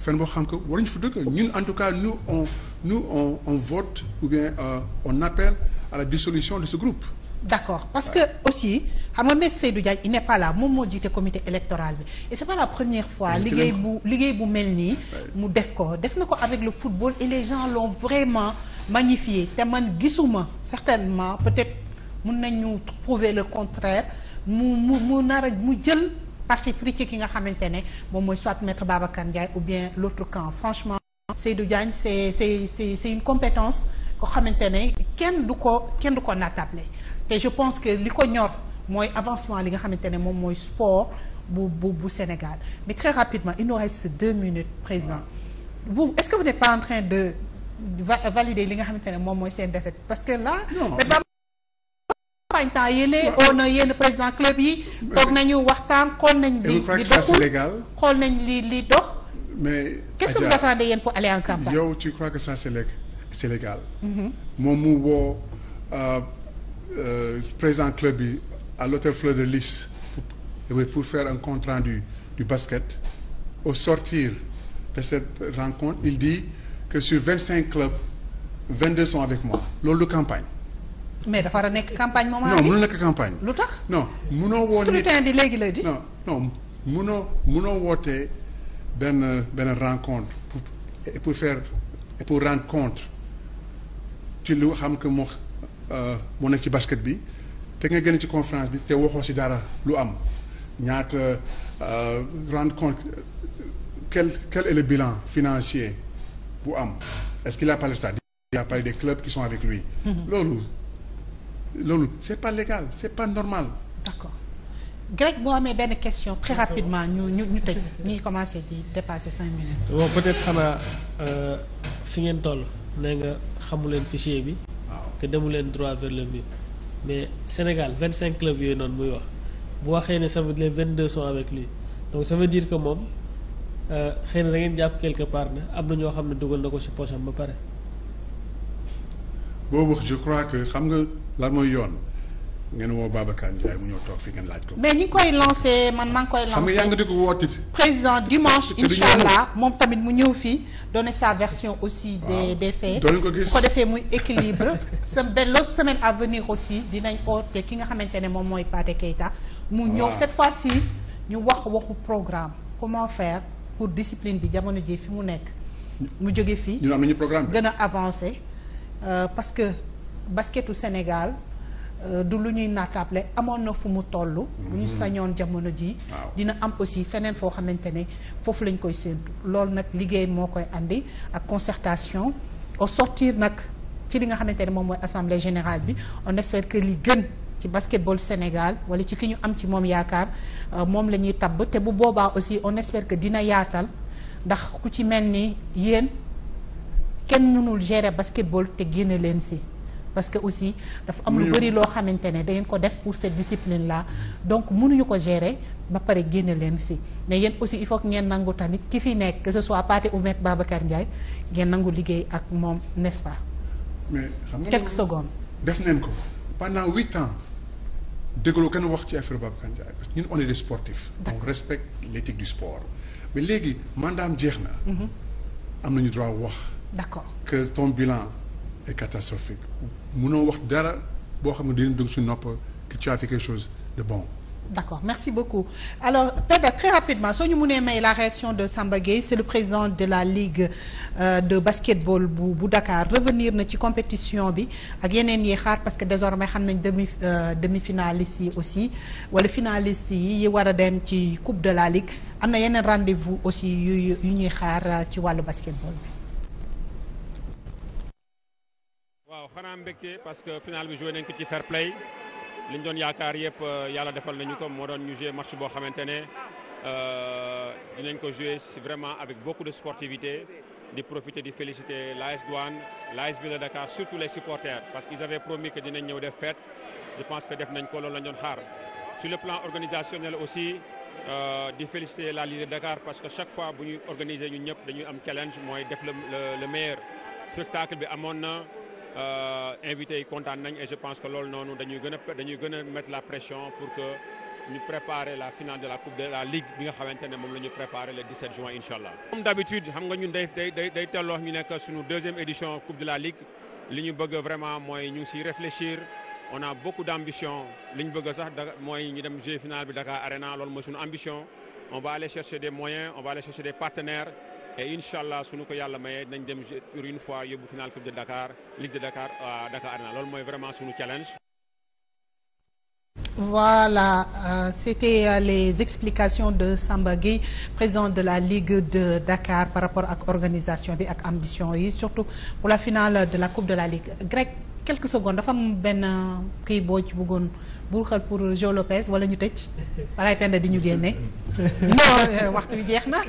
fenn boo xam que waruñu fa dëkk ñu en tout cas nous on nous on on vote ou bien euh, on appelle la dissolution de ce groupe. d'accord parce que aussi xam nga Me Seydou Diagne il n'est pas là moom moo jiite commité électoral bi et c'est pas la première fois liggéey bu liggéey bu mel nii mu def ko def na ko avec le football et les gens l'ont vraiment magnifié te man gisuma certainement peut-être mën nañu prouver le contraire mu mu mu nar a parti pris ci ki nga xamante ne moom mooy soit maître Babacar Ndiaye ou bien l'autre camp franchement Seydou Diagne c'est c'est c'est une compétence ko xamante ne kenn du ko kenn du ko naatable te je pense que li ko ñor mooy avancement li nga xamante ne moom mooy sport bu bu bu Sénégal mais très rapidement il nous reste deux minutes président vous est-ce que vous n'êtes pas en train de valider li nga xamante ne moom mooy seen défaite parce que là campagne temps yële on a yenn président club yi toog nañu waxtaan xool nañ li li xool nañ li li dox mais qu'est-ce que vous attendez yéen pour aller en campagne yow tu crois que ça c'est légal c'est mhm. mu woo euh, euh, président club yi à l'hôtel Fleur de Lys pour eh faire un compte rendu du basket au sortir de cette rencontre il dit que sur vingt cinq clubs vingt deux sont avec moi loolu campagne mais dafa war a nekk campagne moment non mënul nekk campagne. lu tax no mënoo woo. scrutin bi léegi lay di. non non mënoo mënoo wootee benn benn rencontre pour et pour faire pour rendre ci lu xam que moo euh, moo nekk ci basket bi te nga gën ci conférence bi te waxoo si dara lu am ñaata euh, rendre compte quel quel est le bilan financier bu am est-ce qu'il a parlé de ça des clubs qui sont avec lui. Mm-hmm. loolu. loolu c'est pas légal c'est pas normal. d'accord Greg boo amee benn question très rapidement ñu ñu ñu tëj ñu ngi commencé di dépasser cinq minutes. bon peut-être xanaa euh, fi ngeen toll nee nga xamu leen fichier bi. waaw que demu leen droit vers le mur. mais Sénégal vingt cinq clubs yooyu noonu muy wax bu waxee ne ça veut les vingt deux sont avec lui donc ça veut que moom euh, xëy na da ngeen jàpp quelque part ne am na ñoo xam ne dugal na ko si poche am ba pare. boobu je crois lan mooy yoon ngeen woo Babacar Ndiaye mu ñëw toog fi ngeen laaj ko. mais ñi koy lancé man maa ngi koy. lancé nga ko wootit président dimanche incha allah moom tamit mu ñëw fii donner sa version aussi. des des faits. ko defee muy équilibre. sa benn l'autre semaine à venir aussi dinañ oote ki nga xamante ne moom mooy Pathé Keita. mu ah. ñëw cette fois ci ñu wax waxu programme comment faire pour discipline bi jamono ji fi mu nekk. mu jóge fii ñu am nañu gën a avancé euh, parce que. basketu Sénégal euh, du lu ñuy naataable amoon na fu mu toll. bu ñu mm-hmm. sañoon jamono ji dina am aussi feneen foo xamante ne foofu lañ koy séentu loolu nag liggéey moo koy andi ak concertation au sortir nag ci li nga xamante ne moom mooy assemblée général bi on espère que li gën ci basketball Sénégal wala ci ki ñu am ci moom yaakaar euh, moom la ñuy tabb te bu boobaa aussi on espère que dina yaatal ndax ku ci mel ni yéen kenn mënul gérer basketball te génne leen si. parce que aussi dafa am lu bëri loo xamante ne da ngeen ko def pour cette discipline là donc mënuñu ko gérer ba pare génne leen si mais yéen aussi il faut ngeen nangu tamit ki fi nekk que ce soit Pathé ou Maître Babacar Ndiaye ngeen nangu liggéey ak moom n'est-ce pas. mais xam nga quelques secondes. def neen ko pendant huit ans dégloo kenn wax ci affaire Babacar Ndiaye parce que ñun on est des sportifs. on respecte l'éthique du sport mais léegi mandaam jeex na. Mhm. am nañu droit wax. d'accord que ton bilan. est catastrophique mënoo wax dara boo xam ne dina dugg suñu nopp que tu as fait quelque chose de bon. d'accord merci beaucoup alors Penda très rapidement soo ñu mënee may la réaction de Samba Gueye c'est le président de la ligue euh, de basketball bu bu Dakar revenir na ci compétition bi ak yeneen yi xaar parce que désormais xam nañ demi euh, demi-finaliste yi aussi wala finaliste yi yi war a dem ci coupe de la ligue am na yeneen rendez-vous aussi yu yu ñuy xaar ci wàllu basketball bi. waaw xanaa mbégte parce que final bi joué nañ ko ci fair play liñ doon yaakaar yëpp euh, yàlla defal nañu ko moo doon ñu joué match boo xamante ne euh, dinañ ko si vraiment avec beaucoup de sportivité di profite di féliciter l'AS Douane l'AS Ville de Dakar surtout les supporters parce qu'ils avaient promis que dinañ ñëw def fête je pense que def nañ ko loolu lañ doon xaar sur le plan organisationnel aussi euh, di féliciter la Ligue de Dakar parce que chaque fois bu ñuy organiser ñun ñëpp dañuy am challenge mooy def le le meilleur Euh, invité yi kontaan nañ et je pense que loolu noonu dañuy gën a dañuy gën a mettre la pression pour que ñu préparer la finale de la coupe de la ligue bi nga xamante ne moom la ñu préparer le 17 juin incha allah. comme d' habitude xam nga ñun day day day telloo ñu nekk suñu deuxième édition coupe de la ligue li ñu bëgg vraiment mooy ñu ngi siy réfléchir on a beaucoup d' ambition li ñu bëgg sax mooy ñu dem jeu finale bi Dakar Arena loolu mooy suñu ambition on va aller chercher des moyens on va aller chercher et incha allah suñu ko yàlla mayee nañ de Dakar Ligue de Dakar à euh, loolu mooy vraiment suñu challenge. Voilà, euh, c'était euh, les explications de Samba gi président de la Ligue de Dakar par rapport ak organisation bi ak ambition yi surtout pour la finale de la Coupe de la Ligue. Greg, quelques secondes dafa am benn kii boo ci bëggoon bul xal pour Jo Lopez wala ñu tëj balay fenn di ñu génne. non euh, waxtu bi jeex na.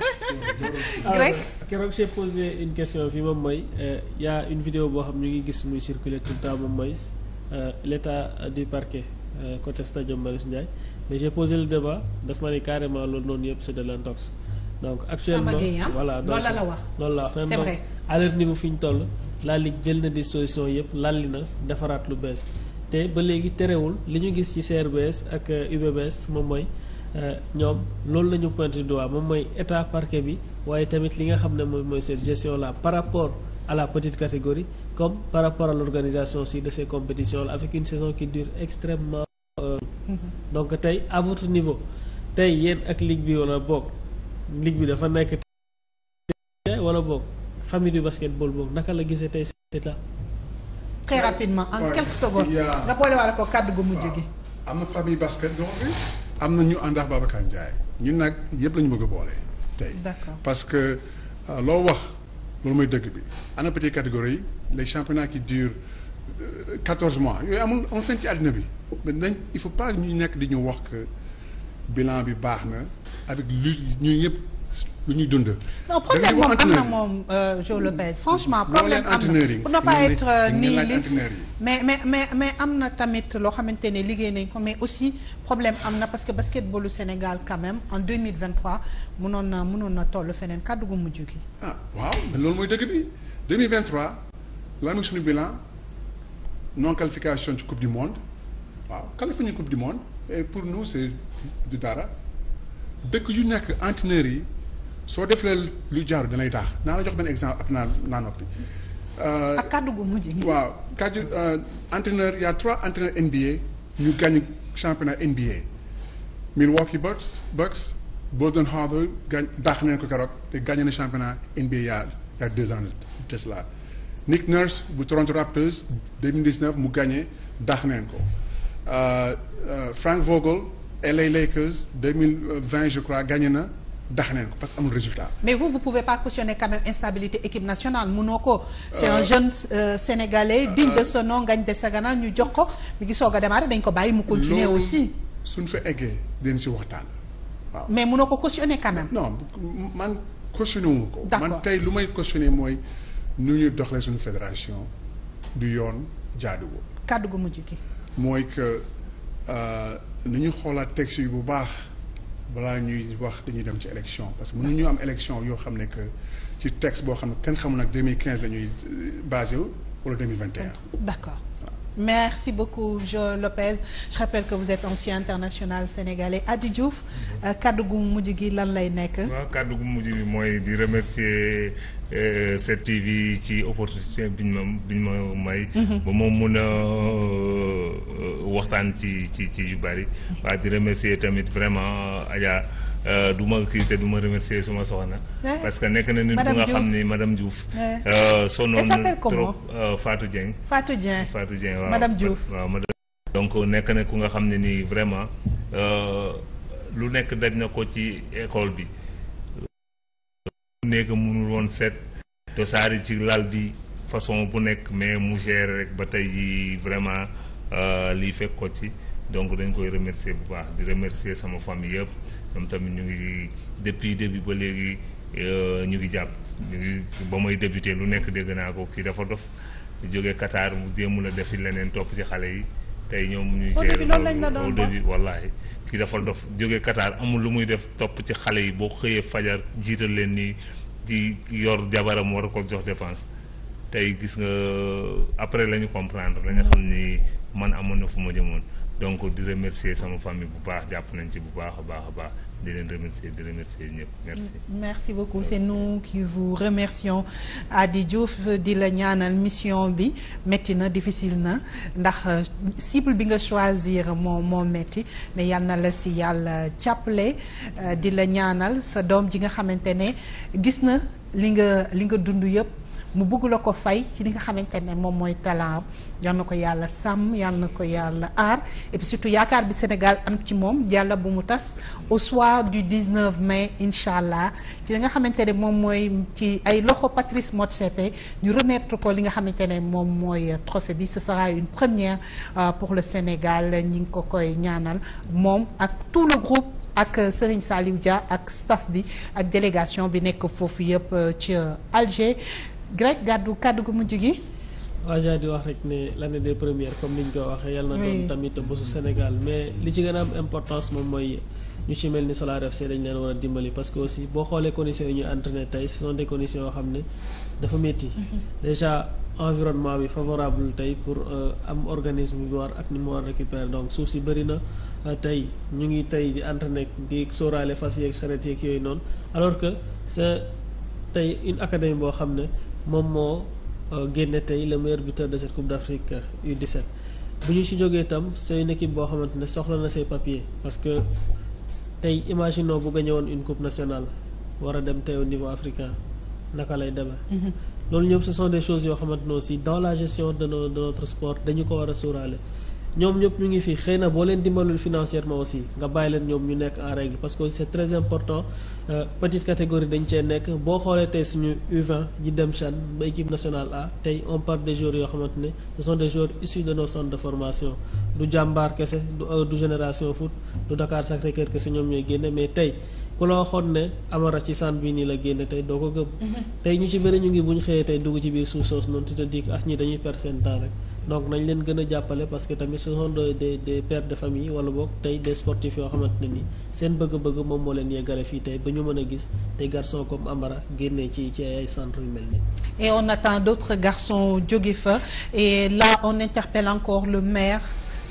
Greg keroog j'ai posé une question fii moom mooy euh, y a une vidéo boo xam ñu ngi gis muy circuler tout le moom mooy euh, l'état du parquet côté stadium Marius Ndiaye mais j'ai posé le débat daf ma ne carrément loolu noonu yëpp c'est de l'intox donc actuellement voilà donc loolu la wax loolu la wax même donc à fi ñu toll la ligue jël na disposition yëpp li na defaraat lu bees te ba léegi terewul li ñu gis ci CRBS ak UBBS euh, moom mooy euh, ñoom loolu la ñu pointé du doigt moom mooy état parquet bi waaye tamit li nga xam ne moom mooy cette gestion la par rapport à la petite catégorie comme par rapport à l'organisation aussi de ces compétitions là avec une saison qui dure extrêmement euh, mm-hmm. donc tey à votre niveau tey yéen ak ligue bi wala boog ligue bi dafa nekk wala boog famille du basketball boog naka la gisee tey très rapidement en quelques secondes. nga boole waale ko kàddu gu mujj gi. Ah, am na famille basket ñoo am na ñu ànd ak Babacar Ndiaye ñun nag yëpp lañu bëgg a boole tey. d'accord parce que euh, loo wax loolu mooy dëgg bi ana petite catégorie les championnats qui durent euh, quatorze mois yooyu amul amul fenn ci àddina bi mais nañ il faut pas ñu nekk di ñu wax que bi baax na avec lu ñu ñëpp. lu ñuy dund. non problème moom am na moom euh, Joe Lopez franchement problème am na pour ne pas être euh, nihiliste mais mais mais mais am na tamit loo xamante ne liggéey nañ ko mais aussi problème am na parce que basketballu Sénégal quand même en deux mille vingt trois mënoon na mënoon na toll feneen kàddu gu mujj ah, waaw mais loolu mooy dëgg bi deux mille vingt trois la suñu bilan non qualification ci coupe du monde waaw qualifié ñu coupe du monde pour nous c' du dara dëkk yu nekk entraîneurs yi. soo defee lu jaaru danay lay taax naa la jox benn exemple ab naa naa noppi. Euh, ak kàddu gu mujj. waaw kàddu euh, entraîneur y' a trois entraîneurs NBA ñu gagné championnat NBA Milwaukee Bucks Bucks Golden Harbour gañ dàq nañ ko keroog te gagné na championnat NBA y' a y' a deux ans de cela Nick Nurse bu Toronto Raptors mu gagné dàq nañ ko euh, Frank Vogel LA Lakers 2020 je crois gagné na. dax neen ko parce que amul résultat. mais vous vous pouvez pas cautionner quand même instabilité équipe nationale munoo ko. c'est un jeune euh, sénégalais. Euh, digne de son euh, nom Ngagne Desagana ñu jox ko mi ngi soog a démarrer dañ ko bàyyi mu continuer aussi. suñ fa eggee dinañ si waxtaan waaw. mais munoo ko cautionner quand même. man cautionné wu ko. man tey lu may cautionné mooy nu ñuy doxalee suñu fédération du yoon jaaduwul. kàddu gu mujj gi. mooy que nu ñu xoolaat texte yi bu baax. balaa ñuy wax dañuy dem ci élection parce que mënuñu am élection yoo xam ne que ci text boo xam ne kenn xamul nag 2015 la ñuy basé wu wala 2021. d'accord. Merci beaucoup Jo Lopez je rappelle que vous êtes ancien international sénégalais Adi Diouf euh, gu mujj gi lan lay nekk. waaw gu mujj bi mooy di remercier cette euh, TV ci opportunité bi ñu ma bi ñu ma may. Mhm. ba moom mun a euh, waxtaan ci ci ci yu bari. Mhm. waa di remercier tamit vraiment Adja. Euh, du ma kii te du ma remercier suma soxna. parce que nekk na nit bu nga xam ni madame Diouf. Euh, sonoon trop euh, Fatou Dieng. Fatou Dieng Fatou Dieng waaw madame Diouf waaw donc nekk na ku nga xam ne nii vraiment lu nekk daj na ko ci école bi. nekk mënul woon seet. dosaari ci lal bi façon bu nekk mais mu rek ba tey jii vraiment lii fekk ko ci donc dañ koy remercier bu baax di remercier sama famille yëpp. ñoom tamit ñu ngi depuis début ba léegi euh, ñu ngi jàpp ñu ngi ba may débuté lu nekk dégg naa ko kii dafa dof jóge Qatar mu jéem la defi leneen topp ci xale yi tey ñoom ñuy gérer au début wallaahi kii dafa dof jóge Qatar amul lu muy def topp ci xale yi boo xëyee fajar jiital leen nii ci yor jabaram war ko jox dépense tey gis nga après lañu comprendre la nga xam ni man amoon na fu ma jëmoon donc di remercier sama famille bu baax jàpp nañ ci bu baax a baax a baax di leen remercier di remercier ñëpp merci. merci beaucoup c'est nous qui vous remercions Adi Diouf di la ñaanal mission bi métti na difficile na ndax cible bi nga choisir moo moo métti mais na la si yàlla càppale euh, di la ñaanal sa doom ji nga xamante ne gis na li nga li nga dund yëpp mu bugg la ko fay ci li nga xamante ne moom mooy talent yal ko yàlla sàmm yal na ko yàlla aar et surtout yaakaar bi Sénégal am ci moom yàlla bu mu tas au soir du 19 mai incha allah ci li nga xamante ne moom mooy ci ay loxo Patrice Motsepe ñu remettre ko li nga xamante ne moom mooy trophée bi ce sera une première euh, pour le Sénégal ñi ngi ko koy ñaanal moom ak tout le groupe ak Serigne Saliou Dia ak staff bi ak délégation bi nekk foofu yëpp euh, ci Alger Greg gàddu kàddu gu mujj gi waaja di wax rek ne l'année des premières comme ni ñu ko waxee yal na doon tamit bésu Sénégal mais li ci gën a am importance moom mooy ñu ci mel ni Solar FC dañ leen war a dimbali parce que aussi boo xoolee conditions yi ñu entraîné tey ce sont des ne dafa métti mhm. déjà environnement bi favorable tey pour euh, am organisme bi ak ni mu war récupérer donc suuf si bëri na euh, tey ñu ngi tey di entraîné di sóoraale fas yeeg saret yeeg yooyu noonu alors que c'est tey une académie boo xam ne moom moo Euh, génne tey le meilleur buteur de cette coupe d'Afrique U17 euh, bu ñu ci jógee itam c'est une équipe boo xamante ne soxla na say papiers parce que tey imaginons bu gagné woon une coupe nationale war a dem tey au niveau africain naka lay demee. Mhm. loolu ñoom ce sont des yoo xamante ne aussi dans la gestion de notre sport dañu ko war a suuraale. ñoom ñëpp ñu ngi fi xëy na boo leen dimbalul financièrement aussi nga bàyyi leen ñoom ñu nekk en règle parce que c'est très important euh, petite catégorie dañ cee nekk boo xoolee tey suñu U20 dem CHAN ba équipe nationale A tey on parle de joueurs yoo xamante ne son sont des joueurs issus de nos centres de formation du jàmbaar kese du euh, génération foot du Dakar sacré kër kese ñoom ñooy génne mais tey ku la waxoon ne Amara ci saan bii nii la génne tey doo ko mm-hmm. ñu ci bëri ñu ngi bu ñu xëyee tey dugg ci biir suuf soosu noonu tu te ah, dañuy perdre seen temps rek. donc nañ leen gën a jàppale parce que tamit ce sont des des pères de famille wala boog tey des sportifs yoo xamante ne ni seen bëgg-bëgg moom moo leen yeggale fii tey ba ñu mën a gis tey garçon comme Amara génnee ci ci ay centre mel nii. et on attend d'autres garçons jóge fa et là on interpelle encore le maire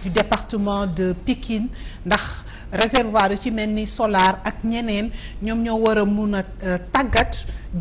du département de Pikine ndax. réservoir lu ci mel ni solaire ak ñeneen ñoom ñoo war a mun a euh, tàggat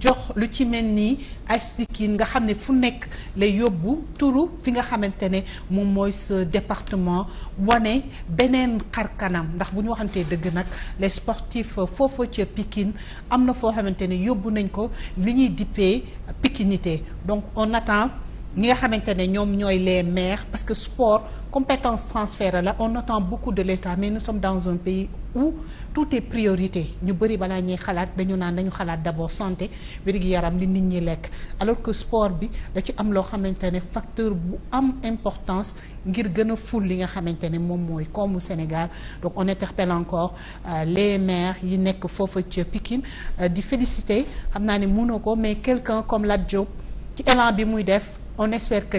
jox lu ci mel ni ay spikin nga xam ne fu nekk lay yóbbu turu fi nga xamante ne moom mooy sa département wane beneen xar kanam ndax bu ñu waxantee dëgg nag les sportifs foofu ca pikin am na foo xamante ne yóbbu nañ ko li ñuy dippee pikinité donc on attend ñi nga xamante ne ñoom ñooy les maires parce que sport compétence transfert la on attend beaucoup de l'État mais nous sommes dans un pays où tout est priorité ñu bëri balaa ñuy xalaat dañu naan dañu xalaat d'abord santé wérgu yaram li nit ñi lekk alors que sport bi da ci am loo xamante ne facteur bu am importance ngir gën a ful li nga xamante ne moom mooy koomu Sénégal donc on interpelle encore euh, les maire yi nekk foofa ca Pikine euh, di féliciter xam naa ne mënoo ko mais quelqu'un comme Lat Diop ci élan bi muy def on espère que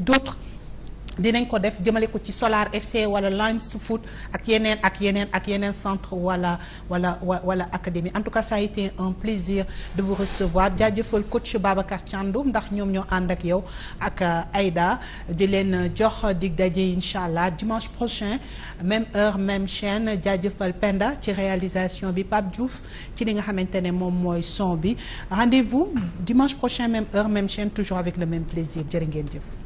d'autres dinañ ko def jëmale ko ci Solar FC wala Lens Foot ak yeneen ak yeneen ak yeneen centre wala wala wala académie en tout cas ça a été un plaisir de vous recevoir jaajëfal coach Babacar Thiandoum ndax ñoom ñoo ànd ak yow ak euh, Aïda di leen jox digga daje incha allah dimanche prochain même heure même chaîne jaajëfal Penda ci réalisation bi Pape Diouf ci li nga xamante ne moom mooy son bi rendez-vous dimanche prochain même heure même chaîne toujours avec le même plaisir ngeen jëf.